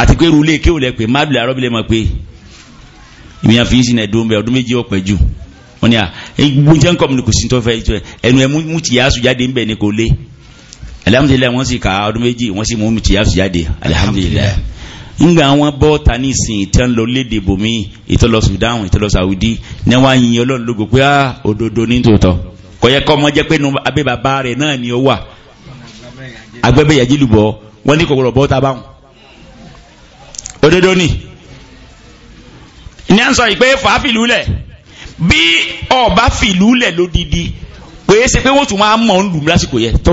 àti pé rúlé kí ò lẹ pé mábìlì arọ́bìlẹ̀ mọ̀ pé ìmìyàn fi ń sin ẹ̀dùn bẹ ọdún méjì ọ̀pẹ̀ jù wọ́n ní à gbogbo jẹ́ ń kọ́ mi kò sí tó fẹ́ jù ẹ̀ ẹnu ẹ̀ mú tìyàsù jáde ńbẹ̀ ni kò lé alihamudulilayi wọ́n sì ka ọdún méjì wọ́n sì mú tìyàsù jáde alihamudulilayi ngba àwọn bọ́ọ̀tà nísìn tí wọ́n lọ léde bòmí ìtọ́lọ Sudan ìtọ́lọ Saudi ní wọ́n á yin ọlọ́run lógo pé ah, òdodo ní tòótọ́ kọ̀yẹ́ kọ́ ọmọ jẹ́ pé nu abẹ́ bàbá rẹ̀ náà ni ó wà agbẹ́bẹ́ yàjí lùbọ́ wọ́n ní kòkòrò bọ́ọ̀tà báwọn òdodo ni ní à ń sọ ìpè fà á fìlú lẹ̀ bí ọba fìlú lẹ̀ lódidi pé é ṣe pé wọ́n tún máa mọ̀ ń lù lásìkò yẹ tó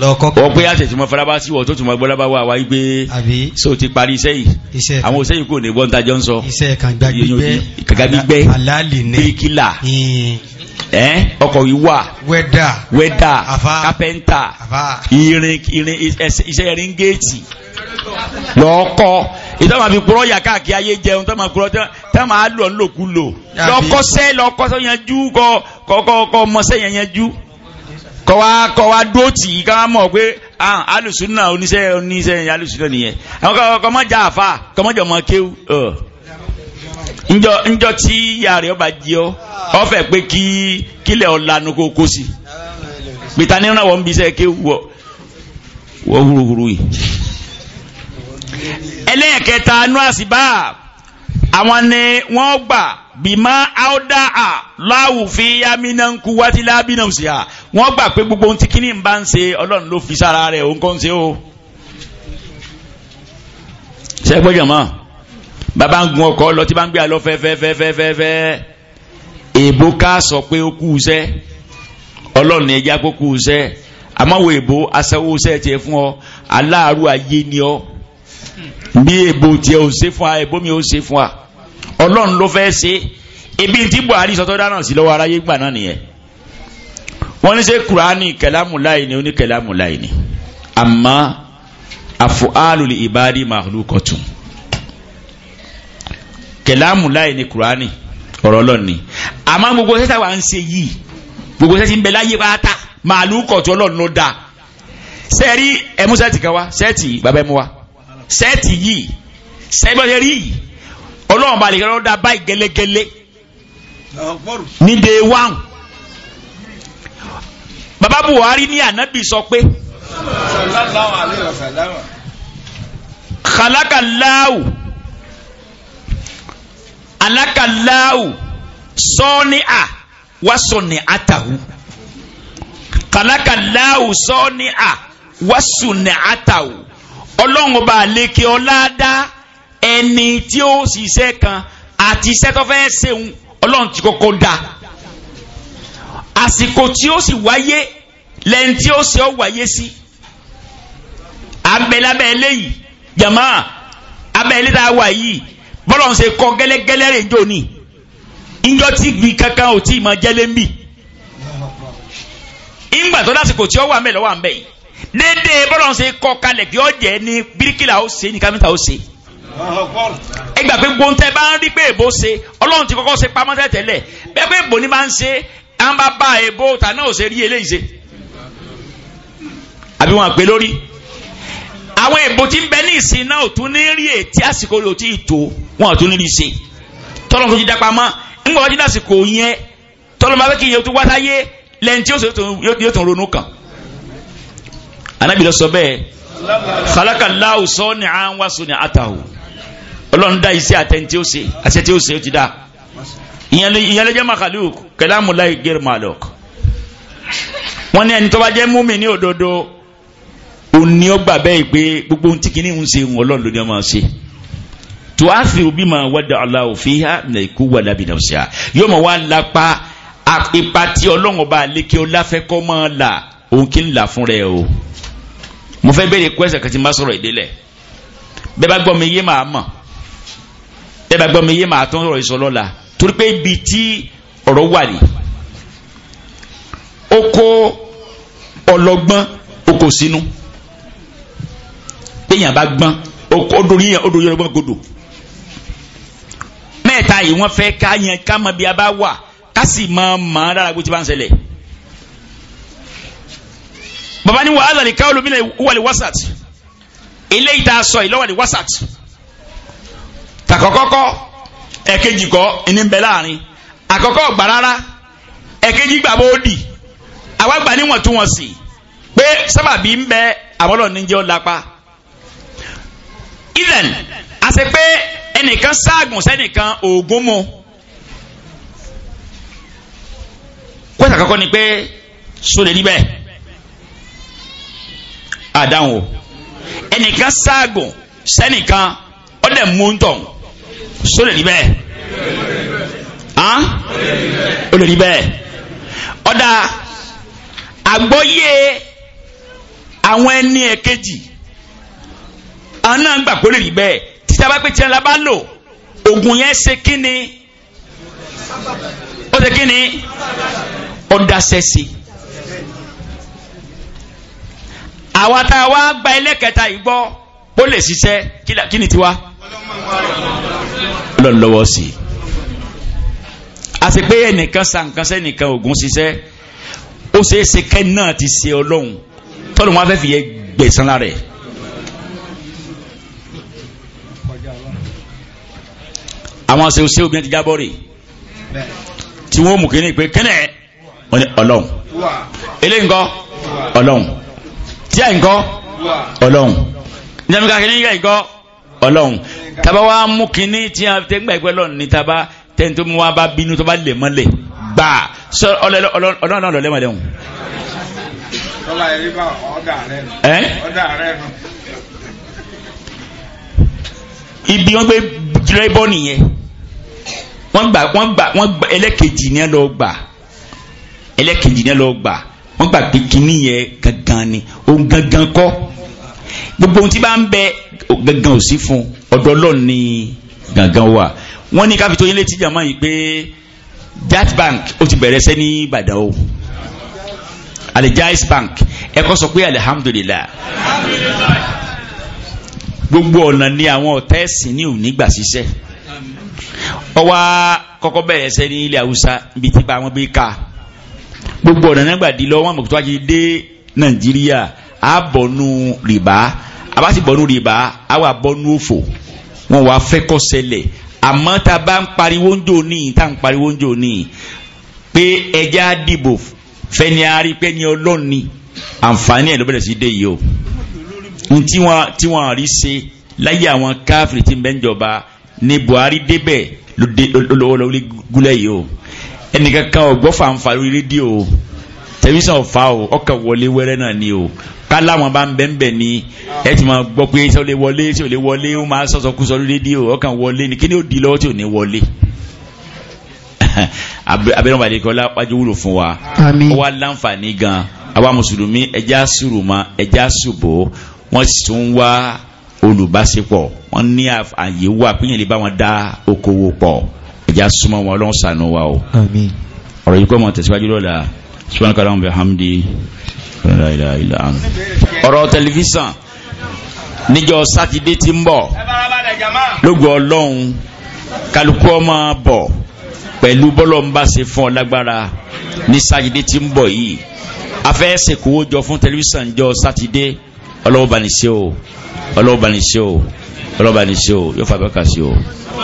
wọ́n pé àṣẹ tí mo faraba sí wọ́n tó tún mọ́ gbọ́dá bá wà wáyé pé so ti parí iṣẹ́ yìí àwọn iṣẹ́ yìí kò ní gbọ́n tajọ́ ń sọ iṣẹ́ kàgbà gbígbẹ́ bíríkìlà ọkọ̀ wíwà wẹ́dà kápẹ́ntà iṣẹ́ ríngéètì lọ́ọ̀kọ́ ìtọ́mà fi kúrọ́ yà káàkiri ayé jẹun tọ́mà kúrọ́ tọ́mà á lọ lòkulò lọ́kọ́sẹ́ lọ́kọ́sẹ́ yanjú kọ́ kọ́ kọ́ mọ́sẹ́ yanjú. kọwa kọwa dúró mọ̀ pé alùsùnà oníṣẹ́ oníṣẹ́ alùsùnà nìyẹn àwọn kọ́ mọ́ já àfa kọ́ mọ́ jọ mọ́ kéwù njọ njọ tí ọba ọ ọfẹ pé kí kílẹ̀ ọ̀lànà kó kó sí ní ìrànwọ́ ń bí kéwù wọ wọ yìí. bá bìmá áódà à láwù fi yamina ń ku wáti lábínà ò sí à wọ́n gbà pé gbogbo ohun tí kíní ń bá ń ṣe ọlọ́run ló fi sára rẹ̀ òun kọ́ ń ṣe o. sẹ́gbẹ́ jọ̀mọ́ bàbá ń gun ọkọ̀ lọ tí bá ń gbé àlọ́ fẹ́fẹ́fẹ́fẹ́fẹ́ èèbó ká sọ pé ó kú iṣẹ́ ọlọ́run ẹja kó kú iṣẹ́ àmọ́wò èèbó aṣẹ́wó iṣẹ́ tiẹ̀ fún ọ aláàrú ayé ni ọ bí èèbó tiẹ̀ ò ṣe fún wa èèbó mi ò ṣe fún wa ọlọ́run ló fẹ́ ṣe ebi tí Buhari sọ tó dáná sí lọ́wọ́ aráyé gbà náà nìyẹn wọ́n ní ṣe Kùránì kẹlámùláì ni ó ní kẹlámùláì ni àmọ́ àfọ́álùlì ìbáàdì màálù kọ̀tún kẹlámùláì ni Kùránì ọ̀rọ̀ ọlọ́ni àmọ́ gbogbo sẹ́sà wà ń ṣe yìí gbogbo sẹ́sì ń bẹ láyé pátá màálù kọ̀tún ọlọ́run ló dáa sẹ́ẹ̀rí ẹmú sẹ́ẹ̀tì kan wá sẹ́ẹ̀tì bàbá ẹmú wa sẹ́ẹ̀tì yìí sẹ́ẹ̀bọ̀sẹ̀ rí yìí ọlọ́run balẹ̀ kí lọ́dà báyìí gẹ́lẹ́gẹ́lẹ́ ní day one bàbá Buhari ní ànábì sọ pé khalakaláwù alakaláwù sọ́ọ́ni à wàsọ̀ni àtàwù khalakaláwù sọ́ọ́ni à wàsọ̀ni àtàwù ọlọ́run ọba àlekè ọlá dáa ẹni tí ó ṣiṣẹ́ kan àti iṣẹ́ tó fẹ́ ṣeun ọlọ́run ti kọ́kọ́ dá àsìkò tí ó sì wáyé lẹ́ni tí ó ṣe ó wáyé sí abẹ́lábẹ́ eléyìí jàmá abẹ́ tá a wà yìí bọ́lọ̀ ń ṣe kọ́ gẹ́lẹ́gẹ́lẹ́ rẹ̀ jò ní ìjọ tí gbì kankan ò tí ì mọ jẹ́lé ń bì ìgbà tó lásìkò tí ó wà mẹ́ lọ́wọ́ à ń bẹ̀ yìí déédéé bọ́lọ̀ ń ṣe kọ́ kalẹ̀ kí ó jẹ́ ní bíríkìlà ó ṣe ní kámẹ́ta ó ṣe ẹ gbà pé gbóńtẹ́ bá ń rí pé èbó ṣe ọlọ́run ti kọ́kọ́ ṣe pamọ́ tẹ́tẹ́lẹ̀ bẹ́ẹ̀ pé èbó ni bá ń ṣe à ń bá bá èbó ta náà ò ṣe rí eléyìí ṣe àbí wọn àpè lórí àwọn èbó tí ń bẹ ní ìsìn náà ò tún ní rí ètí àsìkò yòó tí ì tó wọn ò tún ní rí ṣe tọ́lọ́ tó ti dápa mọ́ ńgbà wájú lásìkò yẹn tọ́lọ́ máa fẹ́ kí iye tó wá sáyé lẹ́yìn ọlọ́run dá iṣẹ́ àtẹ tí ó ṣe àṣẹ tí ó ṣe ó ti dá ìyẹn ló jẹ́ makaluk kẹlámùlá ìgẹrù malok wọ́n ní ẹni tó bá jẹ́ múmi ní òdodo òní ọgbà bẹ́ẹ̀ pé gbogbo ohun tí kìíní ń ṣe òun ọlọ́run ló ní ọmọ ṣe tó a fi òbí máa wádà ọ̀la òfin ha nà ikú wà lábì náà ṣá yóò mọ̀ wá lápá ipa tí ọlọ́run ọba àlékè ọlá fẹ́ kọ́ máa là òun kí ń là fún rẹ o mo fẹ́ bẹ̀rẹ̀ kú ẹ̀sẹ̀ kan má sọ̀rọ̀ ìdílẹ̀ bẹ́ẹ̀ bá gbọ́ mi yé màá mọ̀ ẹ̀bà gbọ́mi yé màá tán ọ̀rọ̀ ìsọ lọ́la torí pé ibi tí ọ̀rọ̀ wà ní ó kó ọlọ́gbọ́n ó kò sínú téèyàn bá gbọ́n ó dorí yẹn ó dorí ọlọ́gbọ́n kodò mẹ́ta yìí wọ́n fẹ́ ká yẹn ká mọ bí a bá wà ká sì mọ mọ́ dára bó ti bá ń ṣẹlẹ̀ bàbá ni wàhálà ní káwọn olómìnira wà ní wásàt eléyìí tá a sọ yìí lọ́wọ́ ní wásàt tàkọ́kọ́kọ́ ẹ̀kejì kọ́ ẹni bẹ láàrin àkọ́kọ́ gbà rárá ẹ̀kejì gbà bó dì àwa gbà níwọ̀ntúnwọ̀nsì pé sábàbí ń bẹ àbọ̀lọ̀ níjẹ́ ó lápá even àti pé ẹnìkan ságùn sẹ́nìkan oògùn mu kwẹ́sà kọ́kọ́ ni pé sólè níbẹ̀ àdáhùn ẹnìkan ságùn sẹ́nìkan ọ̀dẹ̀ mú ń tọ̀hún ṣó lè rí bẹ́ẹ̀ hàn ó lè rí bẹ́ẹ̀ ọ̀dà àgbọ́yé àwọn ẹni ẹ̀kejì àwọn náà ń gbà kó lè rí bẹ́ẹ̀ títa bá pé tí wọn la bá lò oògùn yẹn ṣe kí ni ó ṣe kí ni ọ̀dàṣẹ̀ṣe àwa tá a gba ẹlẹ́kẹta yìí gbọ́ ó lè ṣiṣẹ́ kí ni tiwa lọ́lọ́wọ́ sí àti pé ẹnìkan sànkan sẹ́nìkan ògùn ṣiṣẹ́ ó ṣe é ṣe kẹ́ náà ti ṣe ọlọ́run tọ́lù wọn fẹ́ fi yẹ gbẹ̀sán lára ẹ̀ àwọn ṣe ṣe obìnrin ti jábọ́ rè tí wọ́n mú kíní pé kẹ́nẹ̀ wọ́n ní ọlọ́run eléyìí ńkọ́ ọlọ́run tíyà ńkọ́ ọlọ́run nígbà mi ká kíní yíyá ńkọ́ ọlọ́run taba wa mú kínní tí a tẹ́ gbà ìpẹ́ lọ́run ní taba tẹ́ntó mu wa bá bínú tó bá lè mọ́lẹ̀ gbà sọ ọlọ́run náà lọ́lẹ́ mọ́lẹ́ hùn. tọ́lá ẹ̀rí bá ọ̀dà rẹ̀ nù. ọ̀dà rẹ̀ nù. ibi wọn gbé dírẹ́bọ̀ nìyẹn wọ́n gbà wọ́n gbà wọ́n gbà ẹlẹ́kejì ni ẹ lọ gbà ẹlẹ́kejì ni ẹ lọ gbà wọ́n gbà pé kínní yẹn gangan ni òun gangan kọ́ gbogbo ohun tí bá ń bẹ gangan ò sí fún ọ̀dọ̀ Ọlọ́run ni gangan wà wọ́n ní káfíńtò yín létí jàmọ́ yìí pé jat bank ó ti bẹ̀rẹ̀ sẹ́ Ìbàdàn o alijais bank ẹ̀kọ́ sọ pé alihamudulilayi gbogbo ọ̀nà ni àwọn ọ̀tá ẹ̀sìn ní òní gbà ṣiṣẹ́ ọwá kọ́kọ́ bẹ̀rẹ̀ sẹ́ ní ilẹ̀ haúsá ibi tí bá wọn bí ká gbogbo ọ̀nà nígbà dí lọ wọn nàìjíríà àbọ̀nù rìbá àbá sì bọ́nú rìbá àwa bọ́nú òfò wọn wàá fẹ́ kọ́ ṣẹlẹ̀ àmọ́ tá bá ń pariwo ń jò ní tá ń pariwo ń jò ní pé ẹja dìbò fẹ́ni arí pé ní ọlọ́run ni àǹfààní ẹ̀ ló bẹ̀rẹ̀ sí dé yìí o n tí wọn tí wọn rí ṣe láyé àwọn káfíìrì tí ń bẹ ń jọba ní Buhari débẹ̀ lọ́wọ́ lórí gúlẹ̀ yìí o ẹnìkan kan ọ̀gbọ́fà ń fa rédíò tẹ̀síṣàn ọ̀fà o ọkàn wọlé wẹ́rẹ́ náà ni o káláwọn bá ń bẹ́ẹ̀ bẹ́ẹ̀ ni ẹ ti máa gbọ́ pé ṣé o lè wọlé ṣé lè wọlé ó máa sọ̀sọ̀ kú sọ rédíò ọkàn wọlé ni kí ni ó di lọ́wọ́ tí ò ní wọlé. abẹ́rẹ́ wàlẹ̀ kọ́lá wájú wúlò fún wa ó wá láǹfààní gan àwa mùsùlùmí ẹja sùrùmọ ẹja sùbò wọ́n sì tún wá olùbáṣepọ̀ wọ́n ní àyè wà pé yẹn lè bá wọn dá okòwò pọ̀ ẹja súnmọ́ wọn ọlọ́run wa o ọ̀rọ̀ yìí kọ́ mọ̀ tẹ̀síwájú lọ́la subhanaka Allahumma wa bihamdi la ilaha illa anta ọ̀rọ̀ tẹlifíṣàn níjọ́ sátidé tí ń bọ̀ lógo ọlọ́run kálukú ọmọ bọ̀ pẹ̀lú bọ́lọ̀ ń bá ṣe fún ọ lágbára ní sátidé tí ń bọ̀ yìí afẹ́ ṣèkówó jọ fún tẹlifíṣàn jọ sátidé ọlọ́wọ́ bá o ọlọ́wọ́ bá o ọlọ́wọ́ bá o yóò fà bẹ́ẹ̀ kà o.